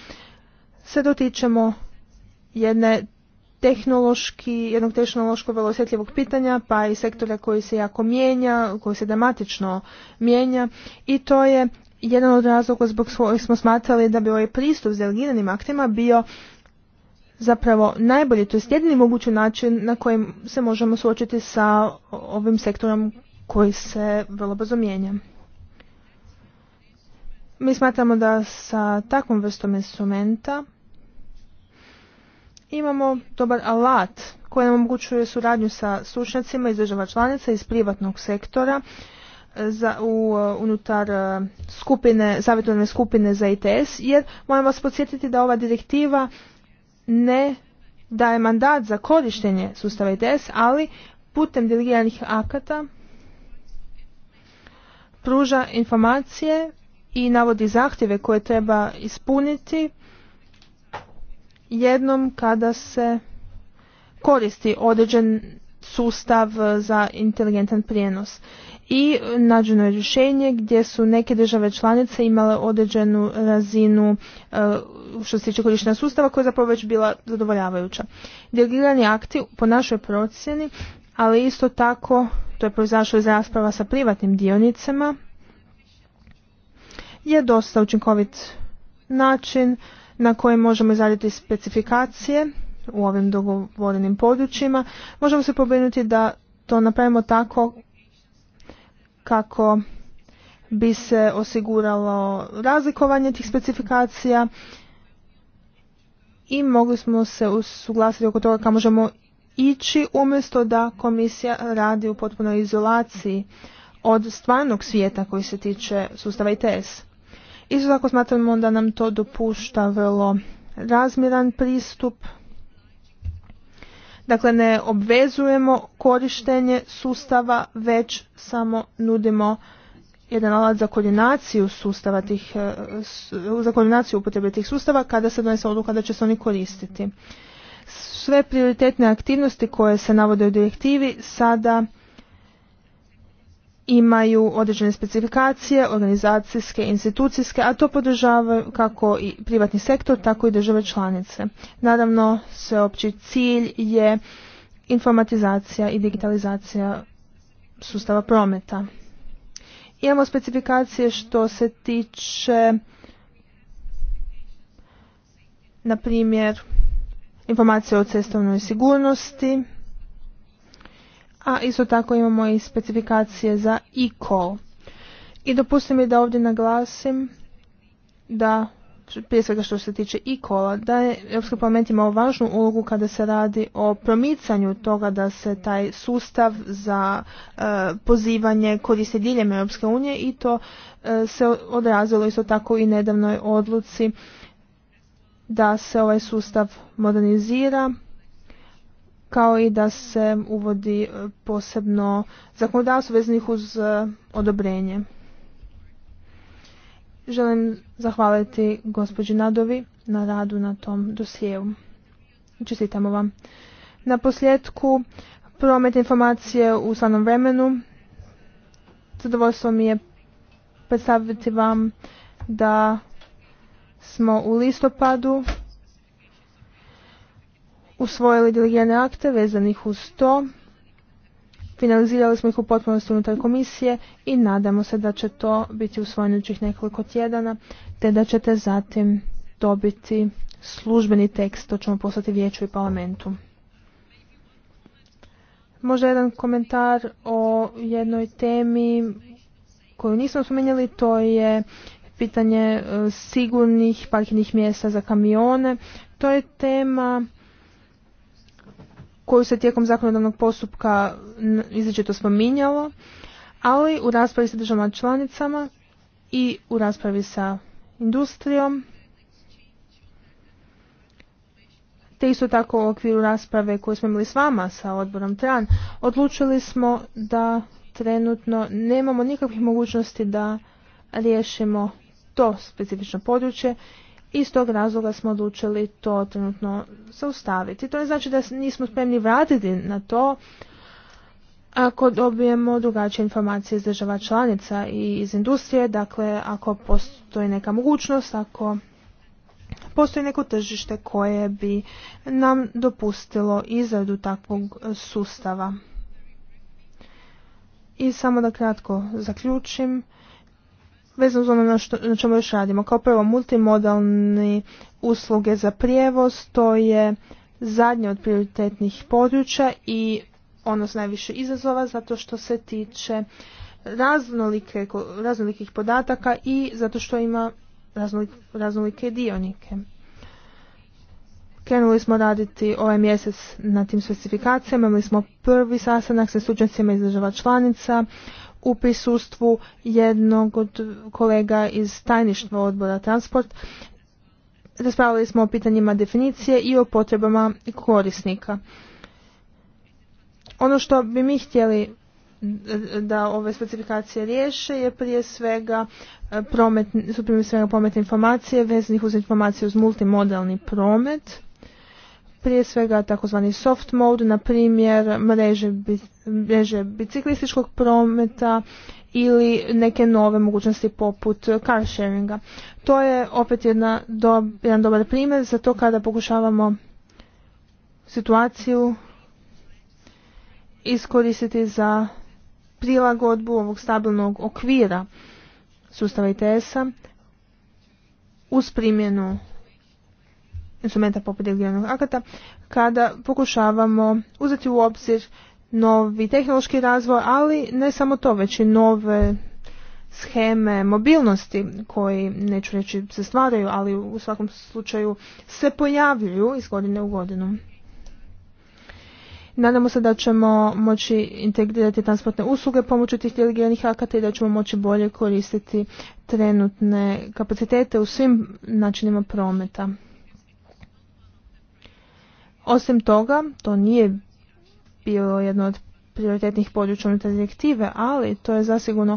se dotičemo jedne tehnološki, jednog tehnološko vrlo osjetljivog pitanja, pa i sektora koji se jako mijenja, koji se dramatično mijenja i to je jedan od razloga zbog kojih smo smatrali da bi ovaj pristup s delegiranim aktima bio zapravo najbolji, to je jedini mogući način na kojem se možemo suočiti sa ovim sektorom koji se vrlo brzo mijenja. Mi smatramo da sa takvom vrstom instrumenta imamo dobar alat koji nam omogućuje suradnju sa stručnjacima iz država članica, iz privatnog sektora, za, u, unutar e, skupine, savjetodavne skupine za ITS, jer moram vas podsjetiti da ova direktiva ne daje mandat za korištenje sustava ITS, ali putem delegiranih akata pruža informacije i navodi zahtjeve koje treba ispuniti jednom kada se koristi određen sustav za inteligentan prijenos. I nađeno je rješenje gdje su neke države članice imale određenu razinu e, što se tiče korištenja sustava koja je zapravo već bila zadovoljavajuća. Delegirani akti po našoj procjeni, ali isto tako to je proizašlo iz rasprava sa privatnim dionicama, je dosta učinkovit način na koji možemo izraditi specifikacije u ovim dogovorenim područjima. Možemo se pobrinuti da to napravimo tako kako bi se osiguralo razlikovanje tih specifikacija i mogli smo se usuglasiti oko toga kako možemo ići umjesto da komisija radi u potpunoj izolaciji od stvarnog svijeta koji se tiče sustava ITS. Isto tako smatramo da nam to dopušta vrlo razmjeran pristup. Dakle, ne obvezujemo korištenje sustava, već samo nudimo jedan alat za koordinaciju sustava tih, e, za koordinaciju upotrebe tih sustava kada se donese odluka da će se oni koristiti. Sve prioritetne aktivnosti koje se navode u direktivi sada imaju određene specifikacije, organizacijske, institucijske, a to podržavaju kako i privatni sektor, tako i države članice. Naravno, sveopći cilj je informatizacija i digitalizacija sustava prometa. Imamo specifikacije što se tiče na primjer informacije o cestovnoj sigurnosti, a isto tako imamo i specifikacije za e-call. I dopustim mi da ovdje naglasim da prije svega što se tiče i kola, da je Europski parlament imao važnu ulogu kada se radi o promicanju toga da se taj sustav za e, pozivanje koriste diljem Europske unije i to e, se odrazilo isto tako i nedavnoj odluci da se ovaj sustav modernizira kao i da se uvodi e, posebno zakonodavstvo vezanih uz odobrenje. Želim zahvaliti gospođi Nadovi na radu na tom dosjeu. Čestitamo vam. Na posljedku promet informacije u slanom vremenu. Zadovoljstvo mi je predstaviti vam da smo u listopadu usvojili delegirane akte vezanih uz to. Finalizirali smo ih u potpunosti unutar komisije i nadamo se da će to biti usvojeno nekoliko tjedana, te da ćete zatim dobiti službeni tekst, to ćemo poslati vijeću i parlamentu. Možda jedan komentar o jednoj temi koju nismo spomenjali, to je pitanje e, sigurnih parkirnih mjesta za kamione. To je tema koju se tijekom zakonodavnog postupka izričito spominjalo, ali u raspravi sa državama članicama i u raspravi sa industrijom, te isto tako u okviru rasprave koju smo imali s vama sa odborom TRAN, odlučili smo da trenutno nemamo nikakvih mogućnosti da riješimo to specifično područje iz tog razloga smo odlučili to trenutno zaustaviti. To ne znači da nismo spremni vratiti na to ako dobijemo drugačije informacije iz država članica i iz industrije, dakle ako postoji neka mogućnost, ako postoji neko tržište koje bi nam dopustilo izradu takvog sustava. I samo da kratko zaključim, vezano ono na, što, na čemu još radimo. Kao prvo, multimodalni usluge za prijevoz, to je zadnje od prioritetnih područja i ono s najviše izazova zato što se tiče raznolike, raznolikih podataka i zato što ima raznolike, raznolike dionike. Krenuli smo raditi ovaj mjesec na tim specifikacijama, imali smo prvi sastanak sa stručnjacima iz država članica, u prisustvu jednog od kolega iz tajništva odbora transport raspravili smo o pitanjima definicije i o potrebama korisnika. Ono što bi mi htjeli da ove specifikacije riješe je prije svega e, promet, su prije svega prometne informacije vezanih uz informaciju uz multimodalni promet prije svega takozvani soft mode, na primjer mreže, mreže biciklističkog prometa ili neke nove mogućnosti poput car sharinga. To je opet jedna jedan dobar primjer za to kada pokušavamo situaciju iskoristiti za prilagodbu ovog stabilnog okvira sustava ITS-a uz primjenu instrumenta poput delegiranog akata kada pokušavamo uzeti u obzir novi tehnološki razvoj, ali ne samo to, već i nove scheme mobilnosti koji, neću reći, se stvaraju, ali u svakom slučaju se pojavljuju iz godine u godinu. Nadamo se da ćemo moći integrirati transportne usluge pomoću tih delegiranih akata i da ćemo moći bolje koristiti trenutne kapacitete u svim načinima prometa. Osim toga, to nije bilo jedno od prioritetnih područja unutar direktive, ali to je zasigurno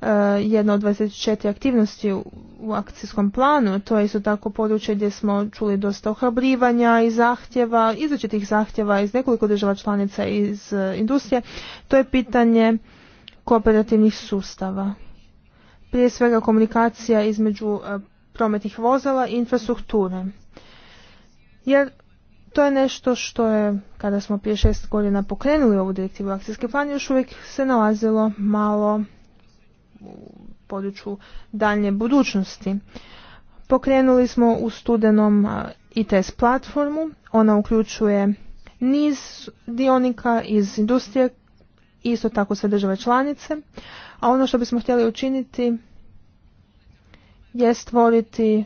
uh, jedna od 24 aktivnosti u, akcijskom planu. To je isto tako područje gdje smo čuli dosta ohrabrivanja i zahtjeva, izračitih zahtjeva iz nekoliko država članica iz e, industrije. To je pitanje kooperativnih sustava. Prije svega komunikacija između e, prometnih vozala i infrastrukture. Jer to je nešto što je, kada smo prije šest godina pokrenuli ovu direktivu akcijske plan, još uvijek se nalazilo malo u području daljnje budućnosti. Pokrenuli smo u studenom ITS platformu, ona uključuje niz dionika iz industrije, isto tako sve države članice, a ono što bismo htjeli učiniti je stvoriti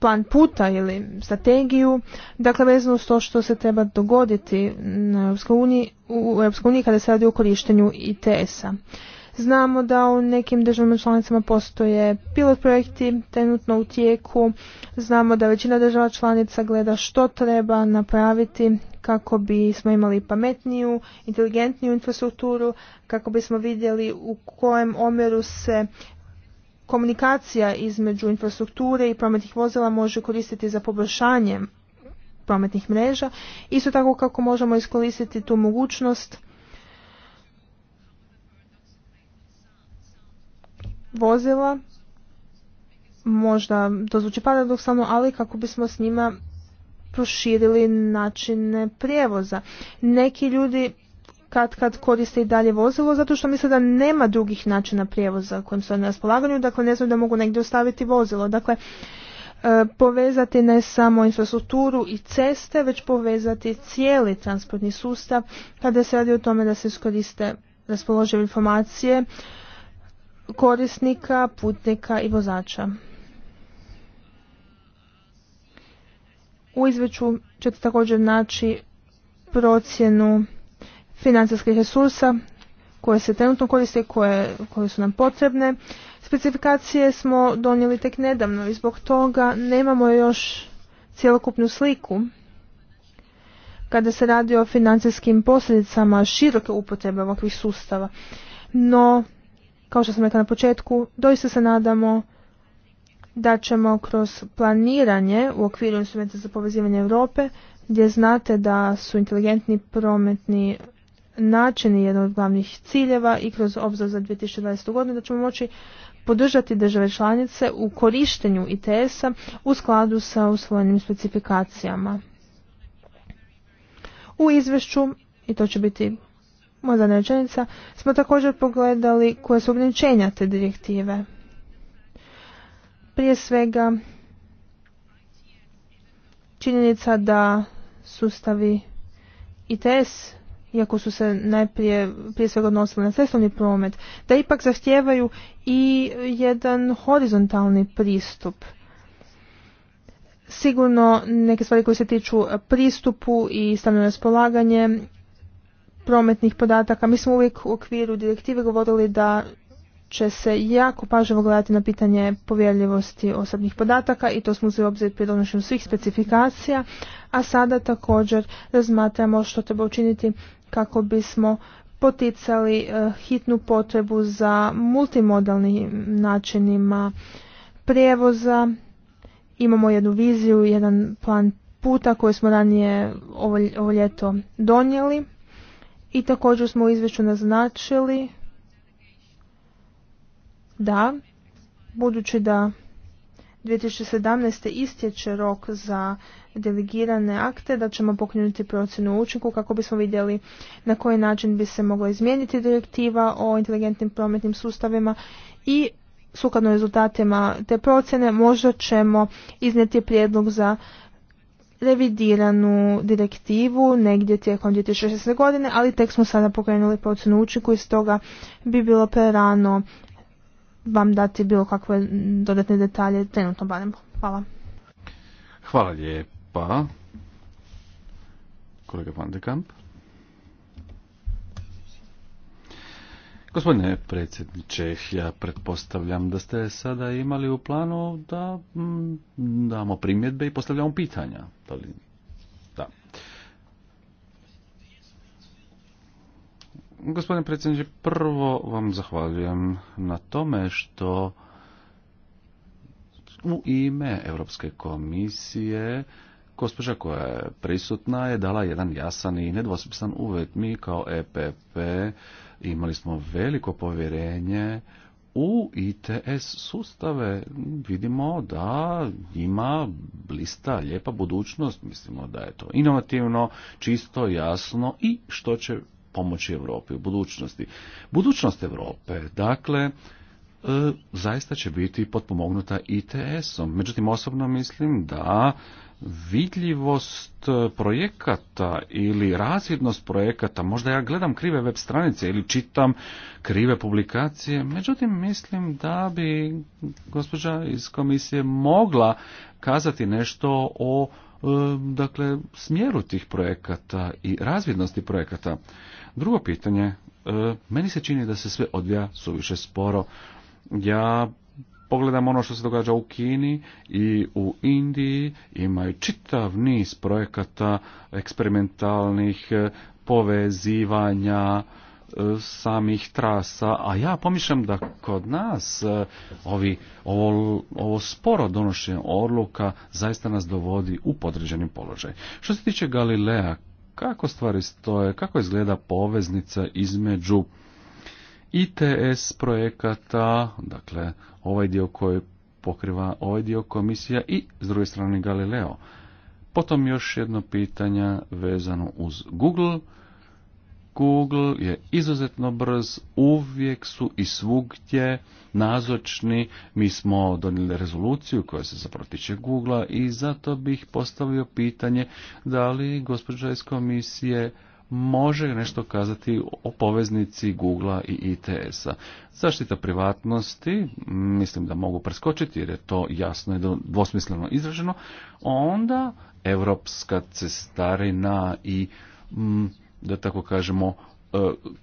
plan puta ili strategiju, dakle vezano s to što se treba dogoditi na uniji u EU kada se radi o korištenju ITS-a. Znamo da u nekim državama članicama postoje pilot projekti trenutno u tijeku. Znamo da većina država članica gleda što treba napraviti kako bismo imali pametniju, inteligentniju infrastrukturu, kako bismo vidjeli u kojem omjeru se komunikacija između infrastrukture i prometnih vozila može koristiti za poboljšanje prometnih mreža. Isto tako kako možemo iskoristiti tu mogućnost vozila, možda to zvuči paradoksalno, ali kako bismo s njima proširili načine prijevoza. Neki ljudi kad kad koriste i dalje vozilo zato što misle da nema drugih načina prijevoza kojim su na raspolaganju, dakle ne znam da mogu negdje ostaviti vozilo. Dakle, e, povezati ne samo infrastrukturu i ceste, već povezati cijeli transportni sustav kada se radi o tome da se iskoriste raspoložive informacije korisnika, putnika i vozača. U izveću ćete također naći procjenu financijskih resursa koje se trenutno koriste i koje, koje su nam potrebne. Specifikacije smo donijeli tek nedavno i zbog toga nemamo još cjelokupnu sliku kada se radi o financijskim posljedicama široke upotrebe ovakvih sustava. No, kao što sam rekla na početku, doista se nadamo da ćemo kroz planiranje u okviru instrumenta za povezivanje Europe, gdje znate da su inteligentni prometni način jedan od glavnih ciljeva i kroz obzor za 2020. godinu da ćemo moći podržati države članice u korištenju ITS-a u skladu sa usvojenim specifikacijama. U izvješću, i to će biti moja zadnja rečenica, smo također pogledali koje su ograničenja te direktive. Prije svega, činjenica da sustavi ITS iako su se najprije prije svega odnosili na cestovni promet, da ipak zahtijevaju i jedan horizontalni pristup. Sigurno neke stvari koje se tiču pristupu i stavno raspolaganje prometnih podataka, mi smo uvijek u okviru direktive govorili da će se jako pažljivo gledati na pitanje povjerljivosti osobnih podataka i to smo uzeli obzir pri donošenju svih specifikacija, a sada također razmatramo što treba učiniti kako bismo poticali e, hitnu potrebu za multimodalnim načinima prijevoza. Imamo jednu viziju, jedan plan puta koji smo ranije ovo, ovo ljeto donijeli i također smo u izvješću naznačili da budući da 2017. istječe rok za delegirane akte, da ćemo pokrenuti procjenu učinku kako bismo vidjeli na koji način bi se mogla izmijeniti direktiva o inteligentnim prometnim sustavima i sukladno rezultatima te procjene možda ćemo iznijeti prijedlog za revidiranu direktivu negdje tijekom 2016. godine, ali tek smo sada pokrenuli procjenu učinku i stoga bi bilo prerano vam dati bilo kakve dodatne detalje trenutno barem. Hvala. Hvala lijepo pa kolega Van de Kamp. Gospodine predsjedniče, ja pretpostavljam da ste sada imali u planu da mm, damo primjedbe i postavljamo pitanja. Da li... Gospodine predsjedniče, prvo vam zahvaljujem na tome što u ime Europske komisije gospođa koja je prisutna je dala jedan jasan i nedvospisan uvjet. Mi kao EPP imali smo veliko povjerenje u ITS sustave vidimo da ima blista, lijepa budućnost, mislimo da je to inovativno, čisto, jasno i što će pomoći Europi u budućnosti. Budućnost Europe, dakle, E, zaista će biti potpomognuta ITS-om. Međutim, osobno mislim da vidljivost projekata ili razvidnost projekata, možda ja gledam krive web stranice ili čitam krive publikacije, međutim mislim da bi gospođa iz komisije mogla kazati nešto o e, dakle smjeru tih projekata i razvidnosti projekata. Drugo pitanje, e, meni se čini da se sve odvija suviše sporo ja pogledam ono što se događa u Kini i u Indiji, imaju čitav niz projekata eksperimentalnih e, povezivanja e, samih trasa, a ja pomišljam da kod nas e, ovi, ovo, ovo sporo donošenje odluka zaista nas dovodi u podređeni položaj. Što se tiče Galilea, kako stvari stoje, kako izgleda poveznica između ITS projekata, dakle ovaj dio koji pokriva ovaj dio komisija i s druge strane Galileo. Potom još jedno pitanje vezano uz Google. Google je izuzetno brz, uvijek su i svugdje nazočni. Mi smo donijeli rezoluciju koja se zapravo tiče Google i zato bih postavio pitanje da li gospođa iz komisije može nešto kazati o poveznici Google-a i ITS-a. Zaštita privatnosti, mislim da mogu preskočiti jer je to jasno i dvosmisleno izraženo, onda europska cestarina i mm, da tako kažemo e,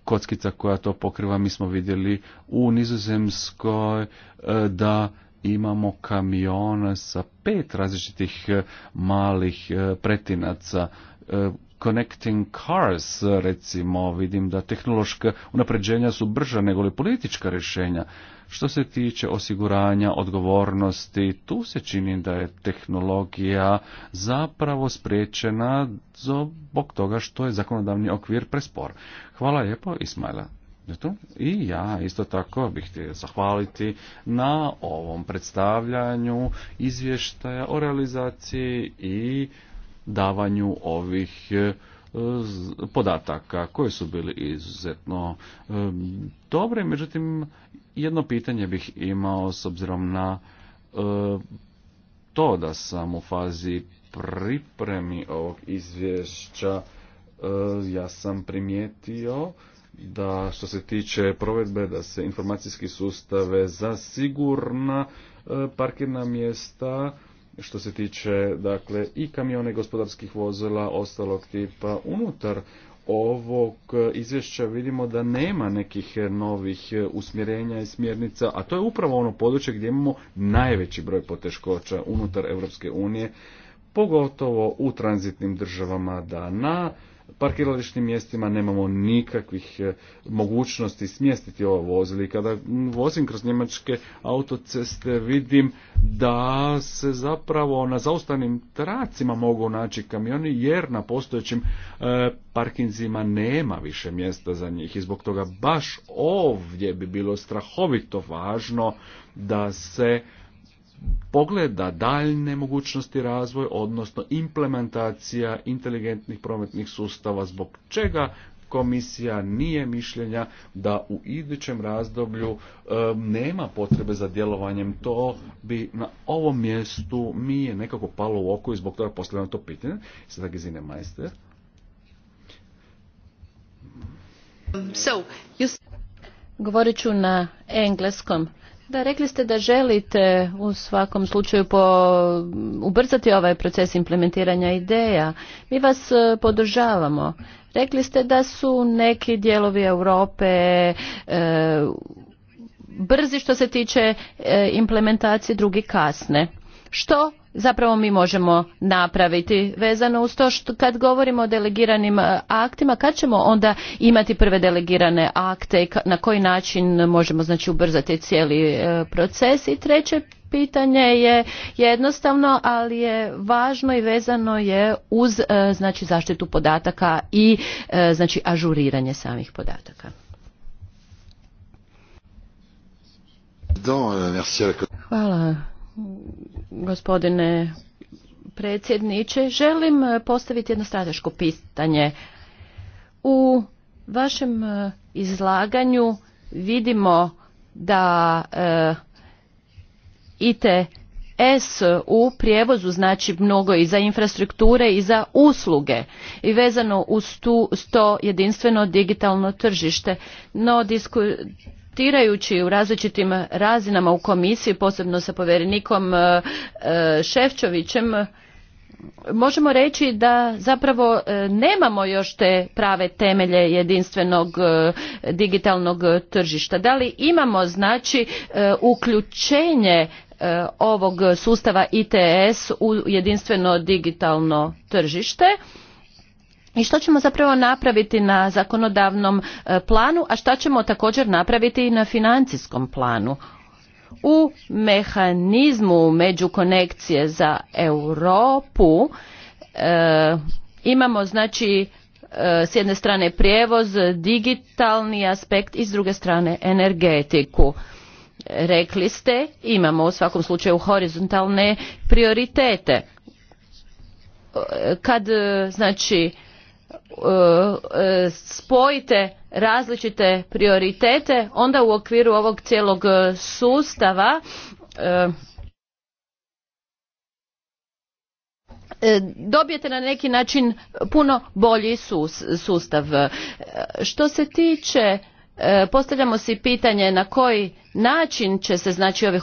kockica koja to pokriva, mi smo vidjeli u Nizozemskoj e, da imamo kamiona sa pet različitih e, malih pretinaca Connecting Cars, recimo, vidim da tehnološka unapređenja su brža nego li politička rješenja. Što se tiče osiguranja odgovornosti, tu se čini da je tehnologija zapravo spriječena zbog toga što je zakonodavni okvir prespor. Hvala lijepo, Ismaila. I ja isto tako bih htio zahvaliti na ovom predstavljanju izvještaja o realizaciji i davanju ovih e, podataka koji su bili izuzetno e, dobre. Međutim, jedno pitanje bih imao s obzirom na e, to da sam u fazi pripremi ovog izvješća ja sam primijetio da što se tiče provedbe da se informacijski sustave za sigurna parkirna mjesta što se tiče dakle i kamione gospodarskih vozila ostalog tipa unutar ovog izvješća vidimo da nema nekih novih usmjerenja i smjernica, a to je upravo ono područje gdje imamo najveći broj poteškoća unutar Europske unije, pogotovo u tranzitnim državama da na parkirališnim mjestima nemamo nikakvih e, mogućnosti smjestiti ovo vozili. i kada vozim kroz njemačke autoceste vidim da se zapravo na zaustanim tracima mogu naći kamioni jer na postojećim e, parkinzima nema više mjesta za njih i zbog toga baš ovdje bi bilo strahovito važno da se pogleda daljne mogućnosti razvoj, odnosno implementacija inteligentnih prometnih sustava, zbog čega komisija nije mišljenja da u idućem razdoblju nema potrebe za djelovanjem. To bi na ovom mjestu mi je nekako palo u oko i zbog toga postavljamo to pitanje. Sada Gizine Majster. Govorit ću na engleskom. Da, rekli ste da želite u svakom slučaju po, ubrzati ovaj proces implementiranja ideja. Mi vas e, podržavamo. Rekli ste da su neki dijelovi Europe e, brzi što se tiče e, implementacije, drugi kasne. Što zapravo mi možemo napraviti vezano uz to što kad govorimo o delegiranim e, aktima kad ćemo onda imati prve delegirane akte i na koji način možemo znači ubrzati cijeli e, proces i treće pitanje je jednostavno ali je važno i vezano je uz e, znači zaštitu podataka i znači ažuriranje samih podataka euh, Hvala gospodine predsjedniče. Želim e, postaviti jedno strateško pitanje. U vašem e, izlaganju vidimo da e, ITS u prijevozu znači mnogo i za infrastrukture i za usluge i vezano uz to jedinstveno digitalno tržište. No, Tirajući u različitim razinama u komisiji, posebno sa povjerenikom e, e, Ševčovićem, možemo reći da zapravo e, nemamo još te prave temelje jedinstvenog digitalnog tržišta. Da li imamo znači uključenje ovog sustava ITS u jedinstveno digitalno tržište? i što ćemo zapravo napraviti na zakonodavnom e, planu, a šta ćemo također napraviti i na financijskom planu. U mehanizmu međukonekcije za Europu e, imamo znači e, s jedne strane prijevoz, digitalni aspekt i s druge strane energetiku. Rekli ste, imamo u svakom slučaju horizontalne prioritete. Kad znači E, spojite različite prioritete onda u okviru ovog cijelog e, sustava e, dobijete na neki način puno bolji sustav. Što se tiče E, postavljamo si pitanje na koji način će se znači ovi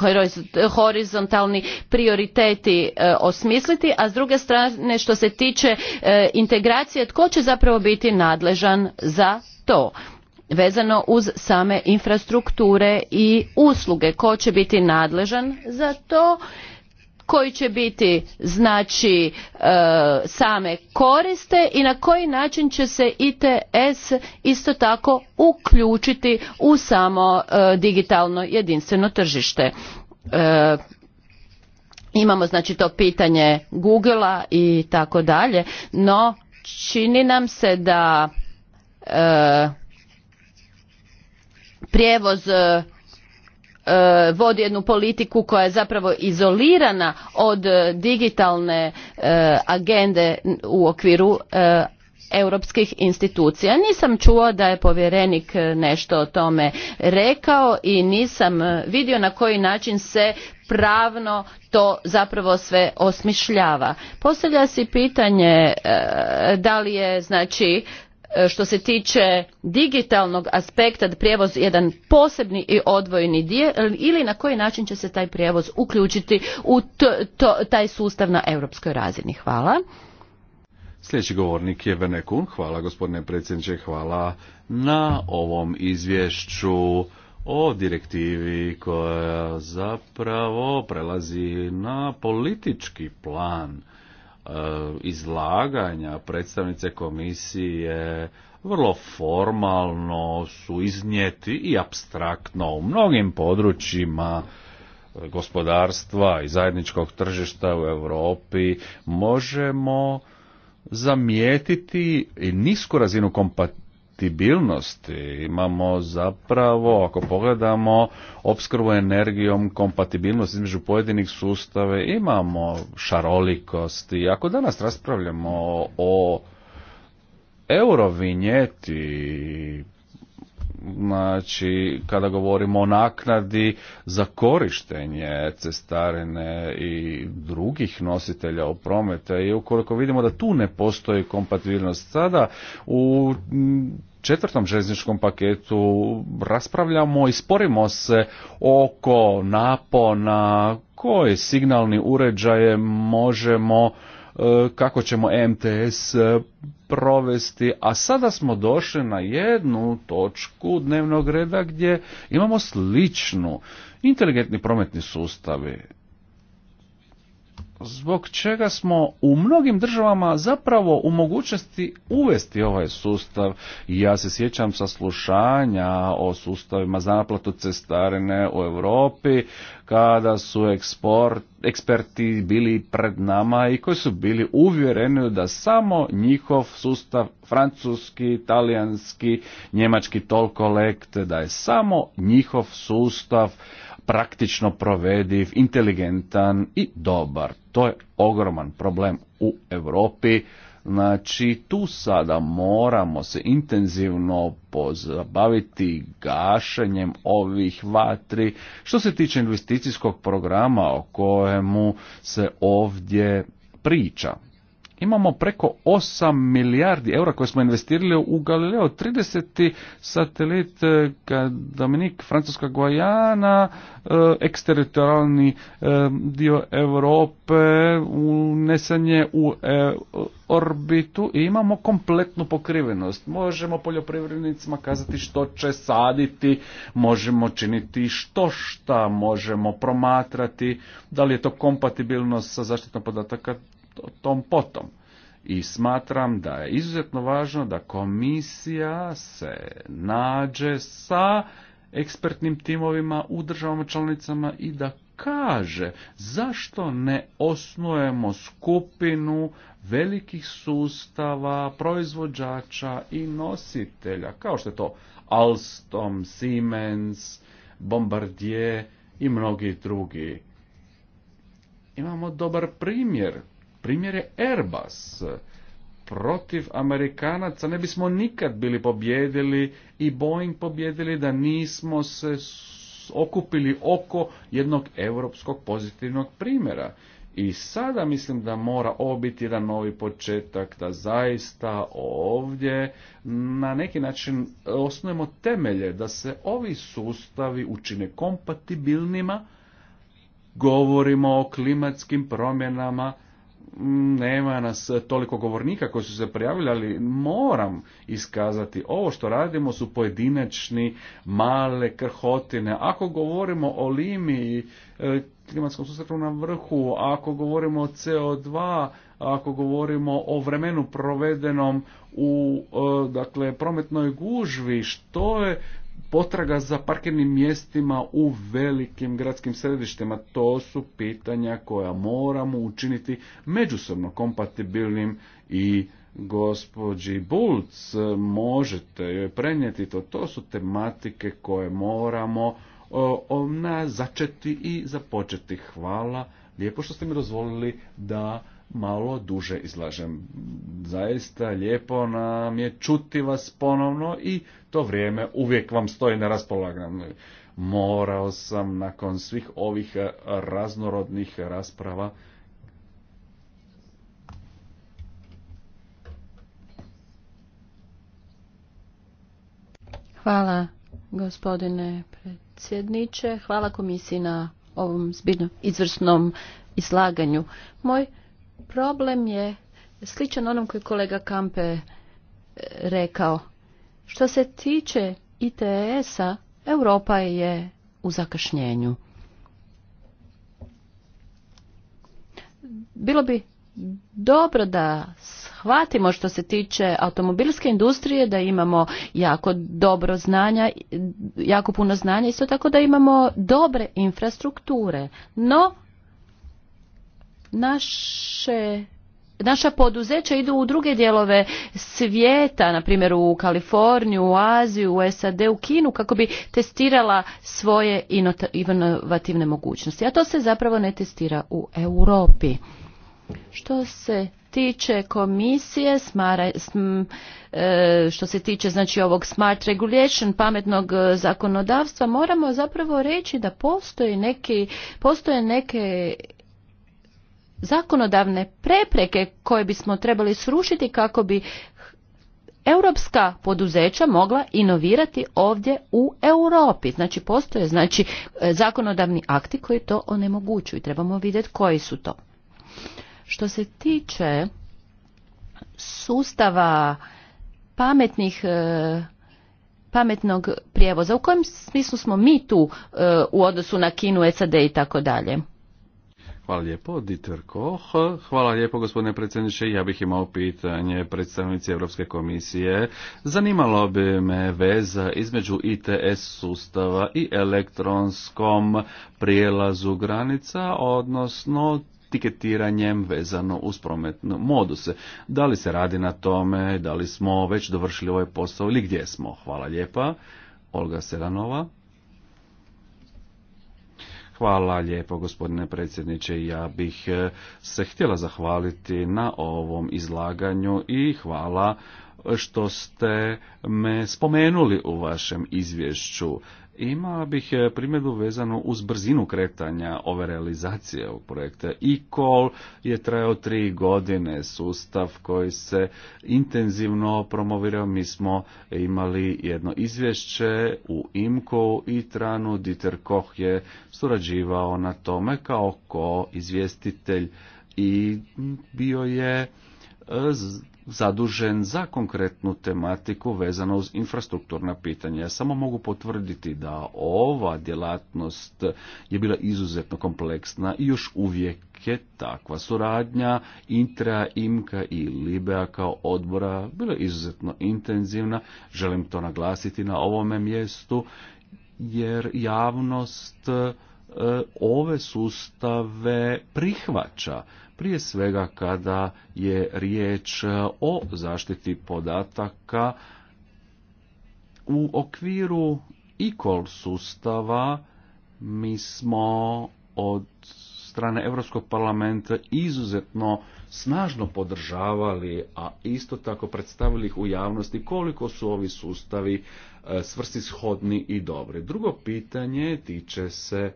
horizontalni prioriteti e, osmisliti a s druge strane što se tiče e, integracije tko će zapravo biti nadležan za to vezano uz same infrastrukture i usluge ko će biti nadležan za to koji će biti znači e, same koriste i na koji način će se ITS isto tako uključiti u samo e, digitalno jedinstveno tržište. E, imamo znači to pitanje Googlea i tako dalje, no čini nam se da prijevoz E, vodi jednu politiku koja je zapravo izolirana od e, digitalne e, agende u okviru europskih institucija. Nisam čuo da je povjerenik nešto o tome rekao i nisam vidio na koji način se pravno to zapravo sve osmišljava. Postavlja se pitanje da li je znači E, što se tiče digitalnog aspekta prijevoz jedan posebni i odvojeni dio ili na koji način će se taj prijevoz uključiti u taj sustav na europskoj razini? Hvala. Sljedeći govornik je Venekun. Hvala gospodine predsjedniče, hvala na ovom izvješću o direktivi koja zapravo prelazi na politički plan E, izlaganja predstavnice komisije vrlo formalno su iznijeti i abstraktno u mnogim područjima gospodarstva i zajedničkog tržišta u Europi možemo zamijetiti nisku razinu kompatibilnosti. Imamo zapravo, ako pogledamo, opskrbu energijom, kompatibilnost između pojedinih sustave, imamo šarolikost i ako danas raspravljamo o eurovinjeti, znači kada govorimo o naknadi za korištenje cestarine i drugih nositelja u prometa i ukoliko vidimo da tu ne postoji kompatibilnost sada u četvrtom željezničkom paketu raspravljamo i sporimo se oko napona koje signalni uređaje možemo e, kako ćemo MTS e, provesti, a sada smo došli na jednu točku dnevnog reda gdje imamo sličnu inteligentni prometni sustavi, zbog čega smo u mnogim državama zapravo u mogućnosti uvesti ovaj sustav. Ja se sjećam saslušanja o sustavima za naplatu cestarine u Europi kada su eksport, eksperti bili pred nama i koji su bili uvjereni da samo njihov sustav francuski, talijanski, njemački lekte, da je samo njihov sustav praktično provediv, inteligentan i dobar. To je ogroman problem u Europi. Znači, tu sada moramo se intenzivno pozabaviti gašenjem ovih vatri. Što se tiče investicijskog programa o kojemu se ovdje priča, imamo preko 8 milijardi eura koje smo investirali u Galileo. 30. satelit e, Dominik, Francuska Guajana, e, eksteritorijalni e, dio Europe, unesen je u orbitu i imamo kompletnu pokrivenost. Možemo poljoprivrednicima kazati što će saditi, možemo činiti što šta, možemo promatrati, da li je to kompatibilno sa zaštitom podataka tom potom. I smatram da je izuzetno važno da komisija se nađe sa ekspertnim timovima u državama članicama i da kaže zašto ne osnujemo skupinu velikih sustava, proizvođača i nositelja, kao što je to Alstom, Siemens, Bombardier i mnogi drugi. Imamo dobar primjer primjer je Airbus. Protiv Amerikanaca ne bismo nikad bili pobjedili i Boeing pobjedili da nismo se okupili oko jednog europskog pozitivnog primjera. I sada mislim da mora ovo biti jedan novi početak, da zaista ovdje na neki način osnujemo temelje, da se ovi sustavi učine kompatibilnima, govorimo o klimatskim promjenama, nema nas toliko govornika koji su se prijavili, ali moram iskazati ovo što radimo su pojedinačni male krhotine. Ako govorimo o limi e, klimatskom susretu na vrhu, ako govorimo o CO2, ako govorimo o vremenu provedenom u e, dakle prometnoj gužvi, što je potraga za parkirnim mjestima u velikim gradskim središtima. To su pitanja koja moramo učiniti međusobno kompatibilnim i gospođi Bulc možete joj prenijeti to. To su tematike koje moramo na začeti i započeti. Hvala lijepo što ste mi dozvolili da malo duže izlažem. Zaista lijepo nam je čuti vas ponovno i to vrijeme uvijek vam stoji na raspolaganju. Morao sam nakon svih ovih raznorodnih rasprava Hvala gospodine predsjedniče, hvala komisiji na ovom izvrsnom izlaganju. Moj problem je sličan onom koji kolega Kampe e, rekao. Što se tiče ITS-a, e Europa je u zakašnjenju. Bilo bi dobro da shvatimo što se tiče automobilske industrije, da imamo jako dobro znanja, jako puno znanja, isto tako da imamo dobre infrastrukture. No, naše naša poduzeća idu u druge dijelove svijeta, na primjer u Kaliforniju, u Aziju, u SAD, u Kinu, kako bi testirala svoje inovativne mogućnosti. A to se zapravo ne testira u Europi. Što se tiče komisije, smara, e, što se tiče znači ovog smart regulation, pametnog e, zakonodavstva, moramo zapravo reći da postoji neki, postoje neke zakonodavne prepreke koje bismo trebali srušiti kako bi europska poduzeća mogla inovirati ovdje u Europi. Znači postoje znači zakonodavni akti koji to onemogućuju. Trebamo vidjeti koji su to. Što se tiče sustava pametnih e, pametnog prijevoza, u kojem smislu smo mi tu e, u odnosu na Kinu, SAD i tako dalje? Hvala lijepo, Dieter Koch. Hvala lijepo, gospodine predsjedniče. Ja bih imao pitanje predstavnici Europske komisije. Zanimalo bi me veza između ITS sustava i elektronskom prijelazu granica, odnosno tiketiranjem vezano uz prometnu moduse. Da li se radi na tome, da li smo već dovršili ovaj posao ili gdje smo? Hvala lijepa. Olga Seranova. Hvala lijepo gospodine predsjedniče. Ja bih eh, se htjela zahvaliti na ovom izlaganju i hvala što ste me spomenuli u vašem izvješću. Imala bih e, primjedbu vezanu uz brzinu kretanja ove realizacije ovog projekta. E-call je trajao tri godine, sustav koji se intenzivno promovirao. Mi smo imali jedno izvješće u Imku i Tranu. Dieter Koch je surađivao na tome kao ko izvjestitelj i bio je e, zadužen za konkretnu tematiku vezano uz infrastrukturna pitanja. Ja samo mogu potvrditi da ova djelatnost je bila izuzetno kompleksna i još uvijek je takva suradnja Intra, Imka i Libea kao odbora bila izuzetno intenzivna. Želim to naglasiti na ovome mjestu jer javnost e, ove sustave prihvaća prije svega kada je riječ e, o zaštiti podataka u okviru e-call sustava mi smo od strane Europskog parlamenta izuzetno snažno podržavali, a isto tako predstavili ih u javnosti koliko su ovi sustavi e, svrsishodni i dobri. Drugo pitanje tiče se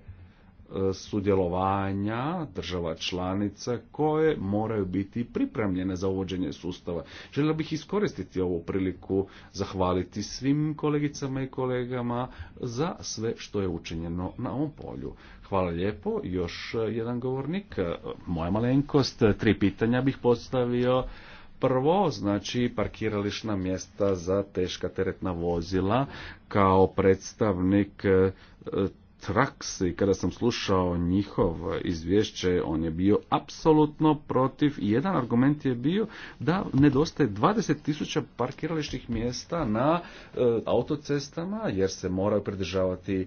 E, sudjelovanja država članica koje moraju biti pripremljene za uvođenje sustava. Želio bih iskoristiti ovu priliku, zahvaliti svim kolegicama i kolegama za sve što je učinjeno na ovom polju. Hvala lijepo. Još jedan govornik. Moja malenkost. Tri pitanja bih postavio. Prvo, znači parkirališna mjesta za teška teretna vozila kao predstavnik e, traks kada sam slušao njihov izvješće, on je bio apsolutno protiv jedan argument je bio da nedostaje 20.000 parkirališnih mjesta na e, autocestama jer se moraju pridržavati e,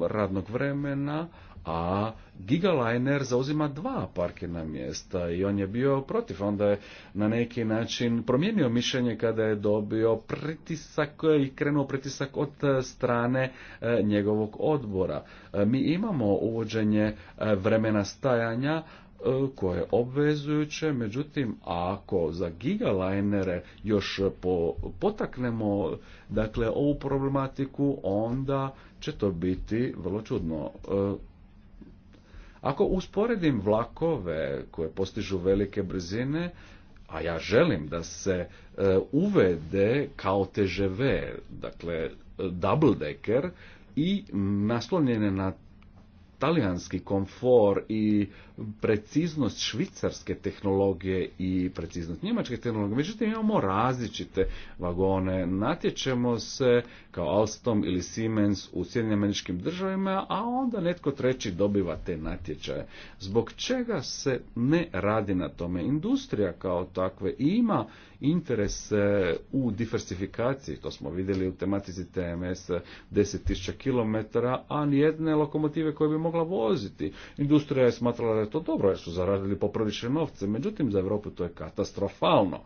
radnog vremena a Gigaliner zauzima dva parkirna mjesta i on je bio protiv. Onda je na neki način promijenio mišljenje kada je dobio pritisak i krenuo pritisak od e, strane e, njegovog odbora. E, mi imamo uvođenje vremena stajanja koje je obvezujuće, međutim ako za gigalinere još potaknemo dakle ovu problematiku onda će to biti vrlo čudno. Ako usporedim vlakove koje postižu velike brzine, a ja želim da se e, uvede kao TGV, dakle double decker i naslonjene na talijanski komfor i preciznost švicarske tehnologije i preciznost njemačke tehnologije. Međutim, imamo različite vagone. Natječemo se kao Alstom ili Siemens u Sjedinim američkim državima, a onda netko treći dobiva te natječaje. Zbog čega se ne radi na tome? Industrija kao takve ima interes u diversifikaciji, to smo vidjeli u tematici TMS 10.000 km, a nijedne lokomotive koje bi mogla voziti. Industrija je smatrala to dobro jer su zaradili poprilične novce, međutim za Europu to je katastrofalno.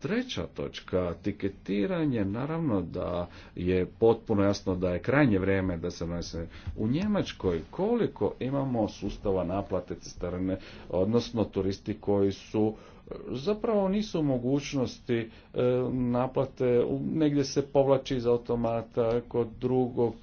Treća točka, tiketiranje, naravno da je potpuno jasno da je krajnje vrijeme da se nose u Njemačkoj koliko imamo sustava naplate cestarine, odnosno turisti koji su zapravo nisu mogućnosti e, naplate, negdje se povlači iz automata, kod drugog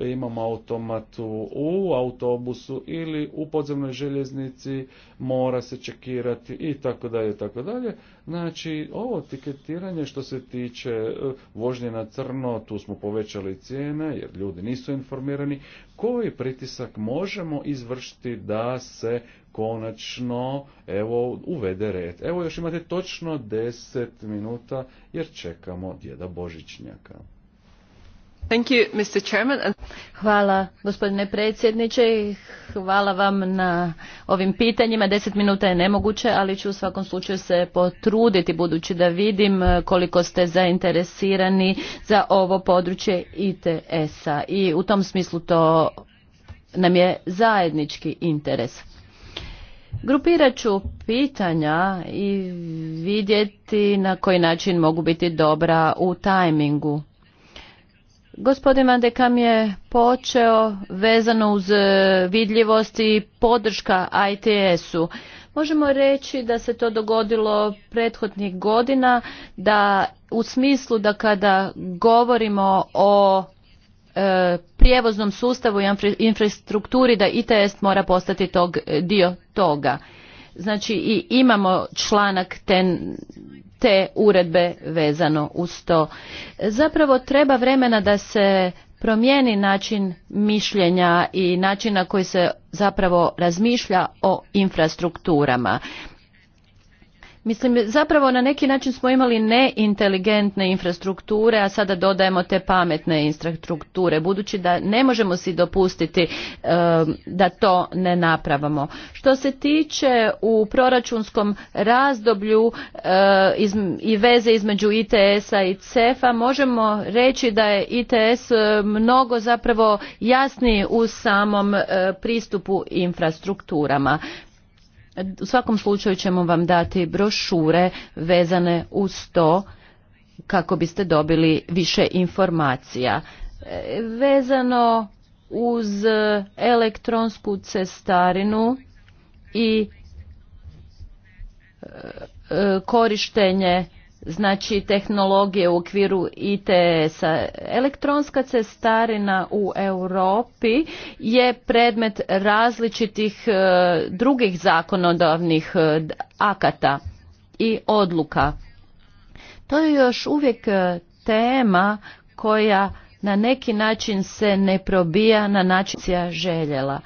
imamo automatu u autobusu ili u podzemnoj željeznici, mora se čekirati i tako dalje i tako dalje. Znači, ovo tiketiranje što se tiče e, vožnje na crno, tu smo povećali cijene jer ljudi nisu informirani. Koji pritisak možemo izvršiti da se konačno evo uvede red. Evo još imate točno 10 minuta jer čekamo djeda Božićnjaka. Hvala gospodine predsjedniče hvala vam na ovim pitanjima. Deset minuta je nemoguće, ali ću u svakom slučaju se potruditi budući da vidim eh, koliko ste zainteresirani za ovo područje ITS-a i u tom smislu to nam je zajednički interes. Grupirat ću pitanja i vidjeti na koji način mogu biti dobra u tajmingu Gospodin Van de Kam je počeo vezano uz e, vidljivost i podrška ITS-u. Možemo reći da se to dogodilo prethodnih godina, da u smislu da kada govorimo o e, prijevoznom sustavu i infrastrukturi, da ITS mora postati tog, e, dio toga. Znači i imamo članak ten, te uredbe vezano uz to. Zapravo treba vremena da se promijeni način mišljenja i način na koji se zapravo razmišlja o infrastrukturama. Mislim, zapravo na neki način smo imali neinteligentne infrastrukture, a sada dodajemo te pametne infrastrukture, budući da ne možemo si dopustiti ehm, da to ne napravamo. Što se tiče u proračunskom razdoblju ehm, i veze između ITS-a i CEF-a, možemo reći da je ITS ehm, mnogo zapravo jasniji u samom pristupu infrastrukturama. U svakom slučaju ćemo vam dati brošure vezane uz to kako biste dobili više informacija. E, vezano uz elektronsku cestarinu i e, e, korištenje znači tehnologije u okviru ITS-a. Elektronska cestarina u Europi je predmet različitih e, drugih zakonodavnih e, akata i odluka. To je još uvijek e, tema koja na neki način se ne probija na način željela.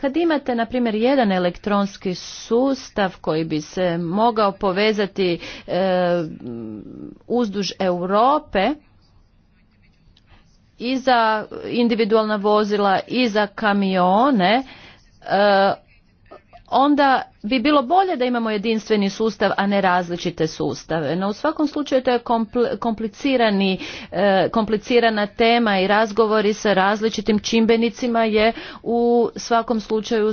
Kad imate, na primjer, jedan elektronski sustav koji bi se mogao povezati e, uzduž Europe, i za individualna vozila i za kamione e, onda bi bilo bolje da imamo jedinstveni sustav, a ne različite sustave. No u svakom slučaju to je komplicirani, e, komplicirana tema i razgovori sa različitim čimbenicima je u svakom slučaju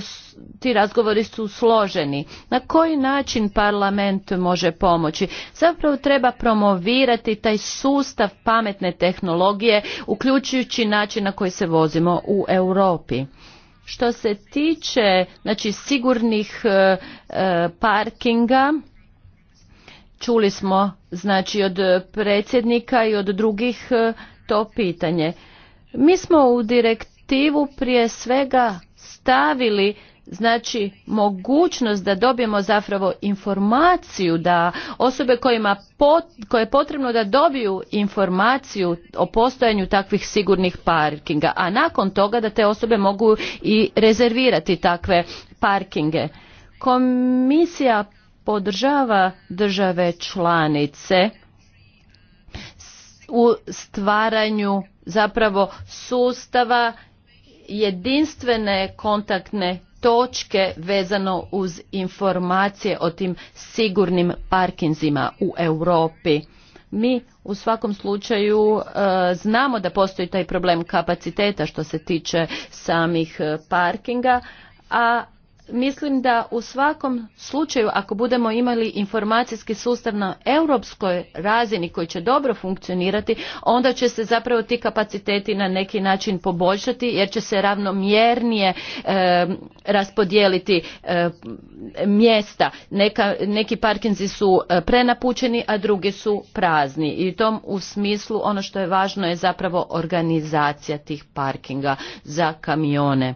ti razgovori su složeni. Na koji način parlament može pomoći? Zapravo treba promovirati taj sustav pametne tehnologije, uključujući način na koji se vozimo u Europi. Što se tiče znači, sigurnih e, e, parkinga, čuli smo znači, od predsjednika i od drugih e, to pitanje. Mi smo u direktivu prije svega stavili znači mogućnost da dobijemo zapravo informaciju da osobe kojima koje je potrebno da dobiju informaciju o postojanju takvih sigurnih parkinga a nakon toga da te osobe mogu i rezervirati takve parkinge komisija podržava države članice u stvaranju zapravo sustava jedinstvene kontaktne točke vezano uz informacije o tim sigurnim parkinzima u Europi. Mi u svakom slučaju e, znamo da postoji taj problem kapaciteta što se tiče samih e, parkinga, a mislim da u svakom slučaju ako budemo imali informacijski sustav na europskoj razini koji će dobro funkcionirati onda će se zapravo ti kapaciteti na neki način poboljšati jer će se ravnomjernije raspodijeliti mjesta Neka, neki parkinzi su e, prenapućeni, a drugi su prazni i u tom u smislu ono što je važno je zapravo organizacija tih parkinga za kamione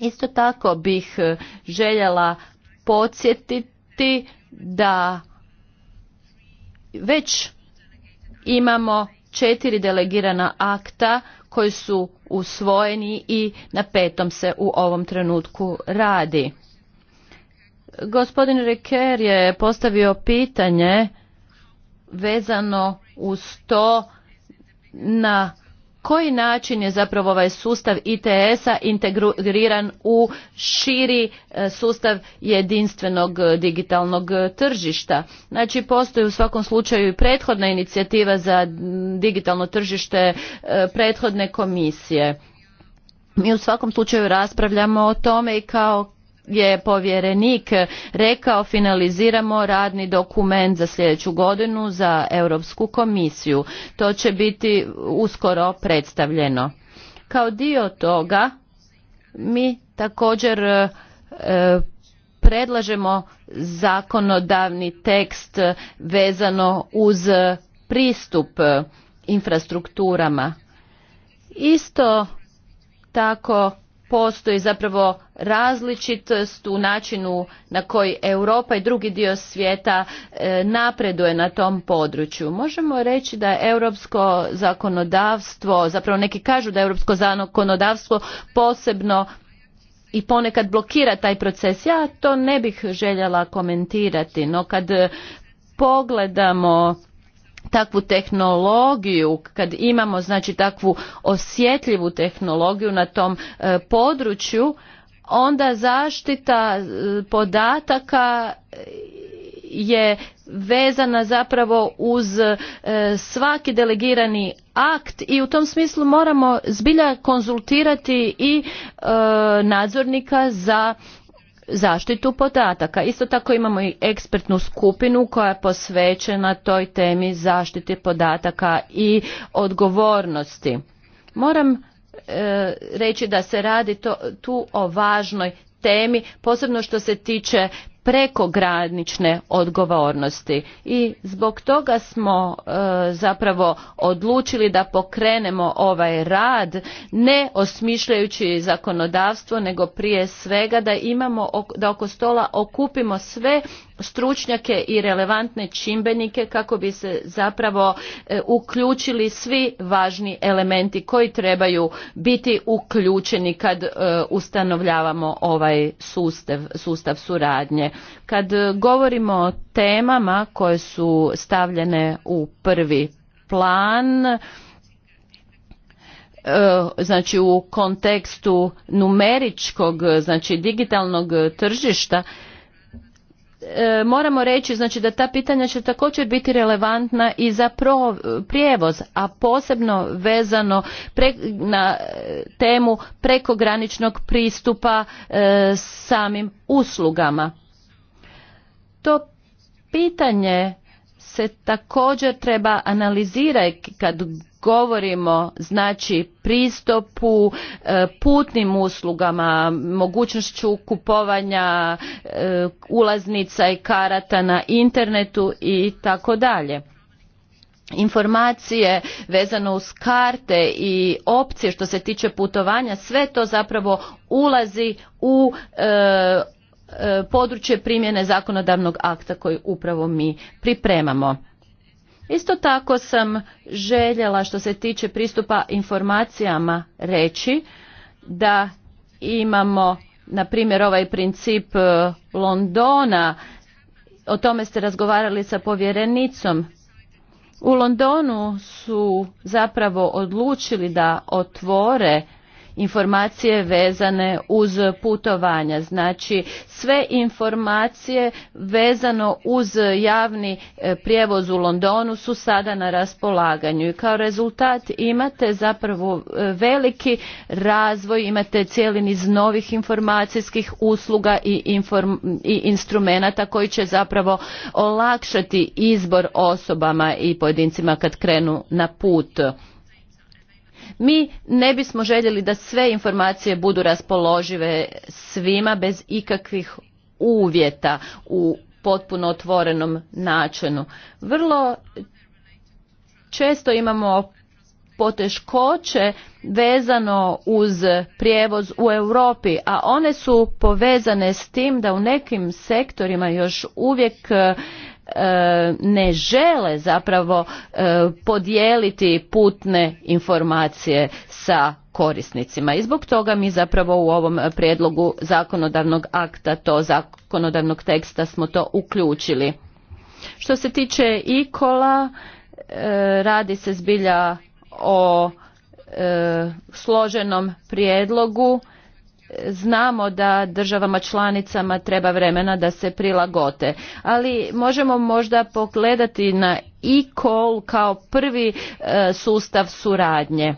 Isto tako bih e, željela podsjetiti da već imamo četiri delegirana akta koji su usvojeni i na petom se u ovom trenutku radi. Gospodin Reker je postavio pitanje vezano uz to na koji način je zapravo ovaj sustav ITS-a integriran u širi e, sustav jedinstvenog e, digitalnog e, tržišta. Znači postoji u svakom slučaju i prethodna inicijativa za digitalno tržište prethodne komisije. Mi u svakom slučaju raspravljamo o tome i kao je povjerenik rekao finaliziramo radni dokument za sljedeću godinu za Europsku komisiju. To će biti uskoro predstavljeno. Kao dio toga mi također e, predlažemo zakonodavni tekst vezano uz pristup infrastrukturama. Isto tako postoji zapravo različitost u načinu na koji Europa i drugi dio svijeta e, napreduje na tom području. Možemo reći da je europsko zakonodavstvo, zapravo neki kažu da je europsko zakonodavstvo posebno i ponekad blokira taj proces. Ja to ne bih željela komentirati, no kad pogledamo takvu tehnologiju, kad imamo znači takvu osjetljivu tehnologiju na tom e, području, onda zaštita e, podataka e, je vezana zapravo uz svaki delegirani akt i u tom smislu moramo zbilja konzultirati i nadzornika za zaštitu podataka. Isto tako imamo i ekspertnu skupinu koja je posvećena toj temi zaštite podataka i odgovornosti. Moram e, reći da se radi tu o važnoj temi, posebno što se tiče prekogranične odgovornosti i zbog toga smo e, zapravo odlučili da pokrenemo ovaj rad ne osmišljajući zakonodavstvo nego prije svega da imamo da oko stola okupimo sve stručnjake i relevantne čimbenike kako bi se zapravo e, uključili svi važni elementi koji trebaju biti uključeni kad e, ustanovljavamo ovaj sustav, sustav suradnje. Kad govorimo o temama koje su stavljene u prvi plan, e, znači u kontekstu numeričkog, znači digitalnog tržišta, E, moramo reći znači da ta pitanja će također biti relevantna i za prijevoz a posebno vezano na e, temu prekograničnog pristupa e, samim uslugama to pitanje se također treba analizirati kad govorimo znači pristupu e, putnim uslugama, mogućnošću kupovanja e, ulaznica i karata na internetu i tako dalje informacije vezano uz karte i opcije što se tiče putovanja sve to zapravo ulazi u e, E, područje primjene zakonodavnog akta koji upravo mi pripremamo. Isto tako sam željela što se tiče pristupa informacijama reći da imamo na primjer ovaj princip e, Londona, o tome ste razgovarali sa povjerenicom. U Londonu su zapravo odlučili da otvore informacije vezane uz putovanja. Znači sve informacije vezano uz javni e, prijevoz u Londonu su sada na raspolaganju i kao rezultat imate zapravo e, veliki razvoj, imate cijeli niz novih informacijskih usluga i, inform, i instrumenata koji će zapravo olakšati izbor osobama i pojedincima kad krenu na put. Mi ne bismo željeli da sve informacije budu raspoložive svima bez ikakvih uvjeta u potpuno otvorenom načinu. Vrlo često imamo poteškoće vezano uz prijevoz u Europi, a one su povezane s tim da u nekim sektorima još uvijek E, ne žele zapravo e, podijeliti putne informacije sa korisnicima i zbog toga mi zapravo u ovom prijedlogu zakonodavnog akta to zakonodavnog teksta smo to uključili što se tiče ikola e, radi se zbilja o složenom prijedlogu znamo da državama članicama treba vremena da se prilagote, ali možemo možda pogledati na e-call kao prvi e, sustav suradnje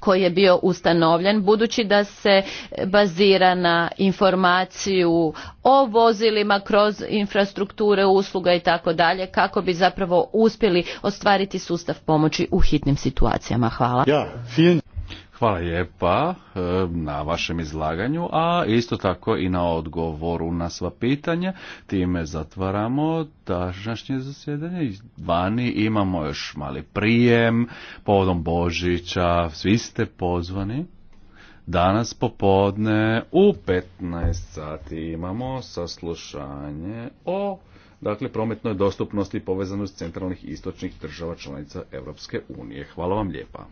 koji je bio ustanovljen budući da se bazira na informaciju o vozilima kroz infrastrukture usluga i tako dalje kako bi zapravo uspjeli ostvariti sustav pomoći u hitnim situacijama hvala ja, Hvala lijepa e, na vašem izlaganju, a isto tako i na odgovoru na sva pitanja. Time zatvaramo današnje zasjedanje. Vani imamo još mali prijem povodom Božića. Svi ste pozvani. Danas popodne u 15 sati imamo saslušanje o dakle prometnoj dostupnosti povezanosti centralnih istočnih država članica Europske unije. Hvala vam lijepa.